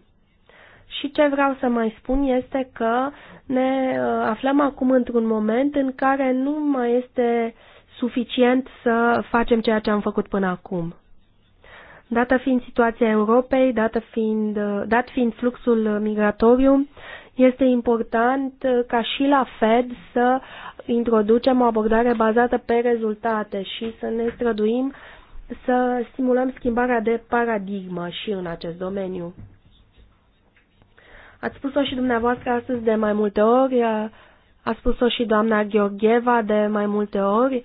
și ce vreau să mai spun este că ne uh, aflăm acum într-un moment în care nu mai este suficient să facem ceea ce am făcut până acum. Dată fiind situația Europei, dată fiind, dat fiind fluxul migratoriu, este important uh, ca și la Fed să introducem o abordare bazată pe rezultate și să ne străduim să stimulăm schimbarea de paradigmă și în acest domeniu. Ați spus-o și dumneavoastră astăzi de mai multe ori, a spus-o și doamna Gheorgheva de mai multe ori,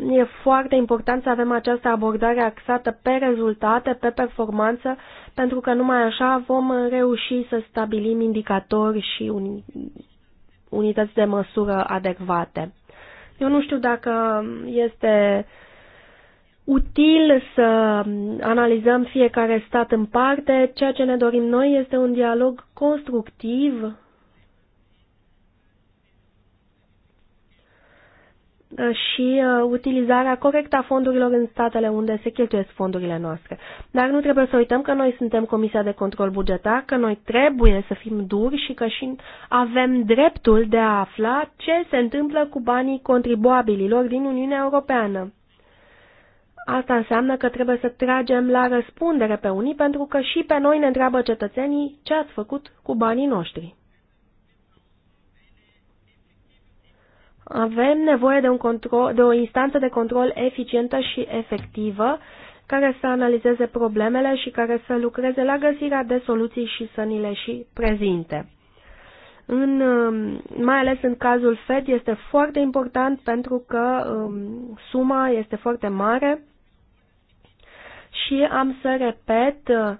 E foarte important să avem această abordare axată pe rezultate, pe performanță, pentru că numai așa vom reuși să stabilim indicatori și uni unități de măsură adecvate. Eu nu știu dacă este util să analizăm fiecare stat în parte. Ceea ce ne dorim noi este un dialog constructiv Uh, și uh, utilizarea corectă a fondurilor în statele unde se cheltuiesc fondurile noastre. Dar nu trebuie să uităm că noi suntem Comisia de Control Bugetar, că noi trebuie să fim duri și că și avem dreptul de a afla ce se întâmplă cu banii contribuabililor din Uniunea Europeană. Asta înseamnă că trebuie să tragem la răspundere pe unii pentru că și pe noi ne întreabă cetățenii ce ați făcut cu banii noștri. Avem nevoie de, un control, de o instanță de control eficientă și efectivă care să analizeze problemele și care să lucreze la găsirea de soluții și să ni le și prezinte. În, um, mai ales în cazul FED este foarte important pentru că um, suma este foarte mare și am să repet uh,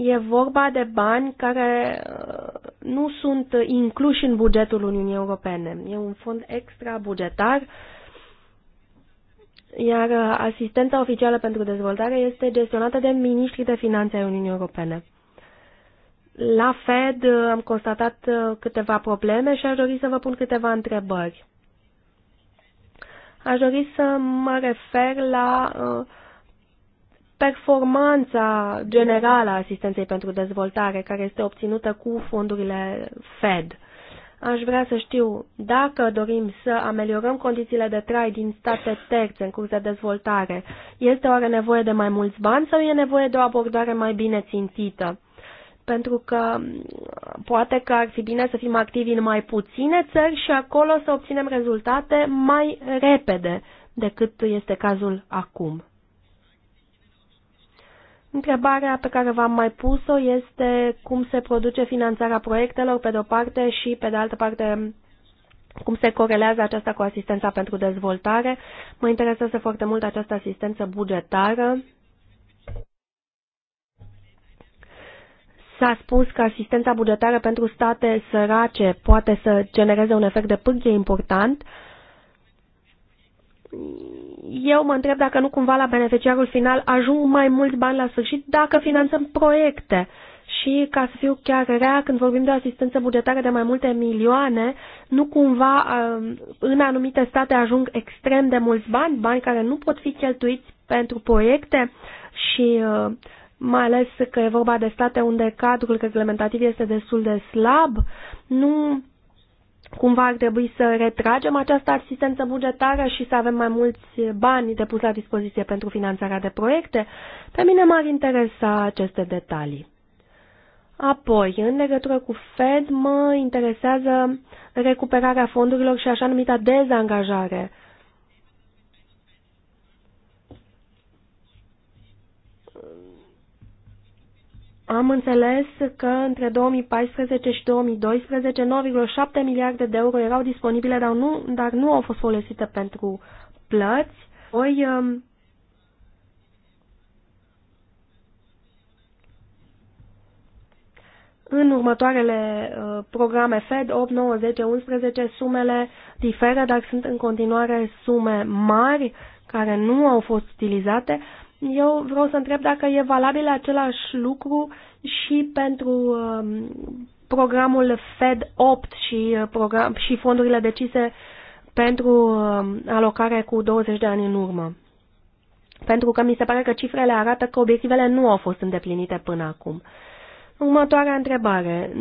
E vorba de bani care uh, nu sunt incluși în bugetul Uniunii Europene. E un fond extra-bugetar, iar uh, asistența oficială pentru dezvoltare este gestionată de ministrii de finanțe ai Uniunii Europene. La Fed uh, am constatat câteva probleme și aș dori să vă pun câteva întrebări. Aș dori să mă refer la uh, performanța generală a asistenței pentru dezvoltare care este obținută cu fondurile Fed. Aș vrea să știu dacă dorim să ameliorăm condițiile de trai din state terțe în curs de dezvoltare, este oare nevoie de mai mulți bani sau e nevoie de o abordare mai bine țintită? Pentru că poate că ar fi bine să fim activi în mai puține țări și acolo să obținem rezultate mai repede decât este cazul acum. Întrebarea pe care v-am mai pus-o este cum se produce finanțarea proiectelor pe de-o parte și pe de altă parte cum se corelează aceasta cu asistența pentru dezvoltare. Mă interesează foarte mult această asistență bugetară. S-a spus că asistența bugetară pentru state sărace poate să genereze un efect de pârghie important. Uh, eu mă întreb dacă nu cumva la beneficiarul final ajung mai mulți bani la sfârșit dacă finanțăm proiecte. Și ca să fiu chiar rea, când vorbim de o asistență bugetară de mai multe milioane, nu cumva um, în anumite state ajung extrem de mulți bani, bani care nu pot fi cheltuiți pentru proiecte și uh, mai ales că e vorba de state unde cadrul reglementativ este destul de slab, nu Cumva ar trebui să retragem această asistență bugetară și să avem mai mulți bani depus la dispoziție pentru finanțarea de proiecte? Pe mine m-ar interesa aceste detalii. Apoi, în legătură cu Fed, mă interesează recuperarea fondurilor și așa numita dezangajare Am înțeles că între 2014 și 2012 9,7 miliarde de euro erau disponibile, dar nu, dar nu au fost folosite pentru plăți. Oi, um, În următoarele uh, programe Fed 8, 9, 10, 11 sumele diferă, dar sunt în continuare sume mari care nu au fost utilizate. Eu vreau să întreb dacă e valabil același lucru și pentru um, programul Fed 8 și, uh, program, și fondurile decise pentru um, alocare cu 20 de ani în urmă. Pentru că mi se pare că cifrele arată că obiectivele nu au fost îndeplinite până acum. Următoarea întrebare.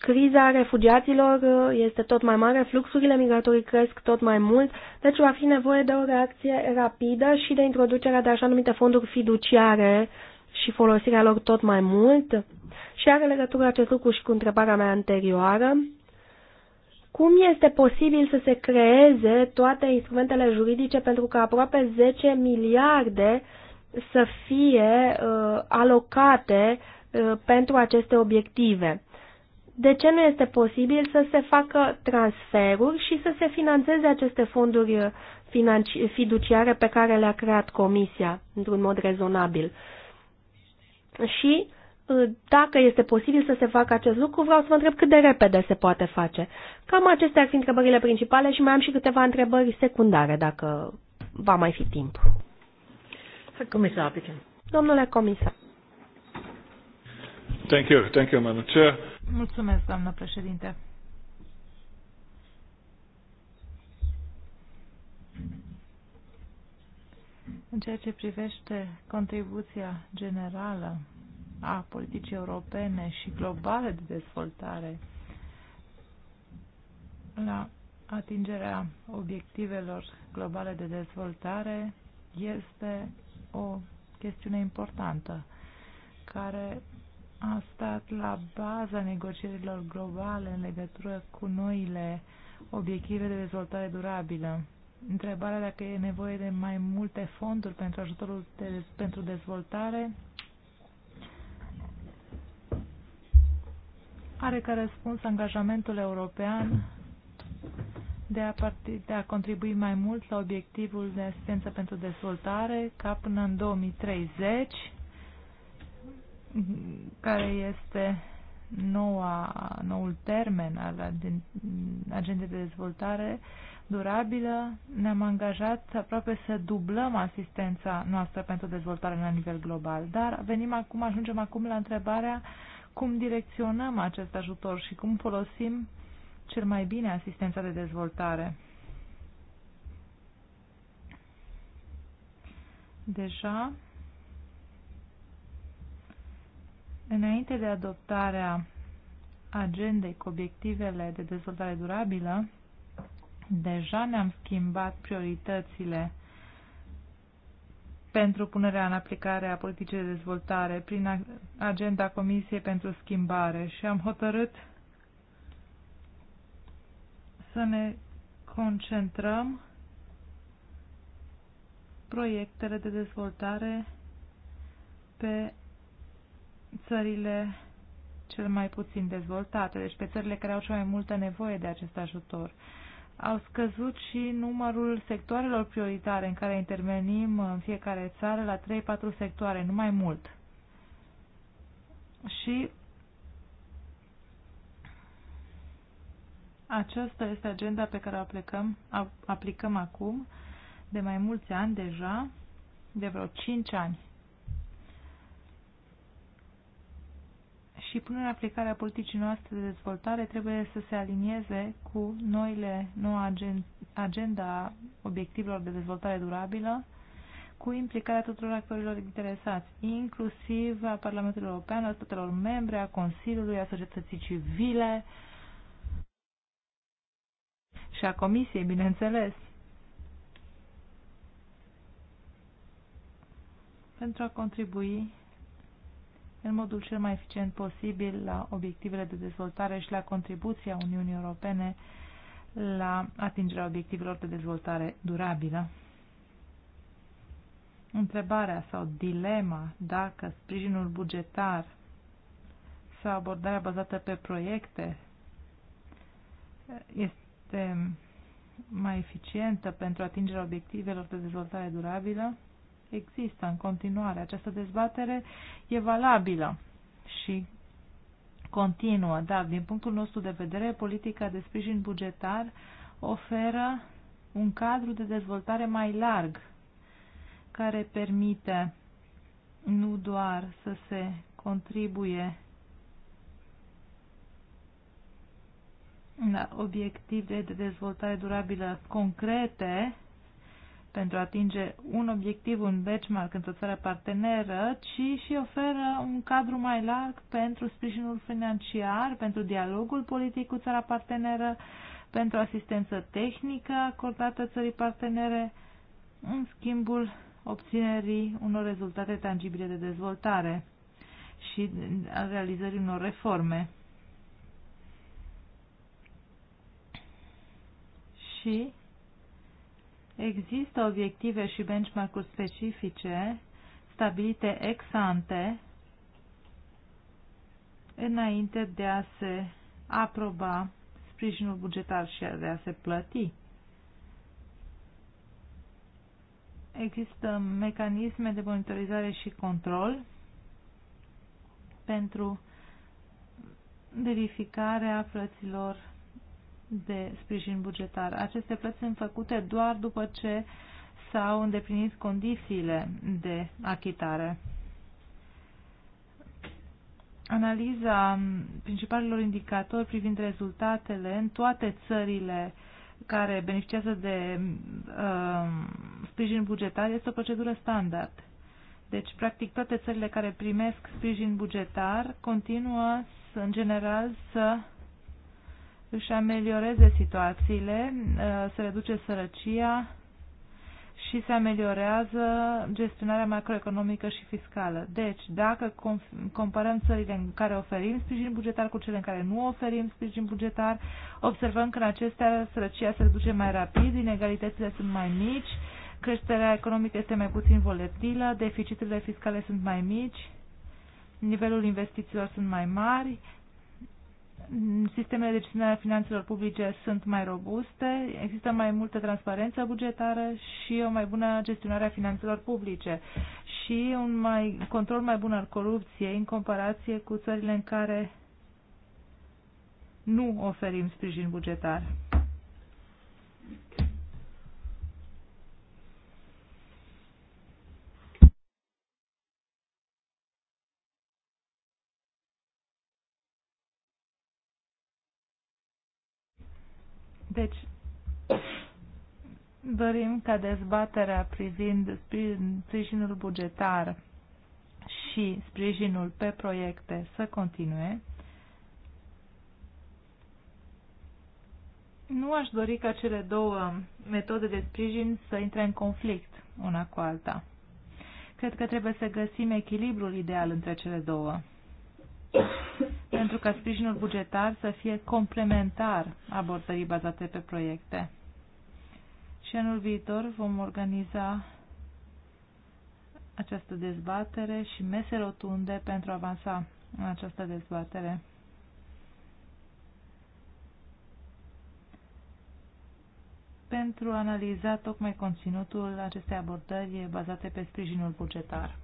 Criza refugiaților uh, este tot mai mare, fluxurile migratorii cresc tot mai mult, deci va fi nevoie de o reacție rapidă și de introducerea de așa numite fonduri fiduciare și folosirea lor tot mai mult. Și are legătură acest lucru și cu întrebarea mea anterioară. Cum este posibil să se creeze toate instrumentele juridice pentru că aproape 10 miliarde să fie uh, alocate uh, pentru aceste obiective? de ce nu este posibil să se facă transferuri și să se financeze aceste fonduri fiduciare pe care le-a creat Comisia într-un mod rezonabil. Și uh, dacă este posibil să se facă acest lucru, vreau să vă întreb cât de repede se poate face. Cam acestea ar fi întrebările principale și mai am și câteva întrebări secundare, dacă va mai fi timp.
Comisar, Domnule comisar.
Thank you, thank you, Madam Chair.
Mulțumesc, doamnă președinte. În ceea ce privește contribuția generală a politicii europene și globale de dezvoltare la atingerea obiectivelor globale de dezvoltare este o chestiune importantă care a stat la baza negocierilor globale în legătură cu noile obiective de dezvoltare durabilă. Întrebarea dacă e nevoie de mai multe fonduri pentru ajutorul de, pentru dezvoltare are ca răspuns angajamentul european de a, parti, de a contribui mai mult la obiectivul de asistență pentru dezvoltare ca până în 2030 care este noua, noul termen al agendei de dezvoltare durabilă, ne-am angajat aproape să dublăm asistența noastră pentru dezvoltare la nivel global. Dar venim acum, ajungem acum la întrebarea cum direcționăm acest ajutor și cum folosim cel mai bine asistența de dezvoltare. Deja Înainte de adoptarea agendei cu obiectivele de dezvoltare durabilă, deja ne-am schimbat prioritățile pentru punerea în aplicare a politicii de dezvoltare prin agenda Comisiei pentru Schimbare și am hotărât să ne concentrăm proiectele de dezvoltare pe țările cel mai puțin dezvoltate, deci pe țările care au cea mai multă nevoie de acest ajutor. Au scăzut și numărul sectoarelor prioritare în care intervenim în fiecare țară la 3-4 sectoare, nu mai mult. Și aceasta este agenda pe care o aplicăm, aplicăm acum de mai mulți ani deja, de vreo 5 ani și până în aplicarea politicii noastre de dezvoltare trebuie să se alinieze cu noile, noua agenda obiectivelor de dezvoltare durabilă, cu implicarea tuturor actorilor interesați, inclusiv a Parlamentului European, a statelor membre, a Consiliului, a societății civile și a Comisiei, bineînțeles. pentru a contribui în modul cel mai eficient posibil la obiectivele de dezvoltare și la contribuția Uniunii Europene la atingerea obiectivelor de dezvoltare durabilă. Întrebarea sau dilema dacă sprijinul bugetar sau abordarea bazată pe proiecte este mai eficientă pentru atingerea obiectivelor de dezvoltare durabilă există în continuare. Această dezbatere e valabilă și continuă, dar din punctul nostru de vedere, politica de sprijin bugetar oferă un cadru de dezvoltare mai larg care permite nu doar să se contribuie la obiective de dezvoltare durabilă concrete, pentru a atinge un obiectiv, un benchmark într-o țară parteneră, ci și oferă un cadru mai larg pentru sprijinul financiar, pentru dialogul politic cu țara parteneră, pentru asistență tehnică acordată țării partenere, în schimbul obținerii unor rezultate tangibile de dezvoltare și a realizării unor reforme. Și Există obiective și benchmark-uri specifice stabilite ex ante înainte de a se aproba sprijinul bugetar și de a se plăti. Există mecanisme de monitorizare și control pentru verificarea plăților de sprijin bugetar. Aceste plăți sunt făcute doar după ce s-au îndeplinit condițiile de achitare. Analiza principalilor indicatori privind rezultatele în toate țările care beneficiază de uh, sprijin bugetar este o procedură standard. Deci, practic, toate țările care primesc sprijin bugetar continuă, în general, să uh, își amelioreze situațiile, uh, se reduce sărăcia și se ameliorează gestionarea macroeconomică și fiscală. Deci, dacă comparăm țările în care oferim sprijin bugetar cu cele în care nu oferim sprijin bugetar, observăm că în acestea sărăcia se reduce mai rapid, inegalitățile sunt mai mici, creșterea economică este mai puțin volatilă, deficitele fiscale sunt mai mici, nivelul investițiilor sunt mai mari, Mm, sistemele de gestionare a finanțelor publice sunt mai robuste, există mai multă transparență bugetară și o mai bună gestionare a finanțelor publice și un mai, control mai bun al corupției în comparație cu țările în care nu oferim sprijin bugetar. Deci, dorim ca dezbaterea privind sprijinul bugetar și sprijinul pe proiecte să continue. Nu aș dori ca cele două metode de sprijin să intre în conflict una cu alta. Cred că trebuie să găsim echilibrul ideal între cele două pentru ca sprijinul bugetar să fie complementar abordării bazate pe proiecte. Și anul viitor vom organiza această dezbatere și mese rotunde pentru a avansa în această dezbatere. pentru a analiza tocmai conținutul acestei abordări bazate pe sprijinul bugetar.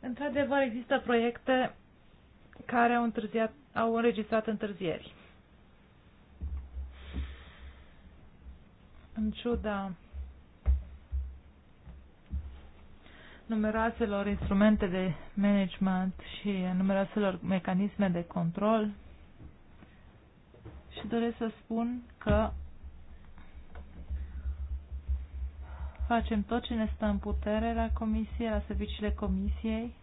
Într-adevăr, există proiecte care au, întârziat, au înregistrat întârzieri. În ciuda numeroaselor instrumente de management și numeroaselor mecanisme de control și doresc să spun că facem tot ce ne stă în putere la comisie, la serviciile comisiei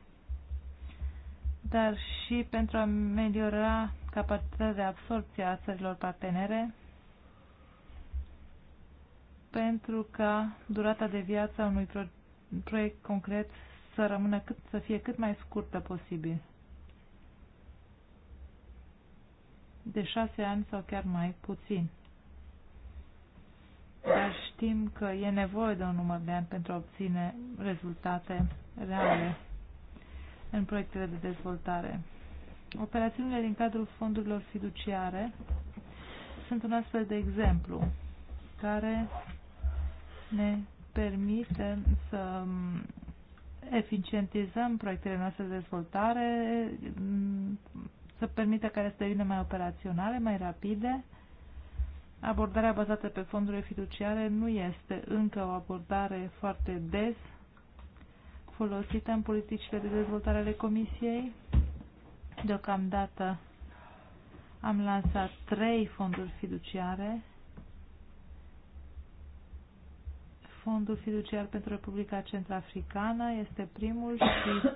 dar și pentru a ameliora capacitatea de absorpție a țărilor partenere, pentru ca durata de viață a unui proiect concret să rămână cât, să fie cât mai scurtă posibil. De șase ani sau chiar mai puțin. Dar știm că e nevoie de un număr de ani pentru a obține rezultate reale în proiectele de dezvoltare. Operațiunile din cadrul fondurilor fiduciare sunt un astfel de exemplu care ne permite să um, eficientizăm proiectele noastre de dezvoltare, mm, să permită care să devină mai operaționale, mai rapide. Abordarea bazată pe fondurile fiduciare nu este încă o abordare foarte des folosită în politicile de dezvoltare ale Comisiei. Deocamdată am lansat trei fonduri fiduciare. Fondul fiduciar pentru Republica Centrafricană este primul și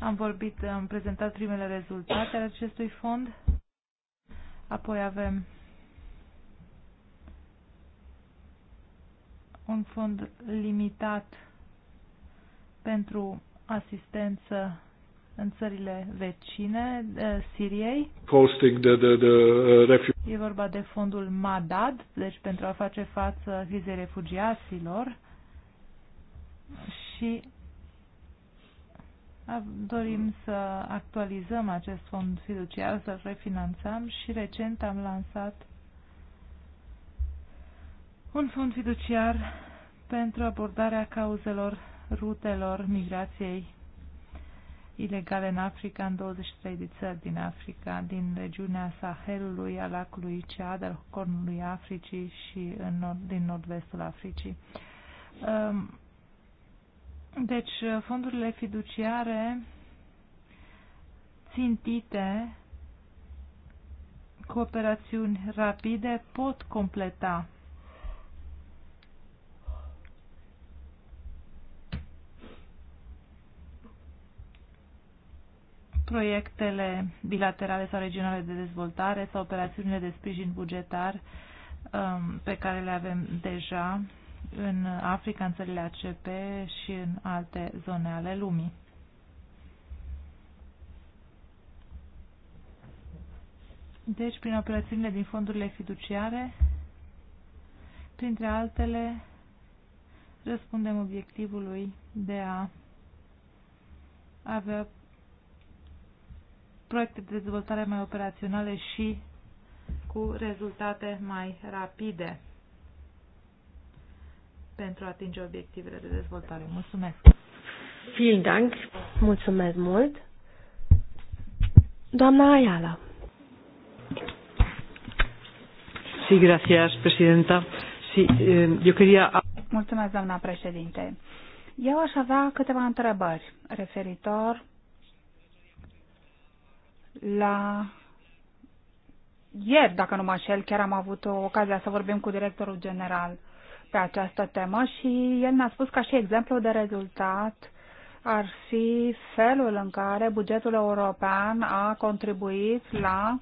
am vorbit, am prezentat primele rezultate ale acestui fond. Apoi avem un fond limitat pentru asistență în țările vecine Siriei. Posting the, the, the e vorba de fondul MADAD, deci pentru a face față vizei refugiaților și dorim să actualizăm acest fond fiduciar, să-l refinanțăm și recent am lansat un fond fiduciar pentru abordarea cauzelor rutelor migrației ilegale în Africa, în 23 de țări din Africa, din regiunea Sahelului, a lacului Cead, al Cornului Africii și în nord, din nord-vestul Africii. Um, deci, fondurile fiduciare țintite cu operațiuni rapide pot completa proiectele bilaterale sau regionale de dezvoltare sau operațiunile de sprijin bugetar um, pe care le avem deja în Africa, în țările ACP și în alte zone ale lumii. Deci, prin operațiunile din fondurile fiduciare, printre altele, răspundem obiectivului de a avea proiecte de dezvoltare mai operaționale și cu rezultate mai rapide pentru a atinge obiectivele de dezvoltare. Mulțumesc!
Vielen Dank! Mulțumesc mult!
Doamna Ayala.
Sí, gracias,
presidenta. Sí, eu eh, quería...
Mulțumesc, doamna președinte. Eu aș avea câteva întrebări referitor la ieri, dacă nu mă înșel, chiar am avut o ocazia să vorbim cu directorul general pe această temă și el ne-a spus ca și exemplu de rezultat ar fi felul în care bugetul european a contribuit la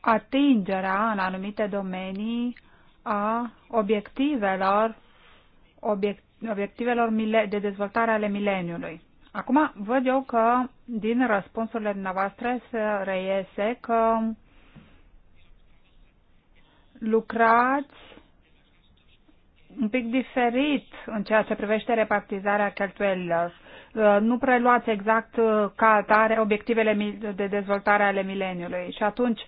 atingerea în anumite domenii a obiectivelor, obiectivelor de dezvoltare ale mileniului. Acum văd eu că din răspunsurile dumneavoastră se reiese că lucrați un pic diferit în ceea ce privește repartizarea cheltuielilor. Uh, nu preluați exact uh, ca atare obiectivele de dezvoltare ale mileniului și atunci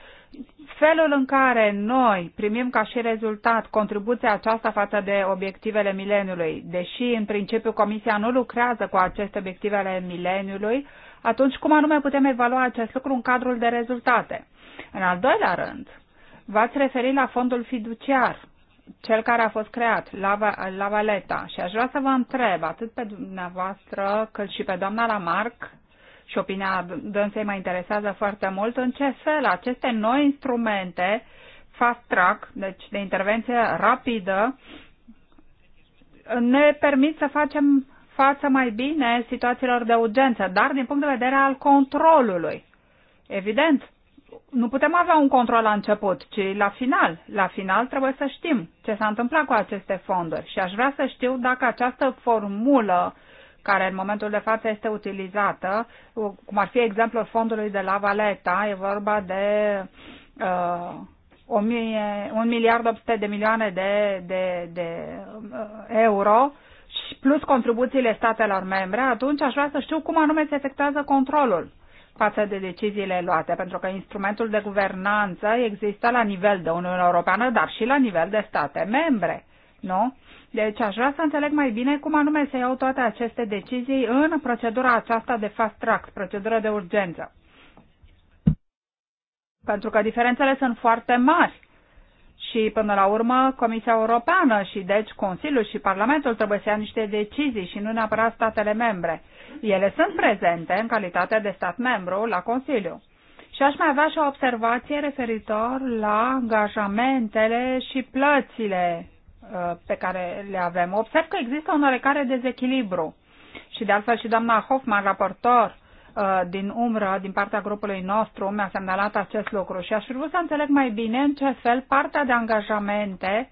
felul în care noi primim ca și rezultat contribuția aceasta față de obiectivele mileniului, deși în principiu Comisia nu lucrează cu aceste obiective ale mileniului, atunci cum anume putem evalua acest lucru în cadrul de rezultate? În al doilea rând, v-ați referit la fondul fiduciar, cel care a fost creat, la, la Valeta, și aș vrea să vă întreb, atât pe dumneavoastră cât și pe doamna Lamarck, și opinia dânsei mă interesează foarte mult în ce fel aceste noi instrumente fast track, deci de intervenție rapidă, ne permit să facem față mai bine situațiilor de urgență, dar din punct de vedere al controlului. Evident, nu putem avea un control la început, ci la final. La final trebuie să știm ce s-a întâmplat cu aceste fonduri și aș vrea să știu dacă această formulă uh, care în momentul de față este utilizată, cum ar fi exemplul fondului de la Valeta, e vorba de uh, 1 miliard 800 de milioane de, de, de uh, euro și plus contribuțiile statelor membre, atunci aș vrea să știu cum anume se efectuează controlul față de deciziile luate, pentru că instrumentul de guvernanță există la nivel de Uniune Europeană, dar și la nivel de state membre. Nu? Deci aș vrea să înțeleg mai bine cum anume se iau toate aceste decizii în procedura aceasta de fast track, procedură de urgență. Pentru că diferențele sunt foarte mari. Și până la urmă Comisia Europeană și deci Consiliul și Parlamentul trebuie să ia niște decizii și nu neapărat statele membre. Ele sunt prezente în calitate de stat membru la Consiliu. Și aș mai avea și o observație referitor la angajamentele și plățile Uh, pe care le avem, observ că există un oarecare dezechilibru. Și de altfel și doamna Hoffman, raportor uh, din umbră, din partea grupului nostru, mi-a semnalat acest lucru și aș vrea să înțeleg mai bine în ce fel partea de angajamente,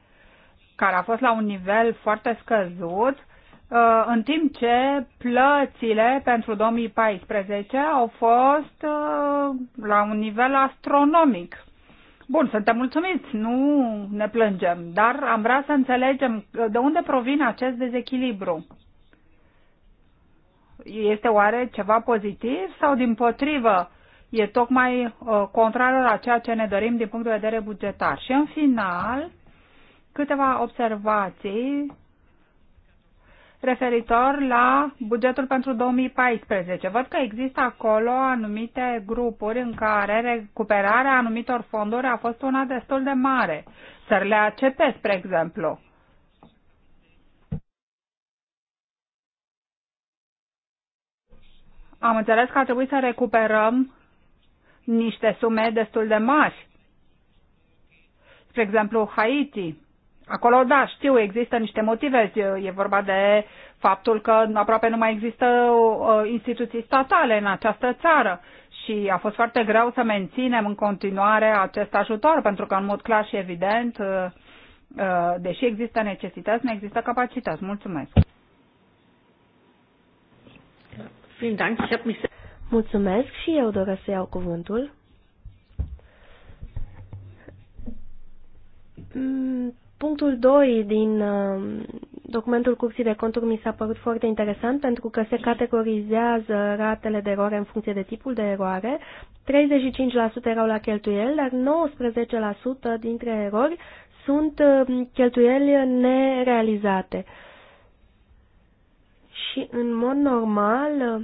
care a fost la un nivel foarte scăzut, uh, în timp ce plățile pentru 2014 au fost la un nivel astronomic. Bun, suntem mulțumiți, nu ne plângem, dar am vrea să înțelegem uh, de unde provine acest dezechilibru. Este oare ceva pozitiv sau din potrivă e tocmai uh, contrarul a ceea ce ne dorim din punct de vedere bugetar? Și în final, câteva observații referitor la bugetul pentru 2014. Văd că există acolo anumite grupuri în care recuperarea anumitor fonduri a fost una destul de mare. Țările ACP, spre exemplu. Am înțeles că a trebuit să recuperăm niște sume destul de mari. Spre exemplu, Haiti. Acolo, da, știu, există niște motive. E vorba de faptul că aproape nu mai există instituții statale în această țară și a fost foarte greu să menținem în continuare acest ajutor, pentru că, în mod clar și evident, uh, uh, deși există necesități, nu există capacități. Mulțumesc! Mulțumesc și eu
doresc să iau cuvântul. Mm, Punctul 2 din uh, documentul Curții de Conturi mi s-a părut foarte interesant pentru că se categorizează ratele de eroare în funcție de tipul de eroare. 35% erau la cheltuieli, dar 19% dintre erori sunt uh, cheltuieli nerealizate. Și în mod normal, uh,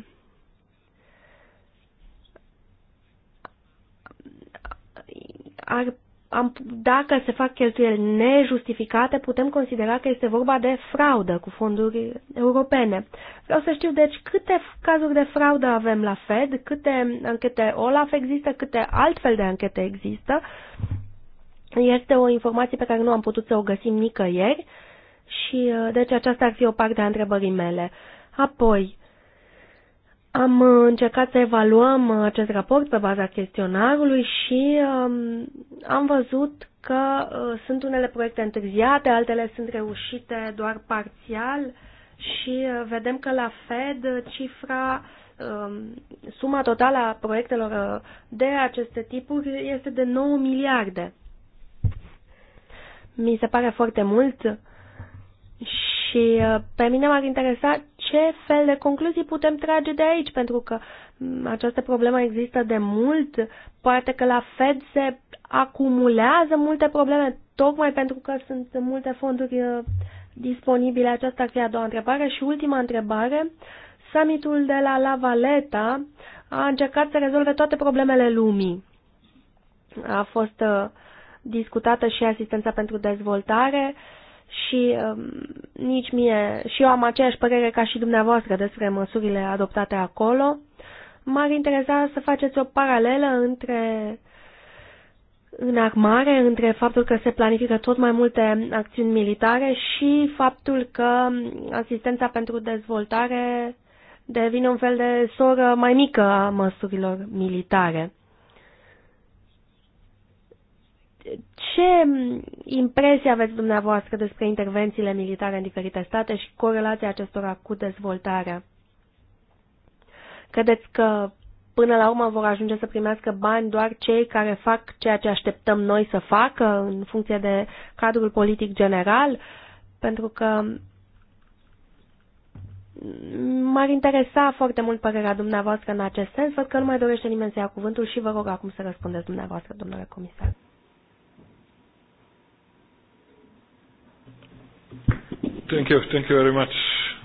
ar am, dacă se fac cheltuieli nejustificate, putem considera că este vorba de fraudă cu fonduri europene. Vreau să știu, deci, câte cazuri de fraudă avem la Fed, câte anchete OLAF există, câte altfel de anchete există. Este o informație pe care nu am putut să o găsim nicăieri și, deci, aceasta ar fi o parte a întrebării mele. Apoi, am încercat să evaluăm acest raport pe baza chestionarului și um, am văzut că uh, sunt unele proiecte întârziate, altele sunt reușite doar parțial și uh, vedem că la Fed cifra, um, suma totală a proiectelor uh, de aceste tipuri este de 9 miliarde. Mi se pare foarte mult și uh, pe mine m-ar interesa ce fel de concluzii putem trage de aici, pentru că mm, această problemă există de mult, poate că la Fed se acumulează multe probleme, tocmai pentru că sunt multe fonduri uh, disponibile. Aceasta ar fi a doua întrebare. Și ultima întrebare, summitul de la La Valeta a încercat să rezolve toate problemele lumii. A fost uh, discutată și asistența pentru dezvoltare, uh, și uh, nici mie, și eu am aceeași părere ca și dumneavoastră despre măsurile adoptate acolo. M-ar interesa să faceți o paralelă între armare, între faptul că se planifică tot mai multe acțiuni militare și faptul că asistența pentru dezvoltare devine un fel de soră mai mică a măsurilor militare. Ce impresie aveți dumneavoastră despre intervențiile militare în diferite state și corelația acestora cu dezvoltarea? Credeți că până la urmă vor ajunge să primească bani doar cei care fac ceea ce așteptăm noi să facă în funcție de cadrul politic general? Pentru că m-ar interesa foarte mult părerea dumneavoastră în acest sens. Văd că nu mai dorește nimeni să ia cuvântul și vă rog acum să răspundeți dumneavoastră, domnule comisar. Thank you, thank you very much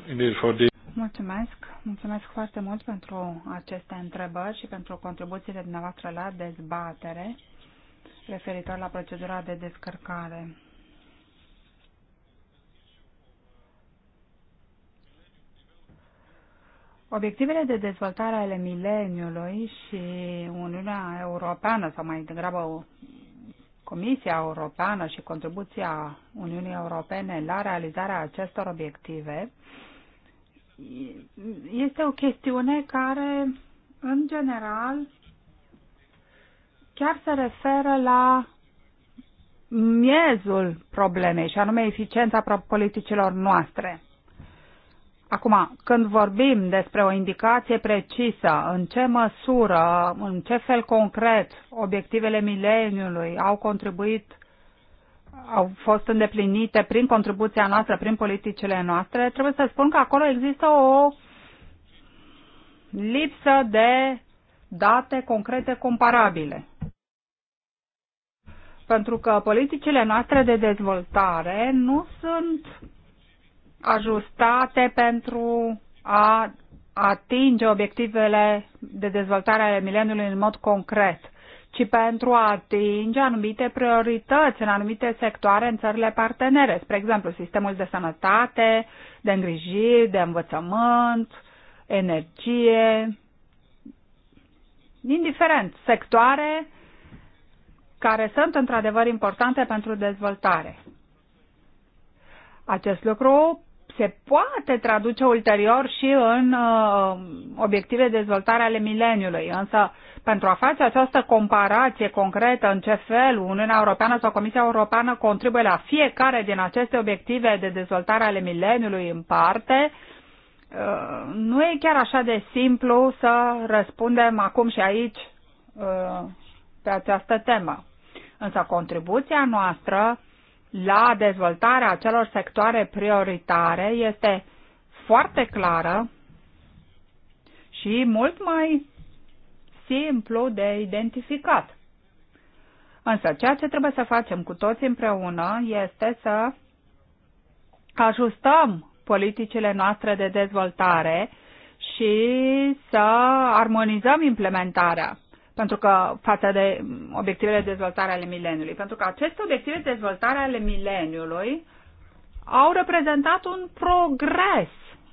indeed for the...
Mulțumesc, mulțumesc foarte mult pentru aceste întrebări și pentru contribuțiile dumneavoastră la dezbatere referitor la procedura de descărcare. Obiectivele de dezvoltare ale mileniului și Uniunea Europeană, sau mai degrabă Comisia Europeană și contribuția Uniunii Europene la realizarea acestor obiective este o chestiune care, în general, chiar se referă la miezul problemei, și anume eficiența politicilor noastre. Acum, când vorbim despre o indicație precisă, în ce măsură, în ce fel concret obiectivele mileniului au contribuit, au fost îndeplinite prin contribuția noastră, prin politicile noastre, trebuie să spun că acolo există o lipsă de date concrete comparabile. Pentru că politicile noastre de dezvoltare nu sunt ajustate pentru a atinge obiectivele de dezvoltare ale mileniului în mod concret, ci pentru a atinge anumite priorități în anumite sectoare în țările partenere, spre exemplu sistemul de sănătate, de îngrijiri, de învățământ, energie, indiferent, sectoare care sunt într-adevăr importante pentru dezvoltare. Acest lucru se poate traduce ulterior și în uh, obiective de dezvoltare ale mileniului. Însă, pentru a face această comparație concretă în ce fel Uniunea Europeană sau Comisia Europeană contribuie la fiecare din aceste obiective de dezvoltare ale mileniului în parte, uh, nu e chiar așa de simplu să răspundem acum și aici uh, pe această temă. Însă contribuția noastră la dezvoltarea acelor sectoare prioritare este foarte clară și mult mai simplu de identificat. Însă ceea ce trebuie să facem cu toți împreună este să ajustăm politicile noastre de dezvoltare și să armonizăm implementarea pentru că față de mm, obiectivele de dezvoltare ale mileniului. Pentru că aceste obiective de dezvoltare ale mileniului au reprezentat un progres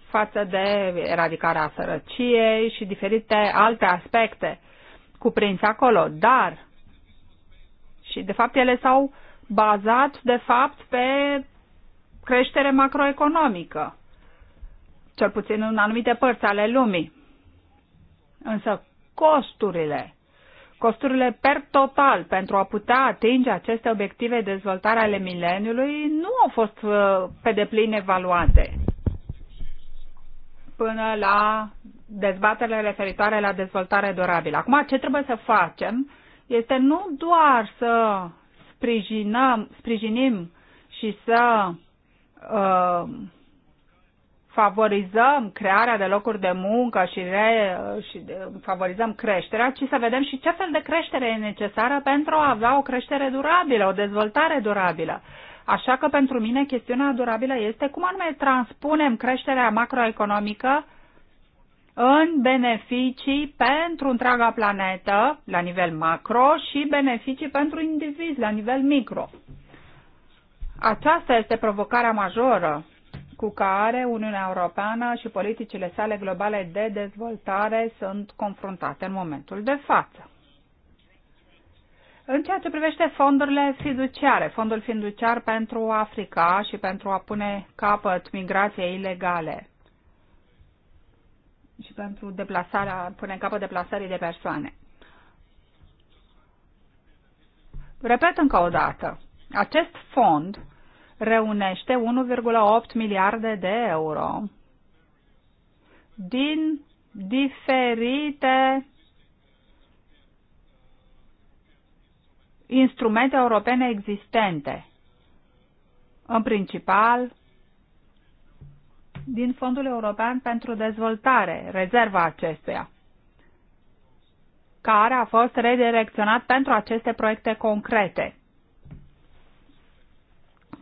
față de eradicarea sărăciei și diferite alte aspecte cuprinse acolo, dar și de fapt ele s-au bazat de fapt pe creștere macroeconomică, cel puțin în anumite părți ale lumii. Însă costurile Costurile per total pentru a putea atinge aceste obiective de dezvoltare ale mileniului nu au fost uh, pe deplin evaluate până la dezbaterile referitoare la dezvoltare durabilă. Acum, ce trebuie să facem este nu doar să sprijinăm, sprijinim și să uh, favorizăm crearea de locuri de muncă și, re, și favorizăm creșterea, ci să vedem și ce fel de creștere e necesară pentru a avea o creștere durabilă, o dezvoltare durabilă. Așa că pentru mine chestiunea durabilă este cum anume transpunem creșterea macroeconomică în beneficii pentru întreaga planetă la nivel macro și beneficii pentru indivizi la nivel micro. Aceasta este provocarea majoră cu care Uniunea Europeană și politicile sale globale de dezvoltare sunt confruntate în momentul de față. În ceea ce privește fondurile fiduciare, fondul fiduciar pentru Africa și pentru a pune capăt migrației ilegale și pentru deplasarea, pune capăt deplasării de persoane. Repet încă o dată, acest fond reunește 1,8 miliarde de euro din diferite instrumente europene existente, în principal din Fondul European pentru Dezvoltare, rezerva acestuia, care a fost redirecționat pentru aceste proiecte concrete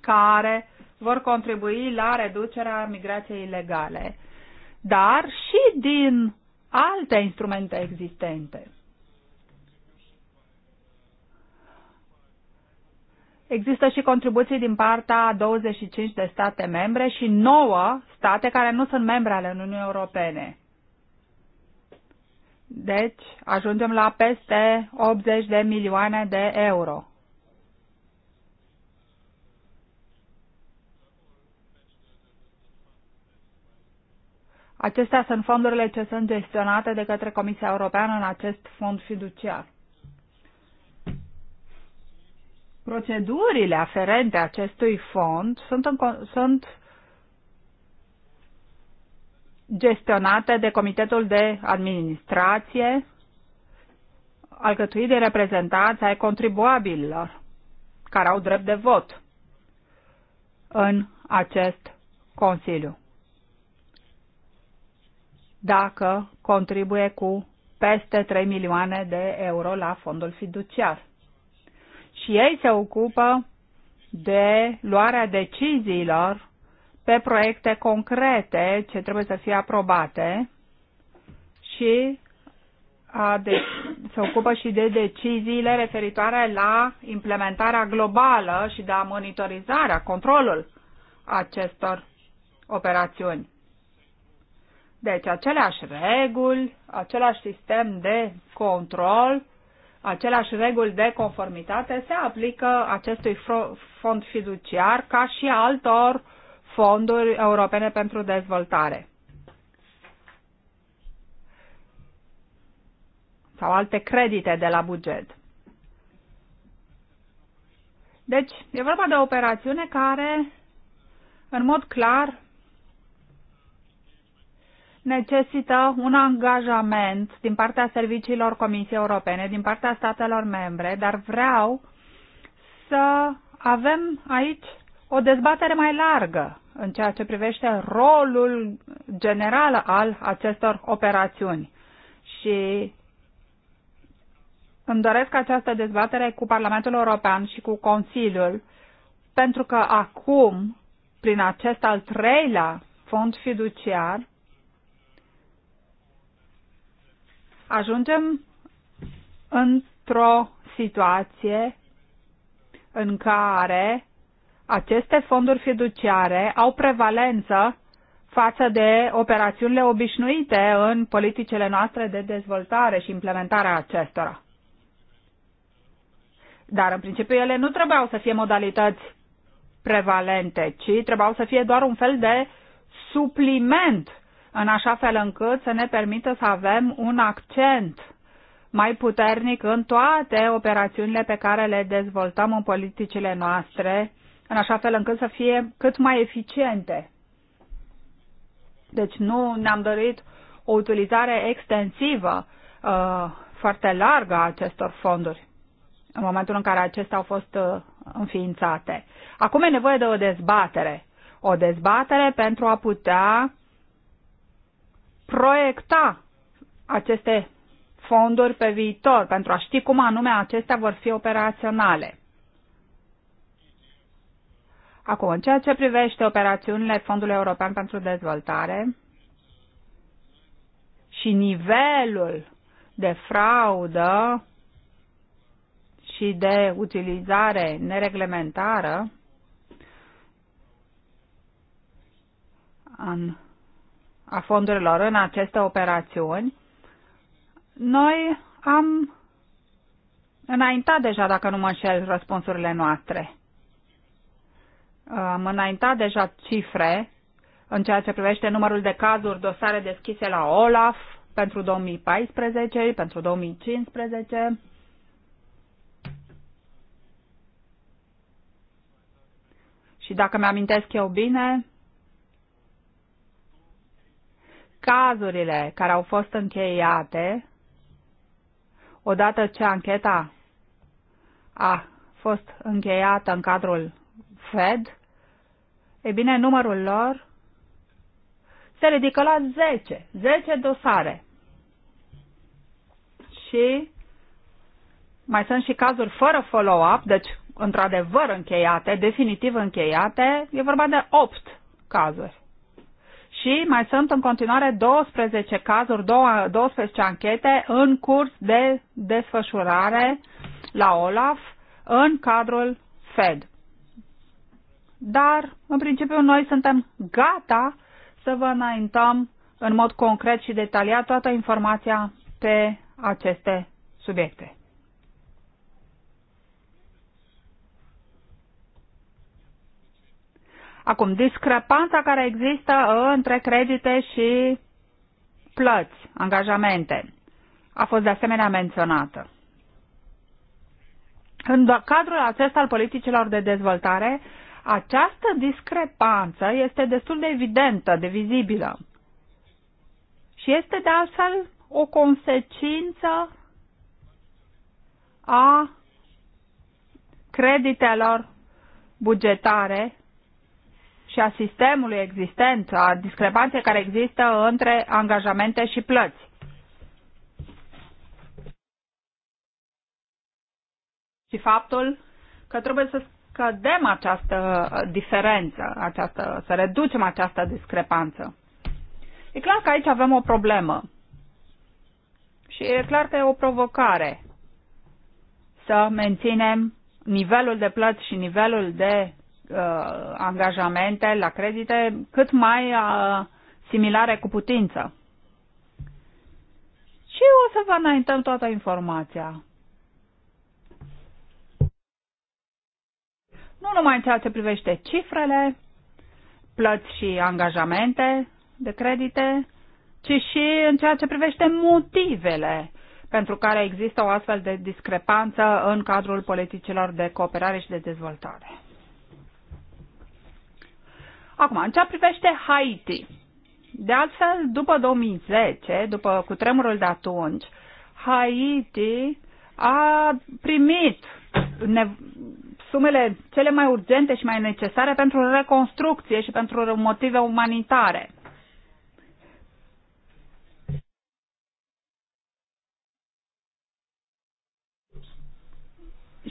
care vor contribui la reducerea migrației ilegale, dar și din alte instrumente existente. Există și contribuții din partea 25 de state membre și 9 state care nu sunt membre ale Uniunii Europene. Deci, ajungem la peste 80 de milioane de euro. Acestea sunt fondurile ce sunt gestionate de către Comisia Europeană în acest fond fiduciar. Procedurile aferente acestui fond sunt, în, sunt gestionate de Comitetul de Administrație, alcătuit de reprezentanți ai contribuabililor care au drept de vot în acest Consiliu dacă contribuie cu peste 3 milioane de euro la fondul fiduciar. Și ei se ocupă de luarea deciziilor pe proiecte concrete ce trebuie să fie aprobate și a de, se ocupă și de deciziile referitoare la implementarea globală și de a monitorizarea, controlul acestor operațiuni. Deci, aceleași reguli, același sistem de control, aceleași reguli de conformitate se aplică acestui fond fiduciar ca și altor fonduri europene pentru dezvoltare. sau alte credite de la buget. Deci, e vorba de o operațiune care, în mod clar, necesită un angajament din partea serviciilor Comisiei Europene, din partea statelor membre, dar vreau să avem aici o dezbatere mai largă în ceea ce privește rolul general al acestor operațiuni. Și îmi doresc această dezbatere cu Parlamentul European și cu Consiliul, pentru că acum, prin acest al treilea fond fiduciar, ajungem într-o situație în care aceste fonduri fiduciare au prevalență față de operațiunile obișnuite în politicile noastre de dezvoltare și implementarea acestora. Dar, în principiu, ele nu trebuiau să fie modalități prevalente, ci trebuiau să fie doar un fel de supliment în așa fel încât să ne permită să avem un accent mai puternic în toate operațiunile pe care le dezvoltăm în politicile noastre, în așa fel încât să fie cât mai eficiente. Deci nu ne-am dorit o utilizare extensivă, uh, foarte largă a acestor fonduri în momentul în care acestea au fost uh, înființate. Acum e nevoie de o dezbatere. O dezbatere pentru a putea proiecta aceste fonduri pe viitor, pentru a ști cum anume acestea vor fi operaționale. Acum, în ceea ce privește operațiunile Fondului European pentru Dezvoltare și nivelul de fraudă și de utilizare nereglementară, în a fondurilor în aceste operațiuni, noi am înaintat deja, dacă nu mă înșel, răspunsurile noastre. Am înaintat deja cifre în ceea ce privește numărul de cazuri, dosare deschise la OLAF pentru 2014, pentru 2015. Și dacă mi-amintesc eu bine, cazurile care au fost încheiate, odată ce ancheta a fost încheiată în cadrul Fed, e bine, numărul lor se ridică la 10, 10 dosare. Și mai sunt și cazuri fără follow-up, deci într-adevăr încheiate, definitiv încheiate, e vorba de 8 cazuri și mai sunt în continuare 12 cazuri, 12 anchete în curs de desfășurare la OLAF în cadrul Fed. Dar, în principiu, noi suntem gata să vă înaintăm în mod concret și detaliat toată informația pe aceste subiecte. Acum, discrepanța care există între credite și plăți, angajamente, a fost de asemenea menționată. În cadrul acesta al politicilor de dezvoltare, această discrepanță este destul de evidentă, de vizibilă. Și este de altfel o consecință a creditelor bugetare și a sistemului existent, a discrepanței care există între angajamente și plăți. Și faptul că trebuie să scădem această diferență, această, să reducem această discrepanță. E clar că aici avem o problemă. Și e clar că e o provocare să menținem nivelul de plăți și nivelul de uh, angajamente, la credite, cât mai uh, similare cu putință. Și o să vă înaintăm toată informația. Nu numai în ceea ce privește cifrele, plăți și angajamente de credite, ci și în ceea ce privește motivele pentru care există o astfel de discrepanță în cadrul politicilor de cooperare și de dezvoltare. Acum, în ceea privește Haiti, de altfel, după 2010, după cutremurul de atunci, Haiti a primit sumele cele mai urgente și mai necesare pentru reconstrucție și pentru motive umanitare.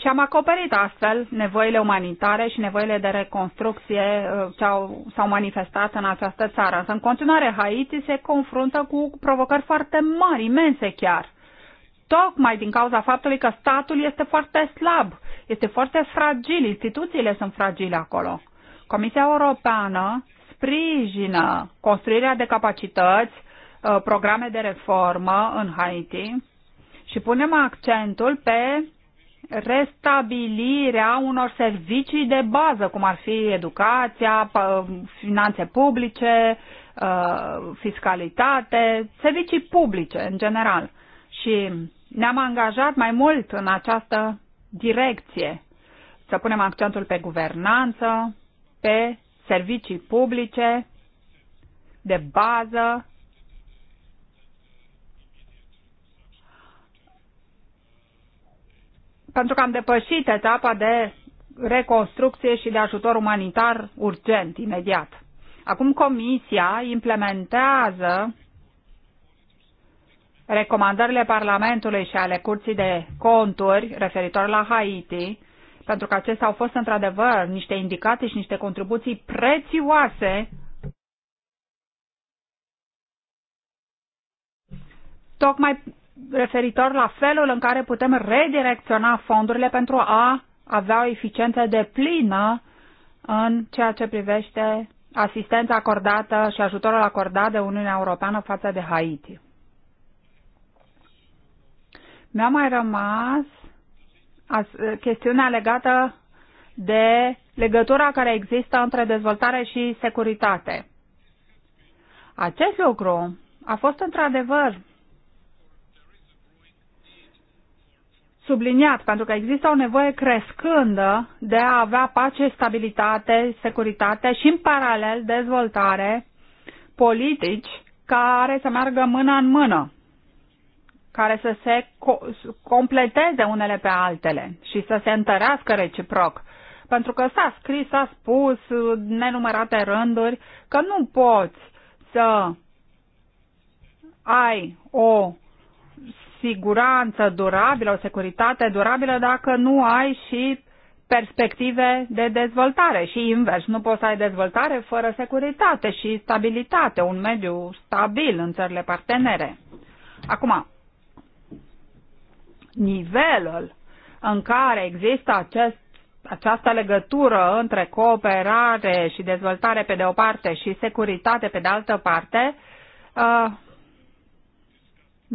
și am acoperit astfel nevoile umanitare și nevoile de reconstrucție uh, ce au, s-au manifestat în această țară. Însă, în continuare, Haiti se confruntă cu provocări foarte mari, imense chiar, tocmai din cauza faptului că statul este foarte slab, este foarte fragil, instituțiile sunt fragile acolo. Comisia Europeană sprijină construirea de capacități, uh, programe de reformă în Haiti și punem accentul pe restabilirea unor servicii de bază, cum ar fi educația, finanțe publice, uh, fiscalitate, servicii publice în general. Și ne-am angajat mai mult în această direcție, să punem accentul pe guvernanță, pe servicii publice de bază, pentru că am depășit etapa de reconstrucție și de ajutor umanitar urgent, imediat. Acum Comisia implementează recomandările Parlamentului și ale Curții de Conturi referitor la Haiti, pentru că acestea au fost într-adevăr niște indicații și niște contribuții prețioase tocmai referitor la felul în care putem redirecționa fondurile pentru a avea o eficiență de plină în ceea ce privește asistența acordată și ajutorul acordat de Uniunea Europeană față de Haiti. Mi-a mai rămas chestiunea legată de legătura care există între dezvoltare și securitate. Acest lucru a fost într-adevăr subliniat, pentru că există o nevoie crescândă de a avea pace, stabilitate, securitate și în paralel dezvoltare politici care să meargă mână în mână, care să se co- completeze unele pe altele și să se întărească reciproc. Pentru că s-a scris, s-a spus nenumărate rânduri că nu poți să ai o siguranță durabilă, o securitate durabilă dacă nu ai și perspective de dezvoltare și invers. Nu poți să ai dezvoltare fără securitate și stabilitate, un mediu stabil în țările partenere. Acum, nivelul în care există acest, această legătură între cooperare și dezvoltare pe de o parte și securitate pe de altă parte, uh,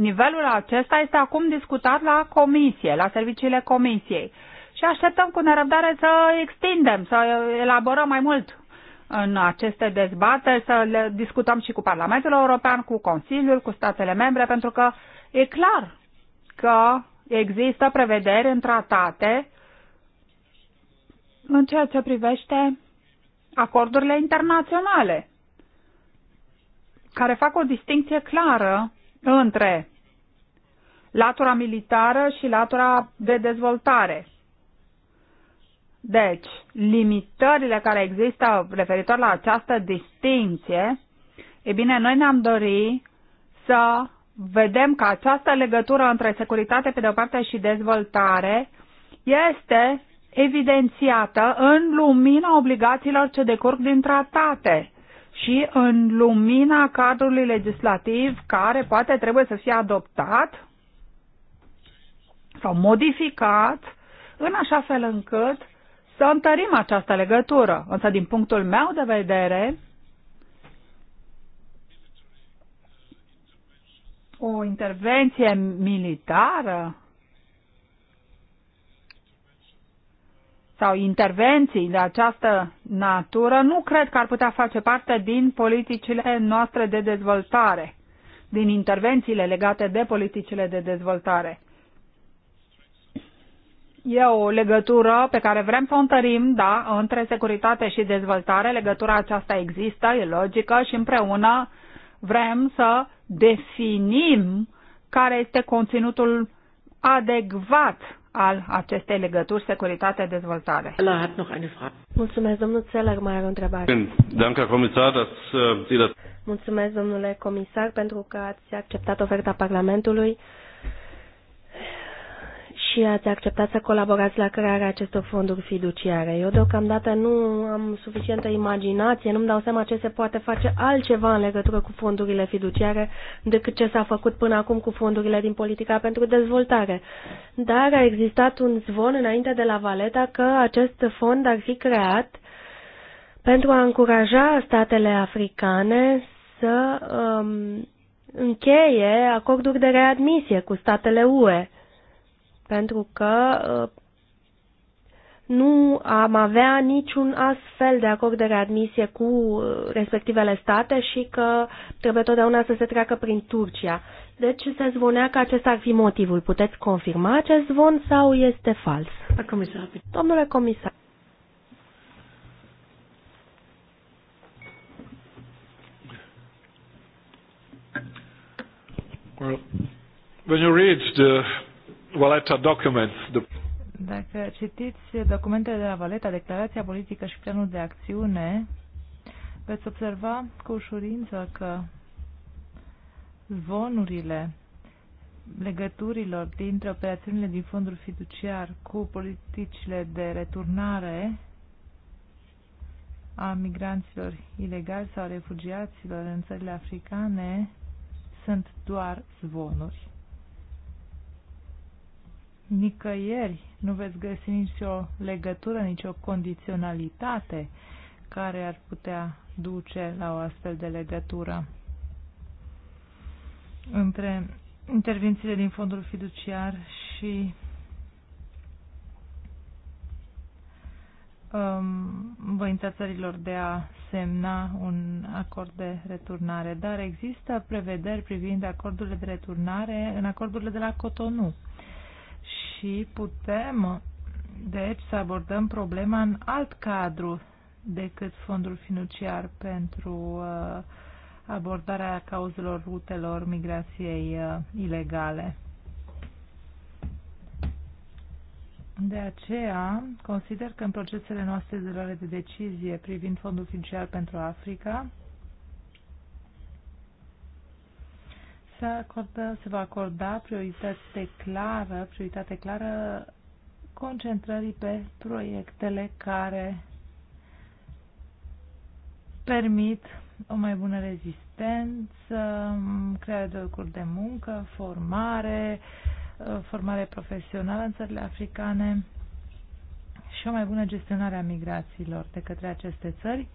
Nivelul acesta este acum discutat la comisie, la serviciile comisiei și așteptăm cu nerăbdare să extindem, să elaborăm mai mult în aceste dezbateri, să le discutăm și cu Parlamentul European, cu Consiliul, cu statele membre, pentru că e clar că există prevederi în tratate în ceea ce privește acordurile internaționale, care fac o distinție clară între latura militară și latura de dezvoltare. Deci, limitările care există referitor la această distinție, e bine, noi ne-am dorit să vedem că această legătură între securitate pe de-o parte și dezvoltare este evidențiată în lumina obligațiilor ce decurg din tratate și în lumina cadrului legislativ care poate trebuie să fie adoptat sau modificat în așa fel încât să întărim această legătură. Însă, din punctul meu de vedere, o intervenție militară sau intervenții de această natură nu cred că ar putea face parte din politicile noastre de dezvoltare, din intervențiile legate de politicile de dezvoltare. E o legătură pe care vrem să o întărim, da, între securitate și dezvoltare. Legătura aceasta există, e logică și împreună vrem să definim care este conținutul adecvat al acestei legături securitate-dezvoltare. Mulțumesc,
domnul Țeler, mai are o întrebare.
Äh,
Mulțumesc, domnule comisar, pentru că ați acceptat oferta Parlamentului și ați acceptat să colaborați la crearea acestor fonduri fiduciare. Eu deocamdată nu am suficientă imaginație, nu-mi dau seama ce se poate face altceva în legătură cu fondurile fiduciare decât ce s-a făcut până acum cu fondurile din politica pentru dezvoltare. Dar a existat un zvon înainte de la Valeta că acest fond ar fi creat pentru a încuraja statele africane să um, încheie acorduri de readmisie cu statele UE pentru că uh, nu am avea niciun astfel de acord de readmisie cu uh, respectivele state și că trebuie totdeauna să se treacă prin Turcia. Deci se zvonea că acesta ar fi motivul. Puteți confirma acest zvon sau este fals? Comisar. Domnule comisar. Well, when you read the Valletta
documents. Dacă citiți documentele de la Valeta, declarația politică și planul de acțiune, veți observa cu ușurință că zvonurile legăturilor dintre operațiunile din fondul fiduciar cu politicile de returnare a migranților ilegali sau refugiaților în țările africane sunt doar zvonuri. Nicăieri nu veți găsi nicio legătură, nicio condiționalitate care ar putea duce la o astfel de legătură între intervențiile din fondul fiduciar și um, voința țărilor de a semna un acord de returnare, dar există prevederi privind acordurile de returnare în acordurile de la Cotonou și putem, deci, să abordăm problema în alt cadru decât fondul financiar pentru uh, abordarea cauzelor rutelor migrației uh, ilegale. De aceea, consider că în procesele noastre de luare de decizie privind fondul financiar pentru Africa, se, acordă, se va acorda prioritate clară, prioritate clară concentrării pe proiectele care permit o mai bună rezistență, crearea de locuri de muncă, formare, formare profesională în țările africane și o mai bună gestionare a migrațiilor de către aceste țări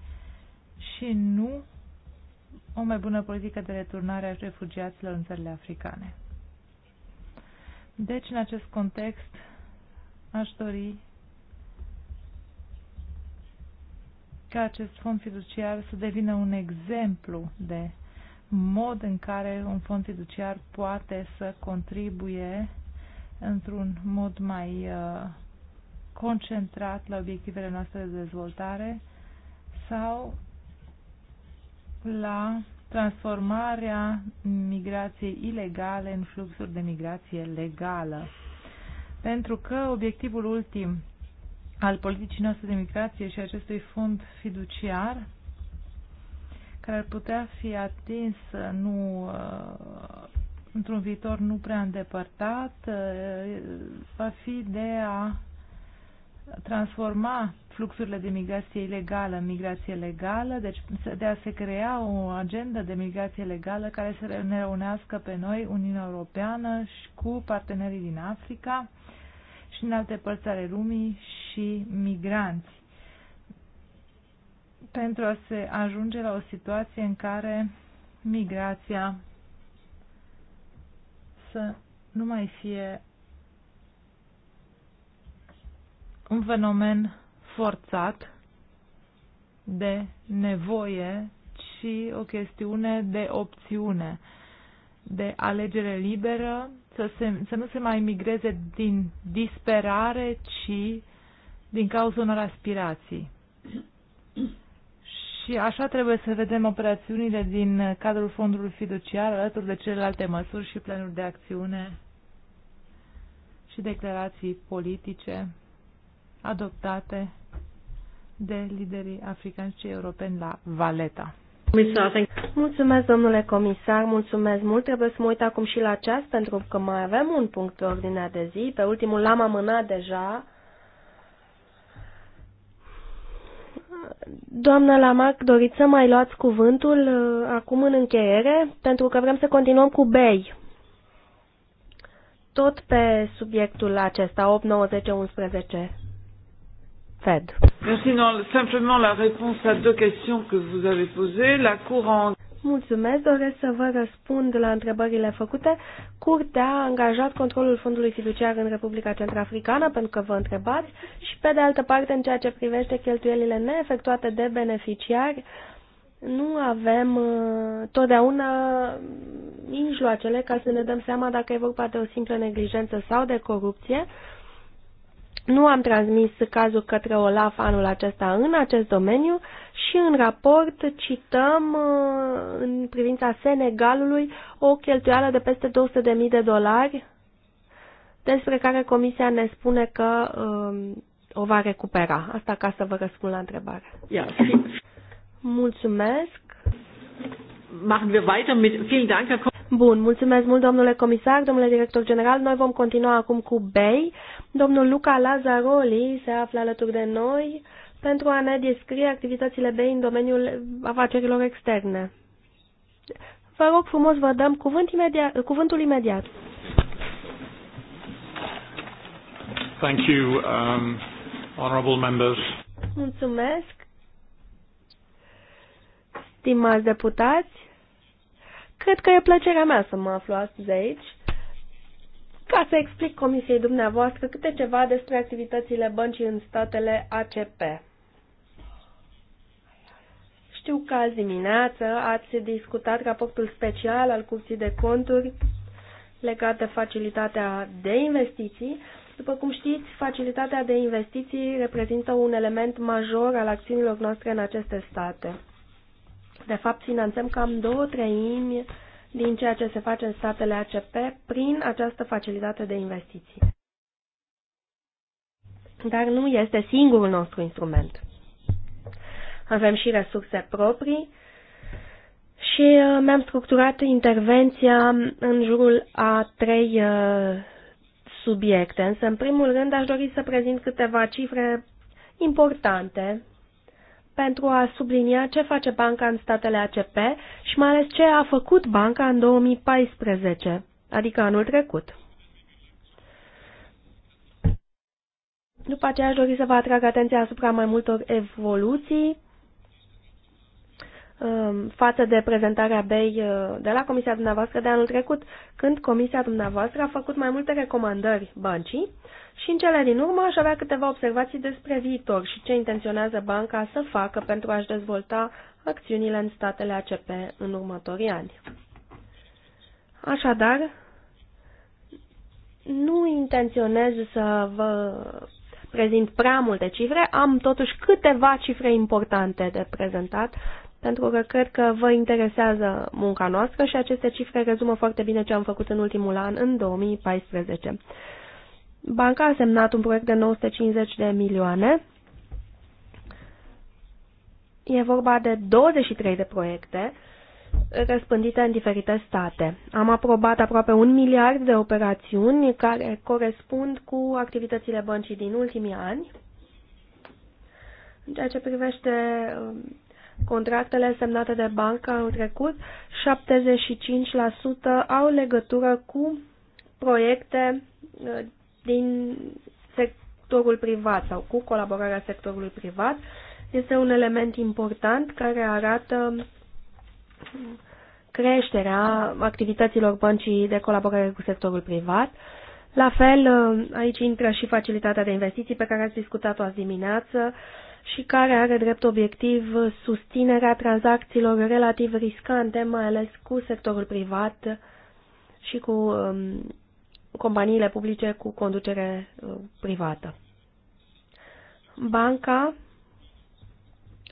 și nu o mai bună politică de returnare a refugiaților în țările africane. Deci, în acest context, aș dori ca acest fond fiduciar să devină un exemplu de mod în care un fond fiduciar poate să contribuie într-un mod mai uh, concentrat la obiectivele noastre de dezvoltare sau la transformarea migrației ilegale în fluxuri de migrație legală. Pentru că obiectivul ultim al politicii noastre de migrație și acestui fond fiduciar, care ar putea fi atins nu, într-un viitor nu prea îndepărtat, va fi de a transforma fluxurile de migrație ilegală în migrație legală, deci de a se crea o agendă de migrație legală care să ne reunească pe noi, Uniunea Europeană și cu partenerii din Africa și în alte părți ale lumii și migranți pentru a se ajunge la o situație în care migrația să nu mai fie un fenomen forțat de nevoie, ci o chestiune de opțiune, de alegere liberă, să, se, să nu se mai migreze din disperare, ci din cauza unor aspirații. Și așa trebuie să vedem operațiunile din cadrul fondului fiduciar alături de celelalte măsuri și planuri de acțiune și declarații politice adoptate de liderii africani și europeni la Valeta.
Mulțumesc, domnule comisar, mulțumesc mult. Trebuie să mă uit acum și la ceas, pentru că mai avem un punct pe ordinea de zi. Pe ultimul l-am amânat deja. Doamna Lamac, doriți să mai luați cuvântul uh, acum în încheiere? Pentru că vrem să continuăm cu BEI. Tot pe subiectul acesta, 8, 9, 10, 11. Fed.
Merci. Non, simplement
la réponse à deux questions que vous avez posées. La Cour en...
Mulțumesc, doresc să vă răspund la întrebările făcute. Curtea a angajat controlul fondului fiduciar în Republica Centrafricană, pentru că vă întrebați, și pe de altă parte, în ceea ce privește cheltuielile neefectuate de beneficiari, nu avem uh, totdeauna mijloacele ca să ne dăm seama dacă e vorba de o simplă neglijență sau de corupție. Nu am transmis cazul către OLAF anul acesta în acest domeniu și în raport cităm uh, în privința Senegalului o cheltuială de peste 200.000 de dolari despre care Comisia ne spune că um, o va recupera. Asta ca să vă răspund la întrebare. Mulțumesc. Bun, mulțumesc mult, domnule comisar, domnule director general. Noi vom continua acum cu BEI. Domnul Luca Lazaroli se află alături de noi pentru a ne descrie activitățile BEI în domeniul afacerilor externe. Vă rog frumos, vă dăm cuvânt imediat, cuvântul imediat.
Thank you, um, honorable members.
Mulțumesc, stimați deputați. Cred că e plăcerea mea să mă aflu astăzi aici ca să explic comisiei dumneavoastră câte ceva despre activitățile băncii în statele ACP. Știu că azi dimineață ați discutat raportul special al Curții de Conturi legat de facilitatea de investiții. După cum știți, facilitatea de investiții reprezintă un element major al acțiunilor noastre în aceste state. De fapt, finanțăm cam două treimi din ceea ce se face în statele ACP prin această facilitate de investiții. Dar nu este singurul nostru instrument. Avem și resurse proprii și uh, mi-am structurat intervenția în jurul a trei uh, subiecte. Însă, în primul rând, aș dori să prezint câteva cifre importante pentru a sublinia ce face banca în statele ACP și mai ales ce a făcut banca în 2014, adică anul trecut. După aceea aș dori să vă atrag atenția asupra mai multor evoluții Um, față de prezentarea BEI uh, de la Comisia dumneavoastră de anul trecut, când Comisia dumneavoastră a făcut mai multe recomandări băncii și în cele din urmă aș avea câteva observații despre viitor și ce intenționează banca să facă pentru a-și dezvolta acțiunile în statele ACP în următorii ani. Așadar, nu intenționez să vă prezint prea multe cifre, am totuși câteva cifre importante de prezentat pentru că cred că vă interesează munca noastră și aceste cifre rezumă foarte bine ce am făcut în ultimul an, în 2014. Banca a semnat un proiect de 950 de milioane. E vorba de 23 de proiecte răspândite în diferite state. Am aprobat aproape un miliard de operațiuni care corespund cu activitățile băncii din ultimii ani. În ceea ce privește um, contractele semnate de bancă anul trecut, 75% au legătură cu proiecte uh, din sectorul privat sau cu colaborarea sectorului privat. Este un element important care arată creșterea activităților băncii de colaborare cu sectorul privat. La fel, uh, aici intră și facilitatea de investiții pe care ați discutat-o azi dimineață și care are drept obiectiv susținerea tranzacțiilor relativ riscante, mai ales cu sectorul privat și cu um, companiile publice cu conducere uh, privată. Banca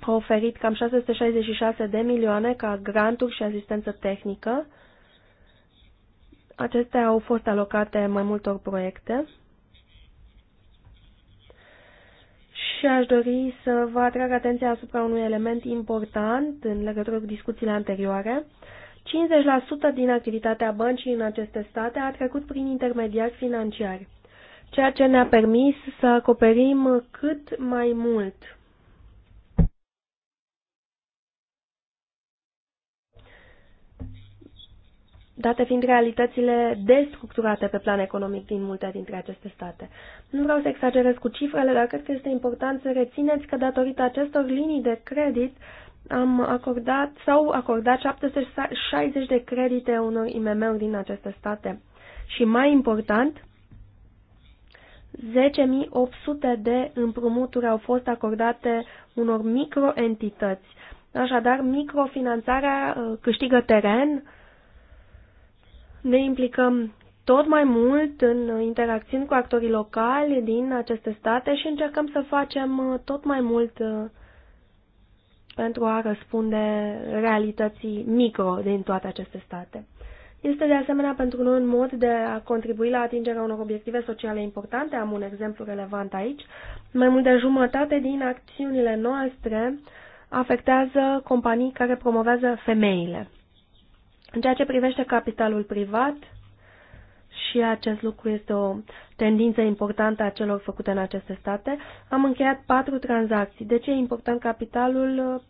a oferit cam 666 de milioane ca granturi și asistență tehnică. Acestea au fost alocate mai multor proiecte. și aș dori să vă atrag atenția asupra unui element important în legătură cu discuțiile anterioare. 50% din activitatea băncii în aceste state a trecut prin intermediari financiari, ceea ce ne-a permis să acoperim cât mai mult date fiind realitățile destructurate pe plan economic din multe dintre aceste state. Nu vreau să exagerez cu cifrele, dar cred că este important să rețineți că datorită acestor linii de credit am acordat sau acordat 760 de credite unor IMM-uri din aceste state. Și mai important, 10.800 de împrumuturi au fost acordate unor microentități. Așadar, microfinanțarea uh, câștigă teren ne implicăm tot mai mult în interacțiuni cu actorii locali din aceste state și încercăm să facem uh, tot mai mult uh, pentru a răspunde realității micro din toate aceste state. Este de asemenea pentru noi un mod de a contribui la atingerea unor obiective sociale importante. Am un exemplu relevant aici. Mai mult de jumătate din acțiunile noastre afectează companii care promovează femeile. În ceea ce privește capitalul privat, și acest lucru este o tendință importantă a celor făcute în aceste state, am încheiat patru tranzacții. De ce e important capitalul uh,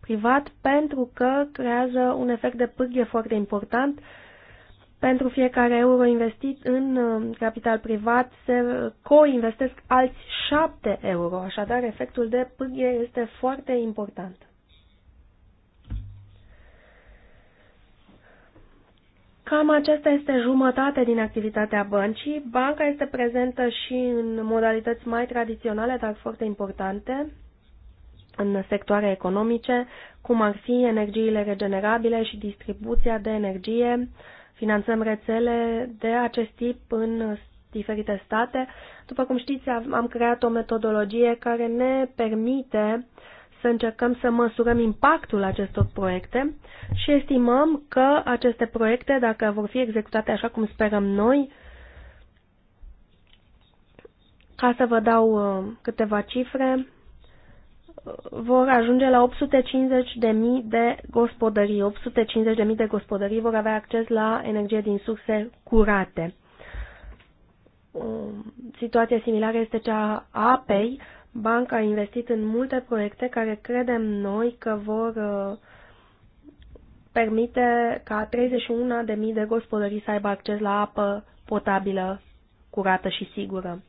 privat? Pentru că creează un efect de pârghie foarte important. Pentru fiecare euro investit în uh, capital privat se co-investesc alți 7 euro, așadar efectul de pârghie este foarte important. Cam aceasta este jumătate din activitatea băncii. Banca este prezentă și în modalități mai tradiționale, dar foarte importante, în sectoare economice, cum ar fi energiile regenerabile și distribuția de energie. Finanțăm rețele de acest tip în diferite state. După cum știți, am creat o metodologie care ne permite uh, să încercăm să măsurăm impactul acestor proiecte și estimăm că aceste proiecte, dacă vor fi executate așa cum sperăm noi, ca să vă dau uh, câteva cifre, uh, vor ajunge la 850.000 de gospodării. 850.000 de gospodării vor avea acces la energie din surse curate. Um, situația situație similară este cea a apei. Banca a investit în multe proiecte care credem noi că vor uh, permite ca 31.000 de gospodării să aibă acces la apă potabilă, curată și sigură.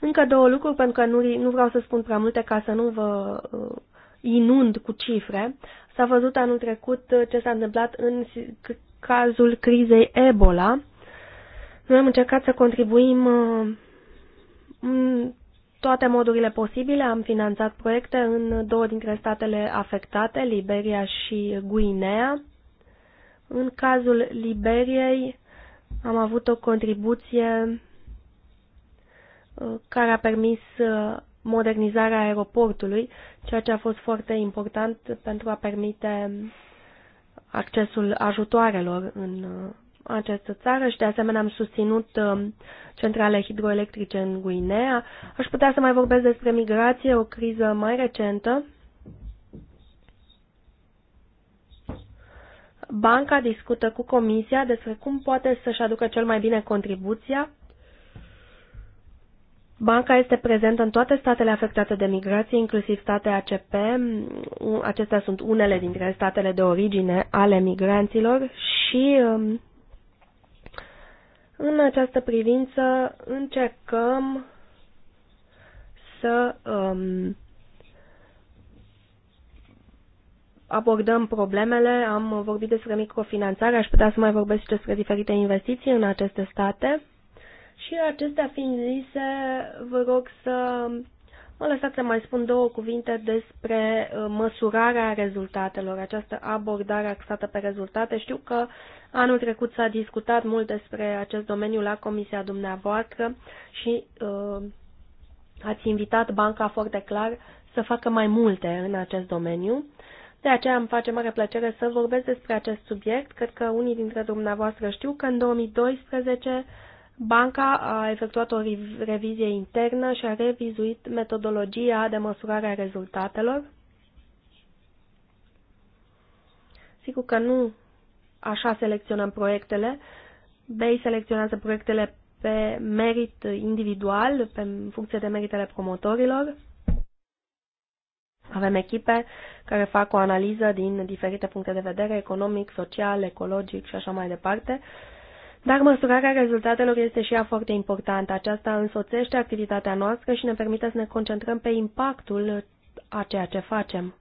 Încă două lucruri, pentru că nu, nu vreau să spun prea multe ca să nu vă uh, inund cu cifre. S-a văzut anul trecut ce s-a întâmplat în cazul crizei Ebola. Noi am încercat să contribuim uh, în toate modurile posibile am finanțat proiecte în două dintre statele afectate, Liberia și Guinea. În cazul Liberiei am avut o contribuție uh, care a permis uh, modernizarea aeroportului, ceea ce a fost foarte important pentru a permite accesul ajutoarelor în uh, această țară și de asemenea am susținut um, centrale hidroelectrice în Guinea. Aș putea să mai vorbesc despre migrație, o criză mai recentă. Banca discută cu Comisia despre cum poate să-și aducă cel mai bine contribuția. Banca este prezentă în toate statele afectate de migrație, inclusiv state ACP. Acestea sunt unele dintre statele de origine ale migranților și um, în această privință încercăm să um, abordăm problemele. Am vorbit despre microfinanțare, aș putea să mai vorbesc și despre diferite investiții în aceste state. Și acestea fiind zise, vă rog să Mă lăsați să mai spun două cuvinte despre uh, măsurarea rezultatelor, această abordare axată pe rezultate. Știu că anul trecut s-a discutat mult despre acest domeniu la comisia dumneavoastră și uh, ați invitat banca foarte clar să facă mai multe în acest domeniu. De aceea îmi face mare plăcere să vorbesc despre acest subiect. Cred că unii dintre dumneavoastră știu că în 2012 Banca a efectuat o revizie internă și a revizuit metodologia de măsurare a rezultatelor. Sigur că nu așa selecționăm proiectele. BEI selecționează proiectele pe merit individual, pe funcție de meritele promotorilor. Avem echipe care fac o analiză din diferite puncte de vedere, economic, social, ecologic și așa mai departe dar măsurarea rezultatelor este și ea foarte importantă. Aceasta însoțește activitatea noastră și ne permite să ne concentrăm pe impactul a ceea ce facem.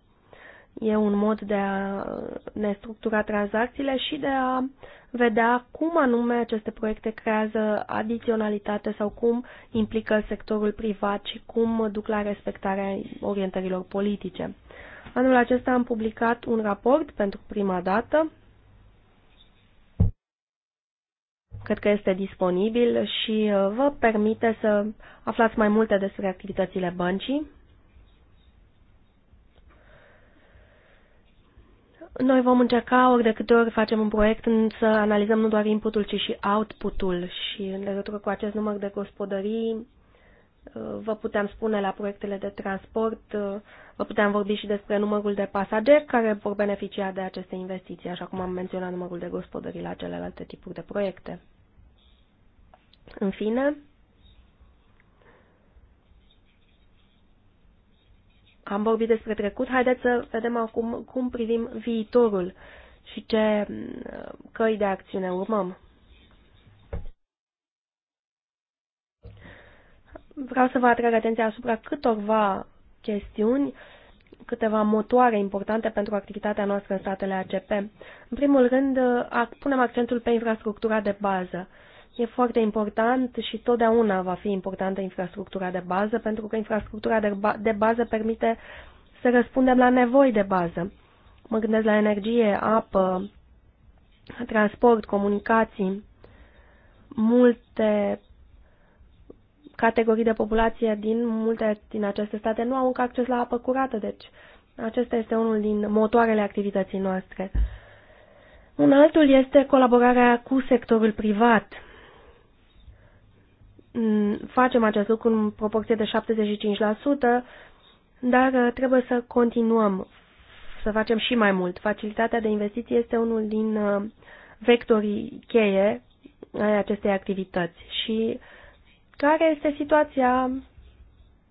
E un mod de a ne structura tranzacțiile și de a vedea cum anume aceste proiecte creează adiționalitate sau cum implică sectorul privat și cum duc la respectarea orientărilor politice. Anul acesta am publicat un raport pentru prima dată Cred că este disponibil și uh, vă permite să aflați mai multe despre activitățile băncii. Noi vom încerca ori de câte ori facem un proiect să analizăm nu doar inputul, ci și outputul și în legătură cu acest număr de gospodării uh, vă puteam spune la proiectele de transport, uh, vă puteam vorbi și despre numărul de pasageri care vor beneficia de aceste investiții, așa cum am menționat numărul de gospodării la celelalte tipuri de proiecte. În fine, am vorbit despre trecut, haideți să vedem acum cum privim viitorul și ce mm, căi de acțiune urmăm. Vreau să vă atrag atenția asupra câtorva chestiuni, câteva motoare importante pentru activitatea noastră în statele ACP. În primul rând, punem accentul pe infrastructura de bază. E foarte important și totdeauna va fi importantă infrastructura de bază, pentru că infrastructura de, ba de bază permite să răspundem la nevoi de bază. Mă gândesc la energie, apă, transport, comunicații, multe categorii de populație din multe din aceste state nu au încă acces la apă curată, deci acesta este unul din motoarele activității noastre. Un altul este colaborarea cu sectorul privat. Mm, facem acest lucru în proporție de 75%, dar uh, trebuie să continuăm să facem și mai mult. Facilitatea de investiții este unul din uh, vectorii cheie ai acestei activități. Și care este situația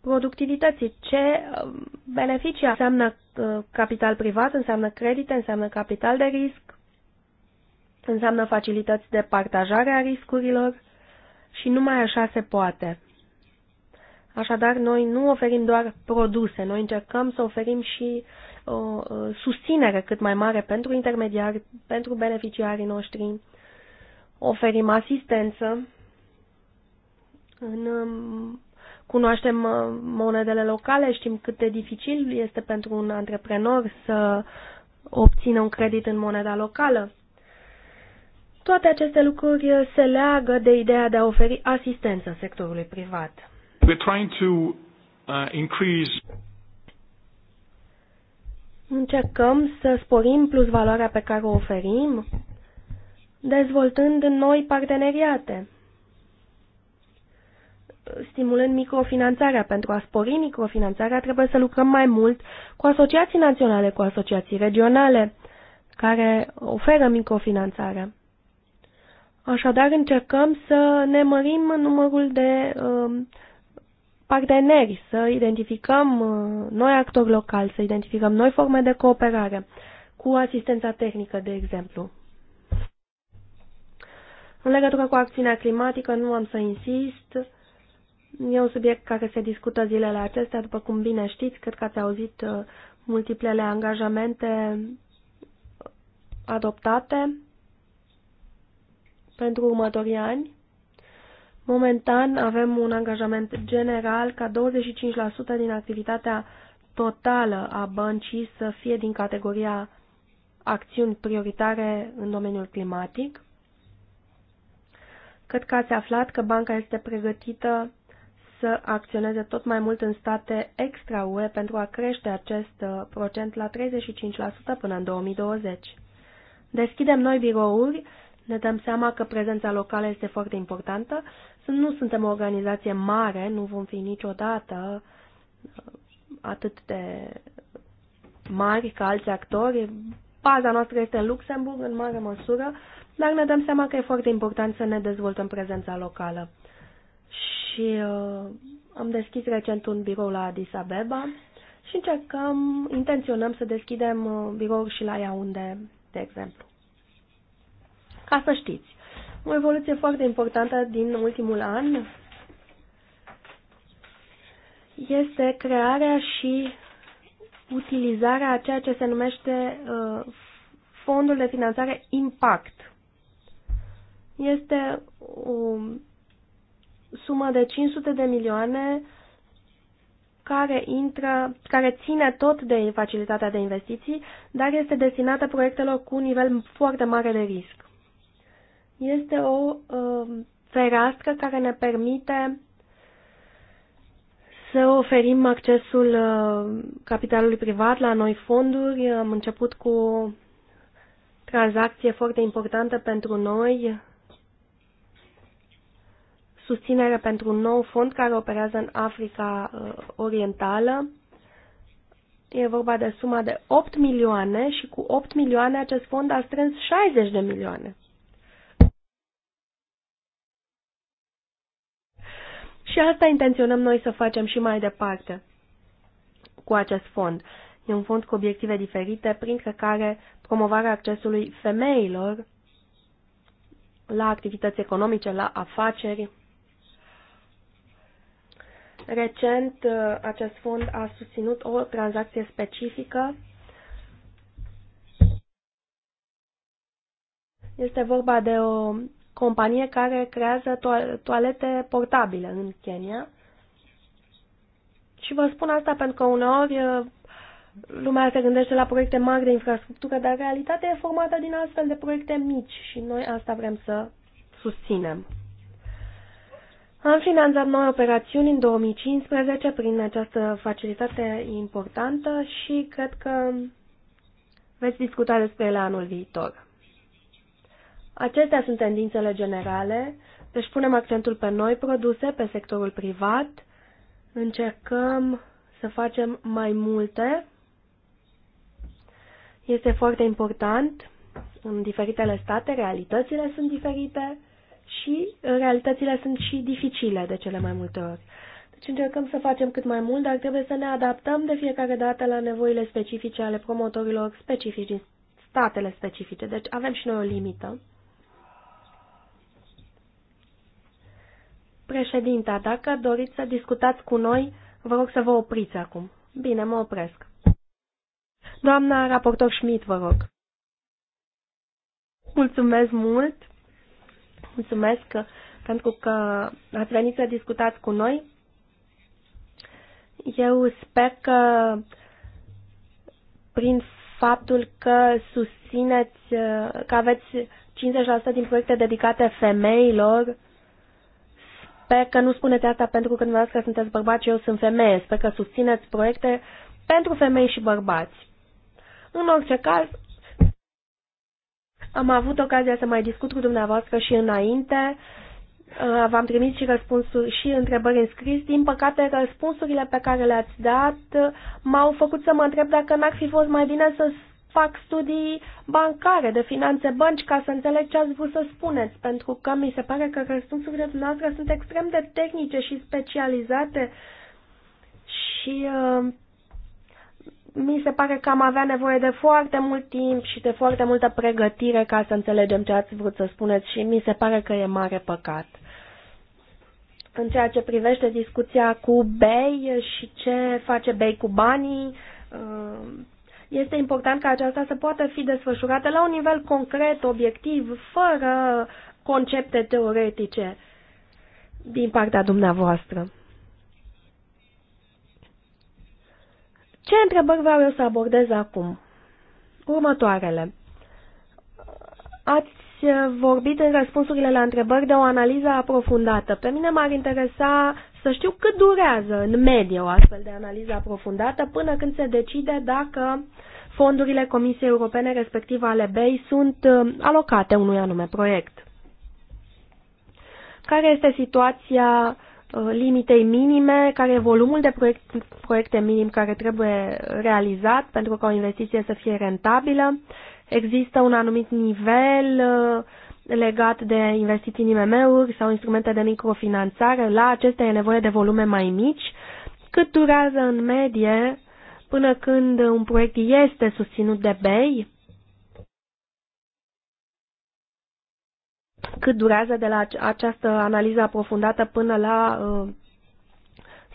productivității? Ce uh, beneficii înseamnă capital privat, înseamnă credite, înseamnă capital de risc, înseamnă facilități de partajare a riscurilor? și numai așa se poate. Așadar, noi nu oferim doar produse, noi încercăm să oferim și o uh, uh, susținere cât mai mare pentru intermediari, pentru beneficiarii noștri, oferim asistență, în, um, cunoaștem uh, monedele locale, știm cât de dificil este pentru un antreprenor să obțină un credit în moneda locală. Toate aceste lucruri uh, se leagă de ideea de a oferi asistență sectorului privat.
We're trying to uh, increase
Încercăm să sporim plus valoarea pe care o oferim, dezvoltând noi parteneriate, stimulând microfinanțarea. Pentru a spori microfinanțarea trebuie să lucrăm mai mult cu asociații naționale, cu asociații regionale care oferă microfinanțarea. Așadar, încercăm să ne mărim numărul de um, parteneri, să identificăm uh, noi actori locali, să identificăm noi forme de cooperare cu asistența tehnică, de exemplu. În legătură cu acțiunea climatică, nu am să insist. E un subiect care se discută zilele acestea, după cum bine știți, cred că ați auzit uh, multiplele angajamente adoptate pentru următorii ani. Momentan avem un angajament general ca 25% din activitatea totală a băncii să fie din categoria acțiuni prioritare în domeniul climatic. Cred că ați aflat că banca este pregătită să acționeze tot mai mult în state extra-UE pentru a crește acest uh, procent la 35% până în 2020. Deschidem noi birouri ne dăm seama că prezența locală este foarte importantă. Nu suntem o organizație mare, nu vom fi niciodată uh, atât de mari ca alți actori. Baza noastră este în Luxemburg, în mare măsură, dar ne dăm seama că e foarte important să ne dezvoltăm prezența locală. Și uh, am deschis recent un birou la Addis Abeba și încercăm, intenționăm să deschidem uh, birouri și la Iaunde, de exemplu ca să știți. O evoluție foarte importantă din ultimul an este crearea și utilizarea a ceea ce se numește uh, fondul de finanțare Impact. Este o sumă de 500 de milioane care, intră, care ține tot de facilitatea de investiții, dar este destinată proiectelor cu un nivel foarte mare de risc. Este o uh, fereastră care ne permite să oferim accesul uh, capitalului privat la noi fonduri. Am început cu o tranzacție foarte importantă pentru noi, susținere pentru un nou fond care operează în Africa uh, Orientală. E vorba de suma de 8 milioane și cu 8 milioane acest fond a strâns 60 de milioane. Și asta intenționăm noi să facem și mai departe cu acest fond. E un fond cu obiective diferite, printre care promovarea accesului femeilor la activități economice, la afaceri. Recent, uh, acest fond a susținut o tranzacție specifică. Este vorba de o companie care creează to- toalete portabile în Kenya. Și vă spun asta pentru că uneori uh, lumea se gândește la proiecte mari de infrastructură, dar realitatea e formată din astfel de proiecte mici și noi asta vrem să susținem. Am finanțat noi operațiuni în 2015 prin această facilitate importantă și cred că veți discuta despre ele anul viitor. Acestea sunt tendințele generale, deci punem accentul pe noi produse, pe sectorul privat, încercăm să facem mai multe. Este foarte important în diferitele state, realitățile sunt diferite și realitățile sunt și dificile de cele mai multe ori. Deci încercăm să facem cât mai mult, dar trebuie să ne adaptăm de fiecare dată la nevoile specifice ale promotorilor specifici din statele specifice. Deci avem și noi o limită. Președinta, dacă doriți să discutați cu noi, vă rog să vă opriți acum. Bine, mă opresc. Doamna raportor Schmidt, vă rog. Mulțumesc mult. Mulțumesc că, pentru că ați venit să discutați cu noi. Eu sper că prin faptul că susțineți, că aveți 50% din proiecte dedicate femeilor, Sper că nu spuneți asta pentru că dumneavoastră sunteți bărbați și eu sunt femeie. Sper că susțineți proiecte pentru femei și bărbați. În orice caz, am avut ocazia să mai discut cu dumneavoastră și înainte. Uh, v-am trimis și răspunsuri și întrebări în scris. Din păcate, răspunsurile pe care le-ați dat m-au făcut să mă întreb dacă n-ar fi fost mai bine să fac studii bancare, de finanțe bănci, ca să înțeleg ce ați vrut să spuneți, pentru că mi se pare că răspunsurile dumneavoastră sunt extrem de tehnice și specializate și uh, mi se pare că am avea nevoie de foarte mult timp și de foarte multă pregătire ca să înțelegem ce ați vrut să spuneți și mi se pare că e mare păcat. În ceea ce privește discuția cu Bay și ce face Bay cu banii, uh, este important ca aceasta să poată fi desfășurată la un nivel concret, obiectiv, fără concepte teoretice din partea dumneavoastră. Ce întrebări vreau eu să abordez acum? Următoarele. Ați vorbit în răspunsurile la întrebări de o analiză aprofundată. Pe mine m-ar interesa să știu cât durează în medie o astfel de analiză aprofundată până când se decide dacă fondurile Comisiei Europene, respectiv ale BEI, sunt uh, alocate unui anume proiect. Care este situația uh, limitei minime, care e volumul de proiect, proiecte minim care trebuie realizat pentru ca o investiție să fie rentabilă? Există un anumit nivel uh, legat de investiții în IMM-uri sau instrumente de microfinanțare, la acestea e nevoie de volume mai mici, cât durează în medie până când un proiect este susținut de BEI, cât durează de la această analiză aprofundată până la uh,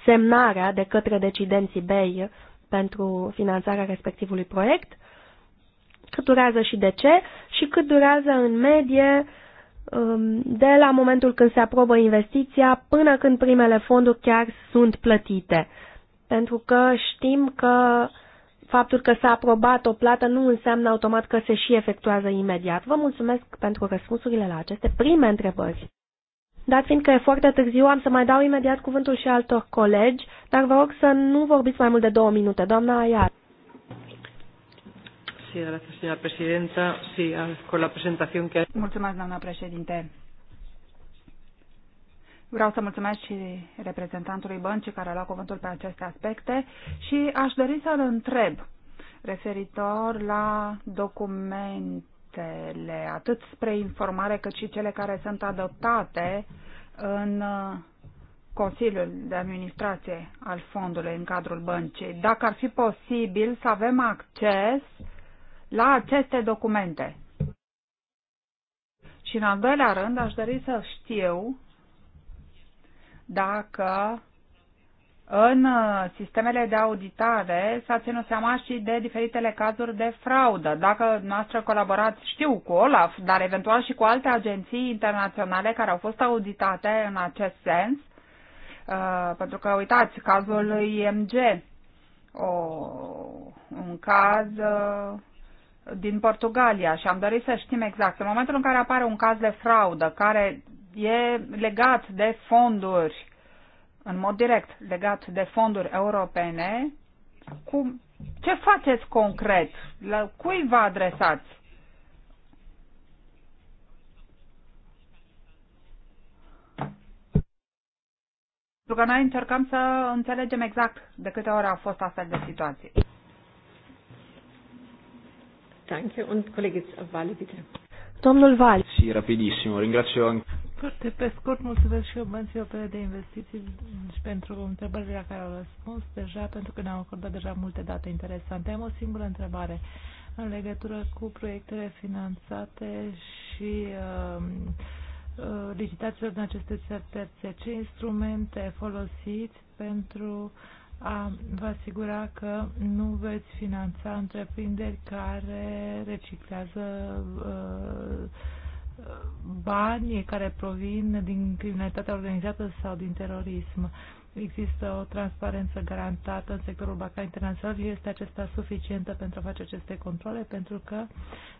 semnarea de către decidenții BEI pentru finanțarea respectivului proiect cât durează și de ce și cât durează în medie um, de la momentul când se aprobă investiția până când primele fonduri chiar sunt plătite. Pentru că știm că faptul că s-a aprobat o plată nu înseamnă automat că se și efectuează imediat. Vă mulțumesc pentru răspunsurile la aceste prime întrebări. Dat fiindcă e foarte târziu, am să mai dau imediat cuvântul și altor colegi, dar vă rog să nu vorbiți mai mult de două minute, doamna Ayat.
Sí, gracias, señora presidenta. Sí, ah,
con la presentación que... Mulțumesc, doamna președinte. Vreau să mulțumesc și reprezentantului băncii care a luat cuvântul pe aceste aspecte și aș dori să-l întreb referitor la documentele, atât spre informare cât și cele care sunt adoptate în uh, Consiliul de Administrație al fondului în cadrul băncii. Dacă ar fi posibil să avem acces uh, la aceste documente. Și în al doilea rând aș dori să știu dacă în uh, sistemele de auditare s-a ținut seama și de diferitele cazuri de fraudă. Dacă noastră colaborați, știu, cu OLAF, dar eventual și cu alte agenții internaționale care au fost auditate în acest sens, uh, pentru că, uitați, cazul IMG, o, un caz uh, din Portugalia și am dorit să știm exact. În momentul în care apare un caz de fraudă care e legat de fonduri, în mod direct legat de fonduri europene, cum, ce faceți concret? La cui vă adresați? Pentru că noi încercăm să înțelegem exact de câte ori au fost astfel de situații. Danke und Kollege Vali, bitte.
Domnul Vali. Si, rapidissimo, ringrazio anche.
Foarte pe scurt, mulțumesc și eu Bănții Opere de Investiții și pentru întrebările la care au răspuns deja, pentru că ne-au acordat deja multe date interesante. Am o singură întrebare în legătură cu proiectele finanțate și um, uh, licitațiilor din aceste țări terțe. Ce instrumente folosiți pentru uh, a vă asigura că nu veți finanța întreprinderi care reciclează uh, bani care provin din criminalitatea organizată sau din terorism. Există o transparență garantată în sectorul bancar internațional și este acesta suficientă pentru a face aceste controle, pentru că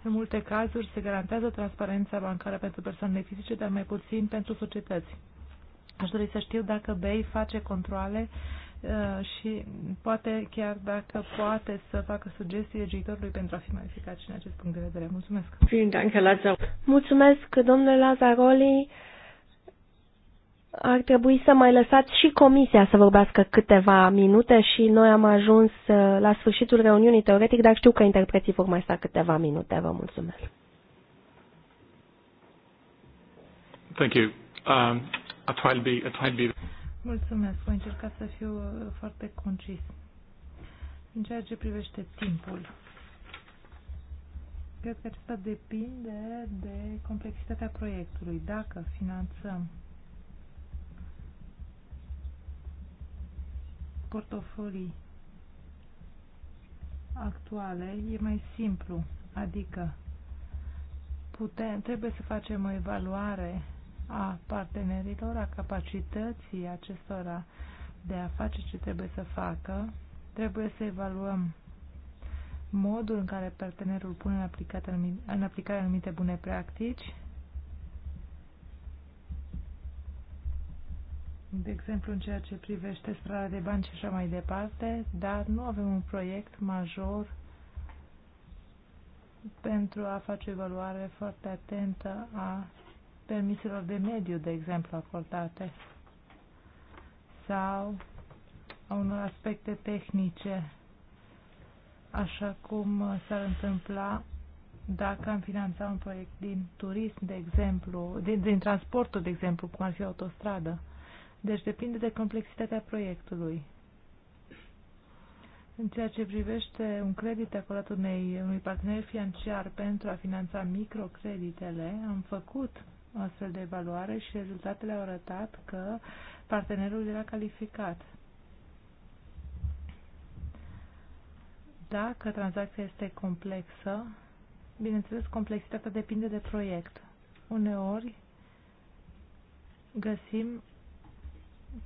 în multe cazuri se garantează transparența bancară pentru persoanele fizice, dar mai puțin pentru societăți. Aș dori să știu dacă BEI face controle Uh, și poate chiar dacă poate să facă sugestii regitorului pentru a fi mai eficace în acest punct de vedere. Mulțumesc!
Mulțumesc, domnule Lazaroli! Ar trebui să mai lăsați și comisia să vorbească câteva minute și noi am ajuns uh, la sfârșitul reuniunii teoretic, dar știu că interpreții vor mai sta câteva minute. Vă mulțumesc!
Thank you. Um, I'll be, I'll be...
Mulțumesc. Voi încerca să fiu uh, foarte concis. În ceea ce privește timpul, cred că acesta depinde de complexitatea proiectului. Dacă finanțăm portofolii actuale, e mai simplu. Adică putem, trebuie să facem o evaluare a partenerilor, a capacității acestora de a face ce trebuie să facă, trebuie să evaluăm modul în care partenerul pune în aplicare, în aplicare anumite bune practici, de exemplu în ceea ce privește strada de bani și așa mai departe, dar nu avem un proiect major pentru a face o evaluare foarte atentă a permiselor de mediu, de exemplu, acordate sau a unor aspecte tehnice, așa cum s-ar întâmpla dacă am finanța un proiect din turism, de exemplu, din, din transportul, de exemplu, cum ar fi autostradă. Deci depinde de complexitatea proiectului. În ceea ce privește un credit acordat unei, unui partener financiar pentru a finanța microcreditele, am făcut o astfel de evaluare și rezultatele au arătat că partenerul era calificat. Dacă tranzacția este complexă, bineînțeles, complexitatea depinde de proiect. Uneori găsim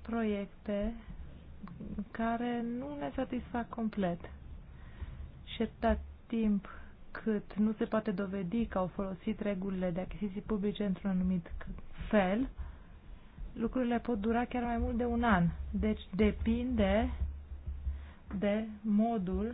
proiecte care nu ne satisfac complet. Și atâta timp cât nu se poate dovedi că au folosit regulile de achiziții publice într-un anumit fel, lucrurile pot dura chiar mai mult de un an. Deci depinde de modul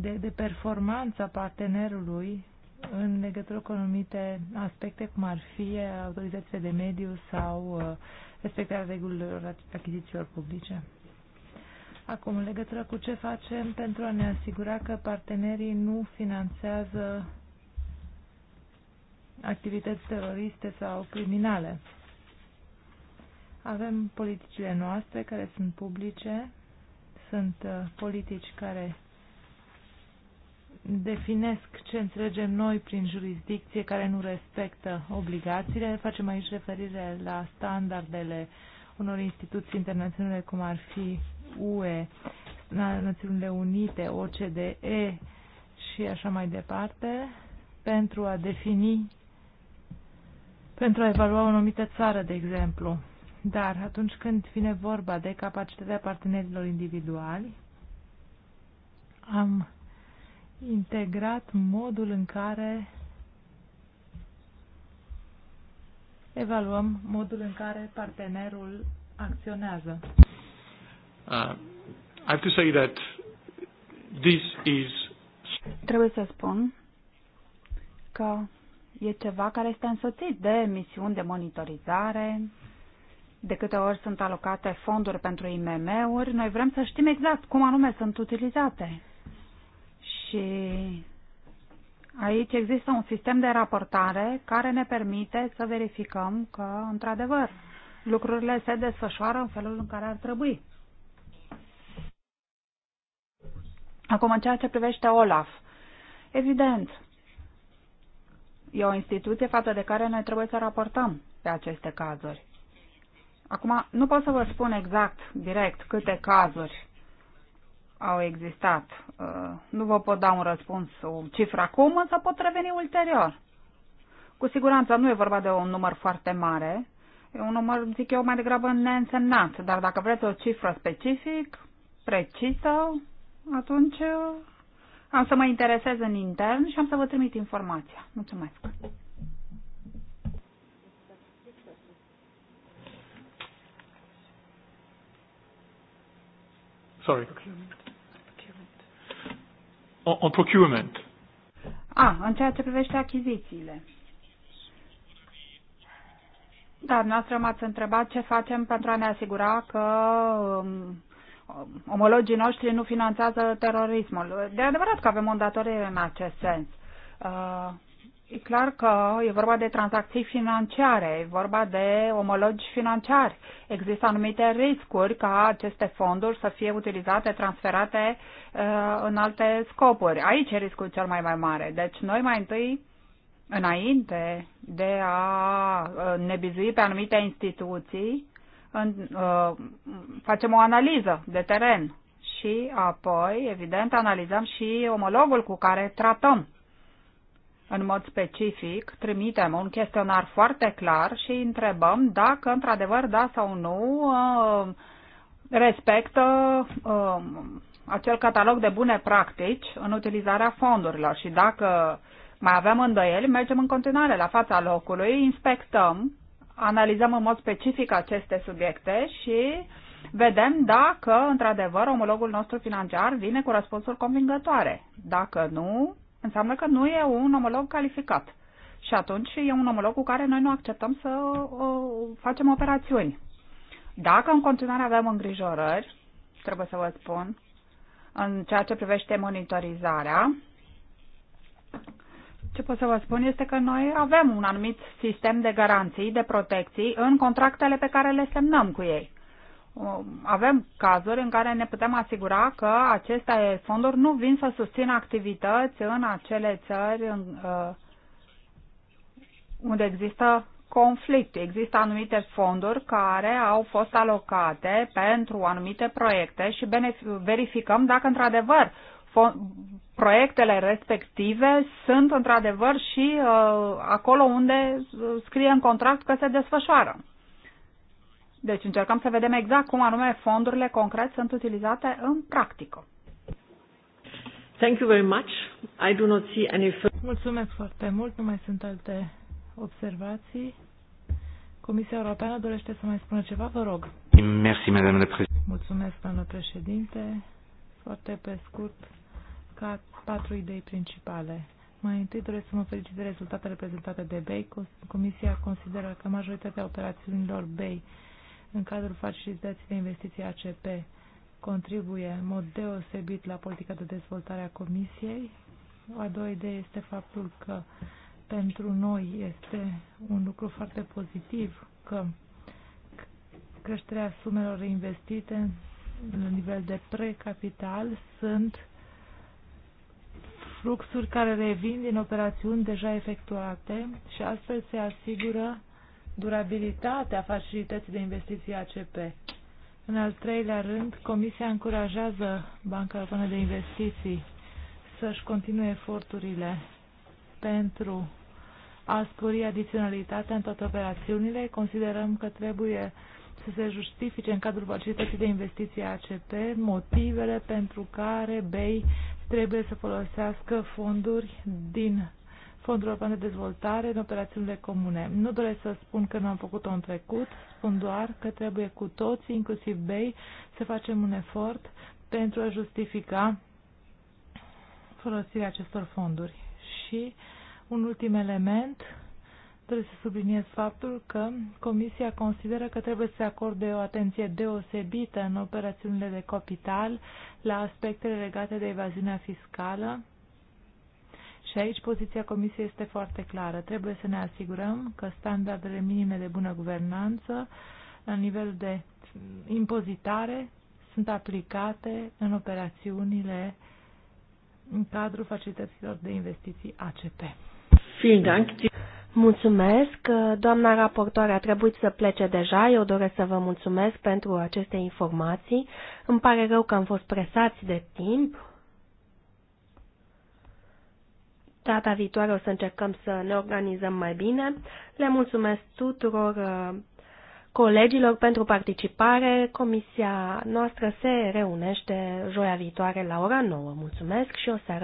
de, de performanța partenerului în legătură cu anumite aspecte, cum ar fi autorizațiile de mediu sau uh, respectarea regulilor achizițiilor publice. Acum, în legătură cu ce facem pentru a ne asigura că partenerii nu finanțează activități teroriste sau criminale. Avem politicile noastre care sunt publice, sunt uh, politici care definesc ce înțelegem noi prin jurisdicție care nu respectă obligațiile. Facem aici referire la standardele unor instituții internaționale cum ar fi UE, Națiunile Unite, OCDE și așa mai departe, pentru a defini, pentru a evalua o anumită țară, de exemplu. Dar atunci când vine vorba de capacitatea partenerilor individuali, am integrat modul în care evaluăm modul în care partenerul acționează.
Uh, I have to say that this is...
Trebuie să spun că e ceva care este însoțit de misiuni de monitorizare, de câte ori sunt alocate fonduri pentru IMM-uri, noi vrem să știm exact cum anume sunt utilizate. Și aici există un sistem de raportare care ne permite să verificăm că, într-adevăr, lucrurile se desfășoară în felul în care ar trebui. Acum, în ceea ce privește Olaf, evident, e o instituție față de care noi trebuie să raportăm pe aceste cazuri. Acum, nu pot să vă spun exact, direct, câte cazuri au existat. Uh, nu vă pot da un răspuns, o cifră acum, însă pot reveni ulterior. Cu siguranță nu e vorba de un număr foarte mare, e un număr, zic eu, mai degrabă neînsemnat, dar dacă vreți o cifră specific, precisă, atunci am să mă interesez în intern și am să vă trimit informația. Mulțumesc! Sorry. Procurement.
On, on procurement.
A, în ceea ce privește achizițiile. Dar noastră m-ați întrebat ce facem pentru a ne asigura că um, omologii noștri nu finanțează terorismul. De adevărat că avem o datorie în acest sens. Uh, e clar că e vorba de tranzacții financiare, e vorba de omologi financiari. Există anumite riscuri ca aceste fonduri să fie utilizate, transferate uh, în alte scopuri. Aici e riscul cel mai, mai mare. Deci noi mai întâi înainte de a uh, ne bizui pe anumite instituții, în, uh, facem o analiză de teren și apoi, evident, analizăm și omologul cu care tratăm. În mod specific, trimitem un chestionar foarte clar și întrebăm dacă, într-adevăr, da sau nu, uh, respectă uh, acel catalog de bune practici în utilizarea fondurilor și dacă mai avem îndoieli, mergem în continuare la fața locului, inspectăm analizăm în mod specific aceste subiecte și vedem dacă, într-adevăr, omologul nostru financiar vine cu răspunsuri convingătoare. Dacă nu, înseamnă că nu e un omolog calificat. Și atunci e un omolog cu care noi nu acceptăm să uh, facem operațiuni. Dacă în continuare avem îngrijorări, trebuie să vă spun, în ceea ce privește monitorizarea, ce pot să vă spun este că noi avem un anumit sistem de garanții, de protecții în contractele pe care le semnăm cu ei. Avem cazuri în care ne putem asigura că aceste fonduri nu vin să susțină activități în acele țări uh, unde există conflict. Există anumite fonduri care au fost alocate pentru anumite proiecte și verificăm dacă într-adevăr proiectele respective sunt într-adevăr și uh, acolo unde uh, scrie în contract că se desfășoară. Deci încercăm să vedem exact cum anume fondurile concret sunt utilizate în practică.
Thank you very much. I do not see any Mulțumesc foarte mult. Nu mai sunt alte observații. Comisia Europeană dorește să mai spună ceva, vă rog. Merci, Mulțumesc, doamnă președinte. Foarte pe scurt ca patru idei principale. Mai întâi doresc să mă felicit de rezultatele prezentate de BEI. Comisia consideră că majoritatea operațiunilor BEI în cadrul facilității de investiții ACP contribuie în mod deosebit la politica de dezvoltare a Comisiei. a doua idee este faptul că pentru noi este un lucru foarte pozitiv că creșterea sumelor investite la nivel de precapital sunt fluxuri care revin din operațiuni deja efectuate și astfel se asigură durabilitatea facilității de investiții ACP. În al treilea rând, Comisia încurajează Banca Europeană de Investiții să-și continue eforturile pentru a spori adiționalitatea în toate operațiunile. Considerăm că trebuie să se justifice în cadrul facilității de investiții ACP motivele pentru care BEI trebuie să folosească fonduri din Fondul European de Dezvoltare în operațiunile comune. Nu doresc să spun că nu am făcut-o în trecut, spun doar că trebuie cu toți, inclusiv BEI, să facem un efort pentru a justifica folosirea acestor fonduri. Și un ultim element Trebuie să subliniez faptul că Comisia consideră că trebuie să se acorde o atenție deosebită în operațiunile de capital la aspectele legate de evaziunea fiscală. Și aici poziția Comisiei este foarte clară. Trebuie să ne asigurăm că standardele minime de bună guvernanță la nivel de impozitare sunt aplicate în operațiunile în cadrul facilităților de investiții ACP. Vielen Dank.
Mulțumesc. Doamna raportoare a trebuit să plece deja. Eu doresc să vă mulțumesc pentru aceste informații. Îmi pare rău că am fost presați de timp. Data viitoare o să încercăm să ne organizăm mai bine. Le mulțumesc tuturor uh, colegilor pentru participare. Comisia noastră se reunește joia viitoare la ora 9. Mulțumesc și o seară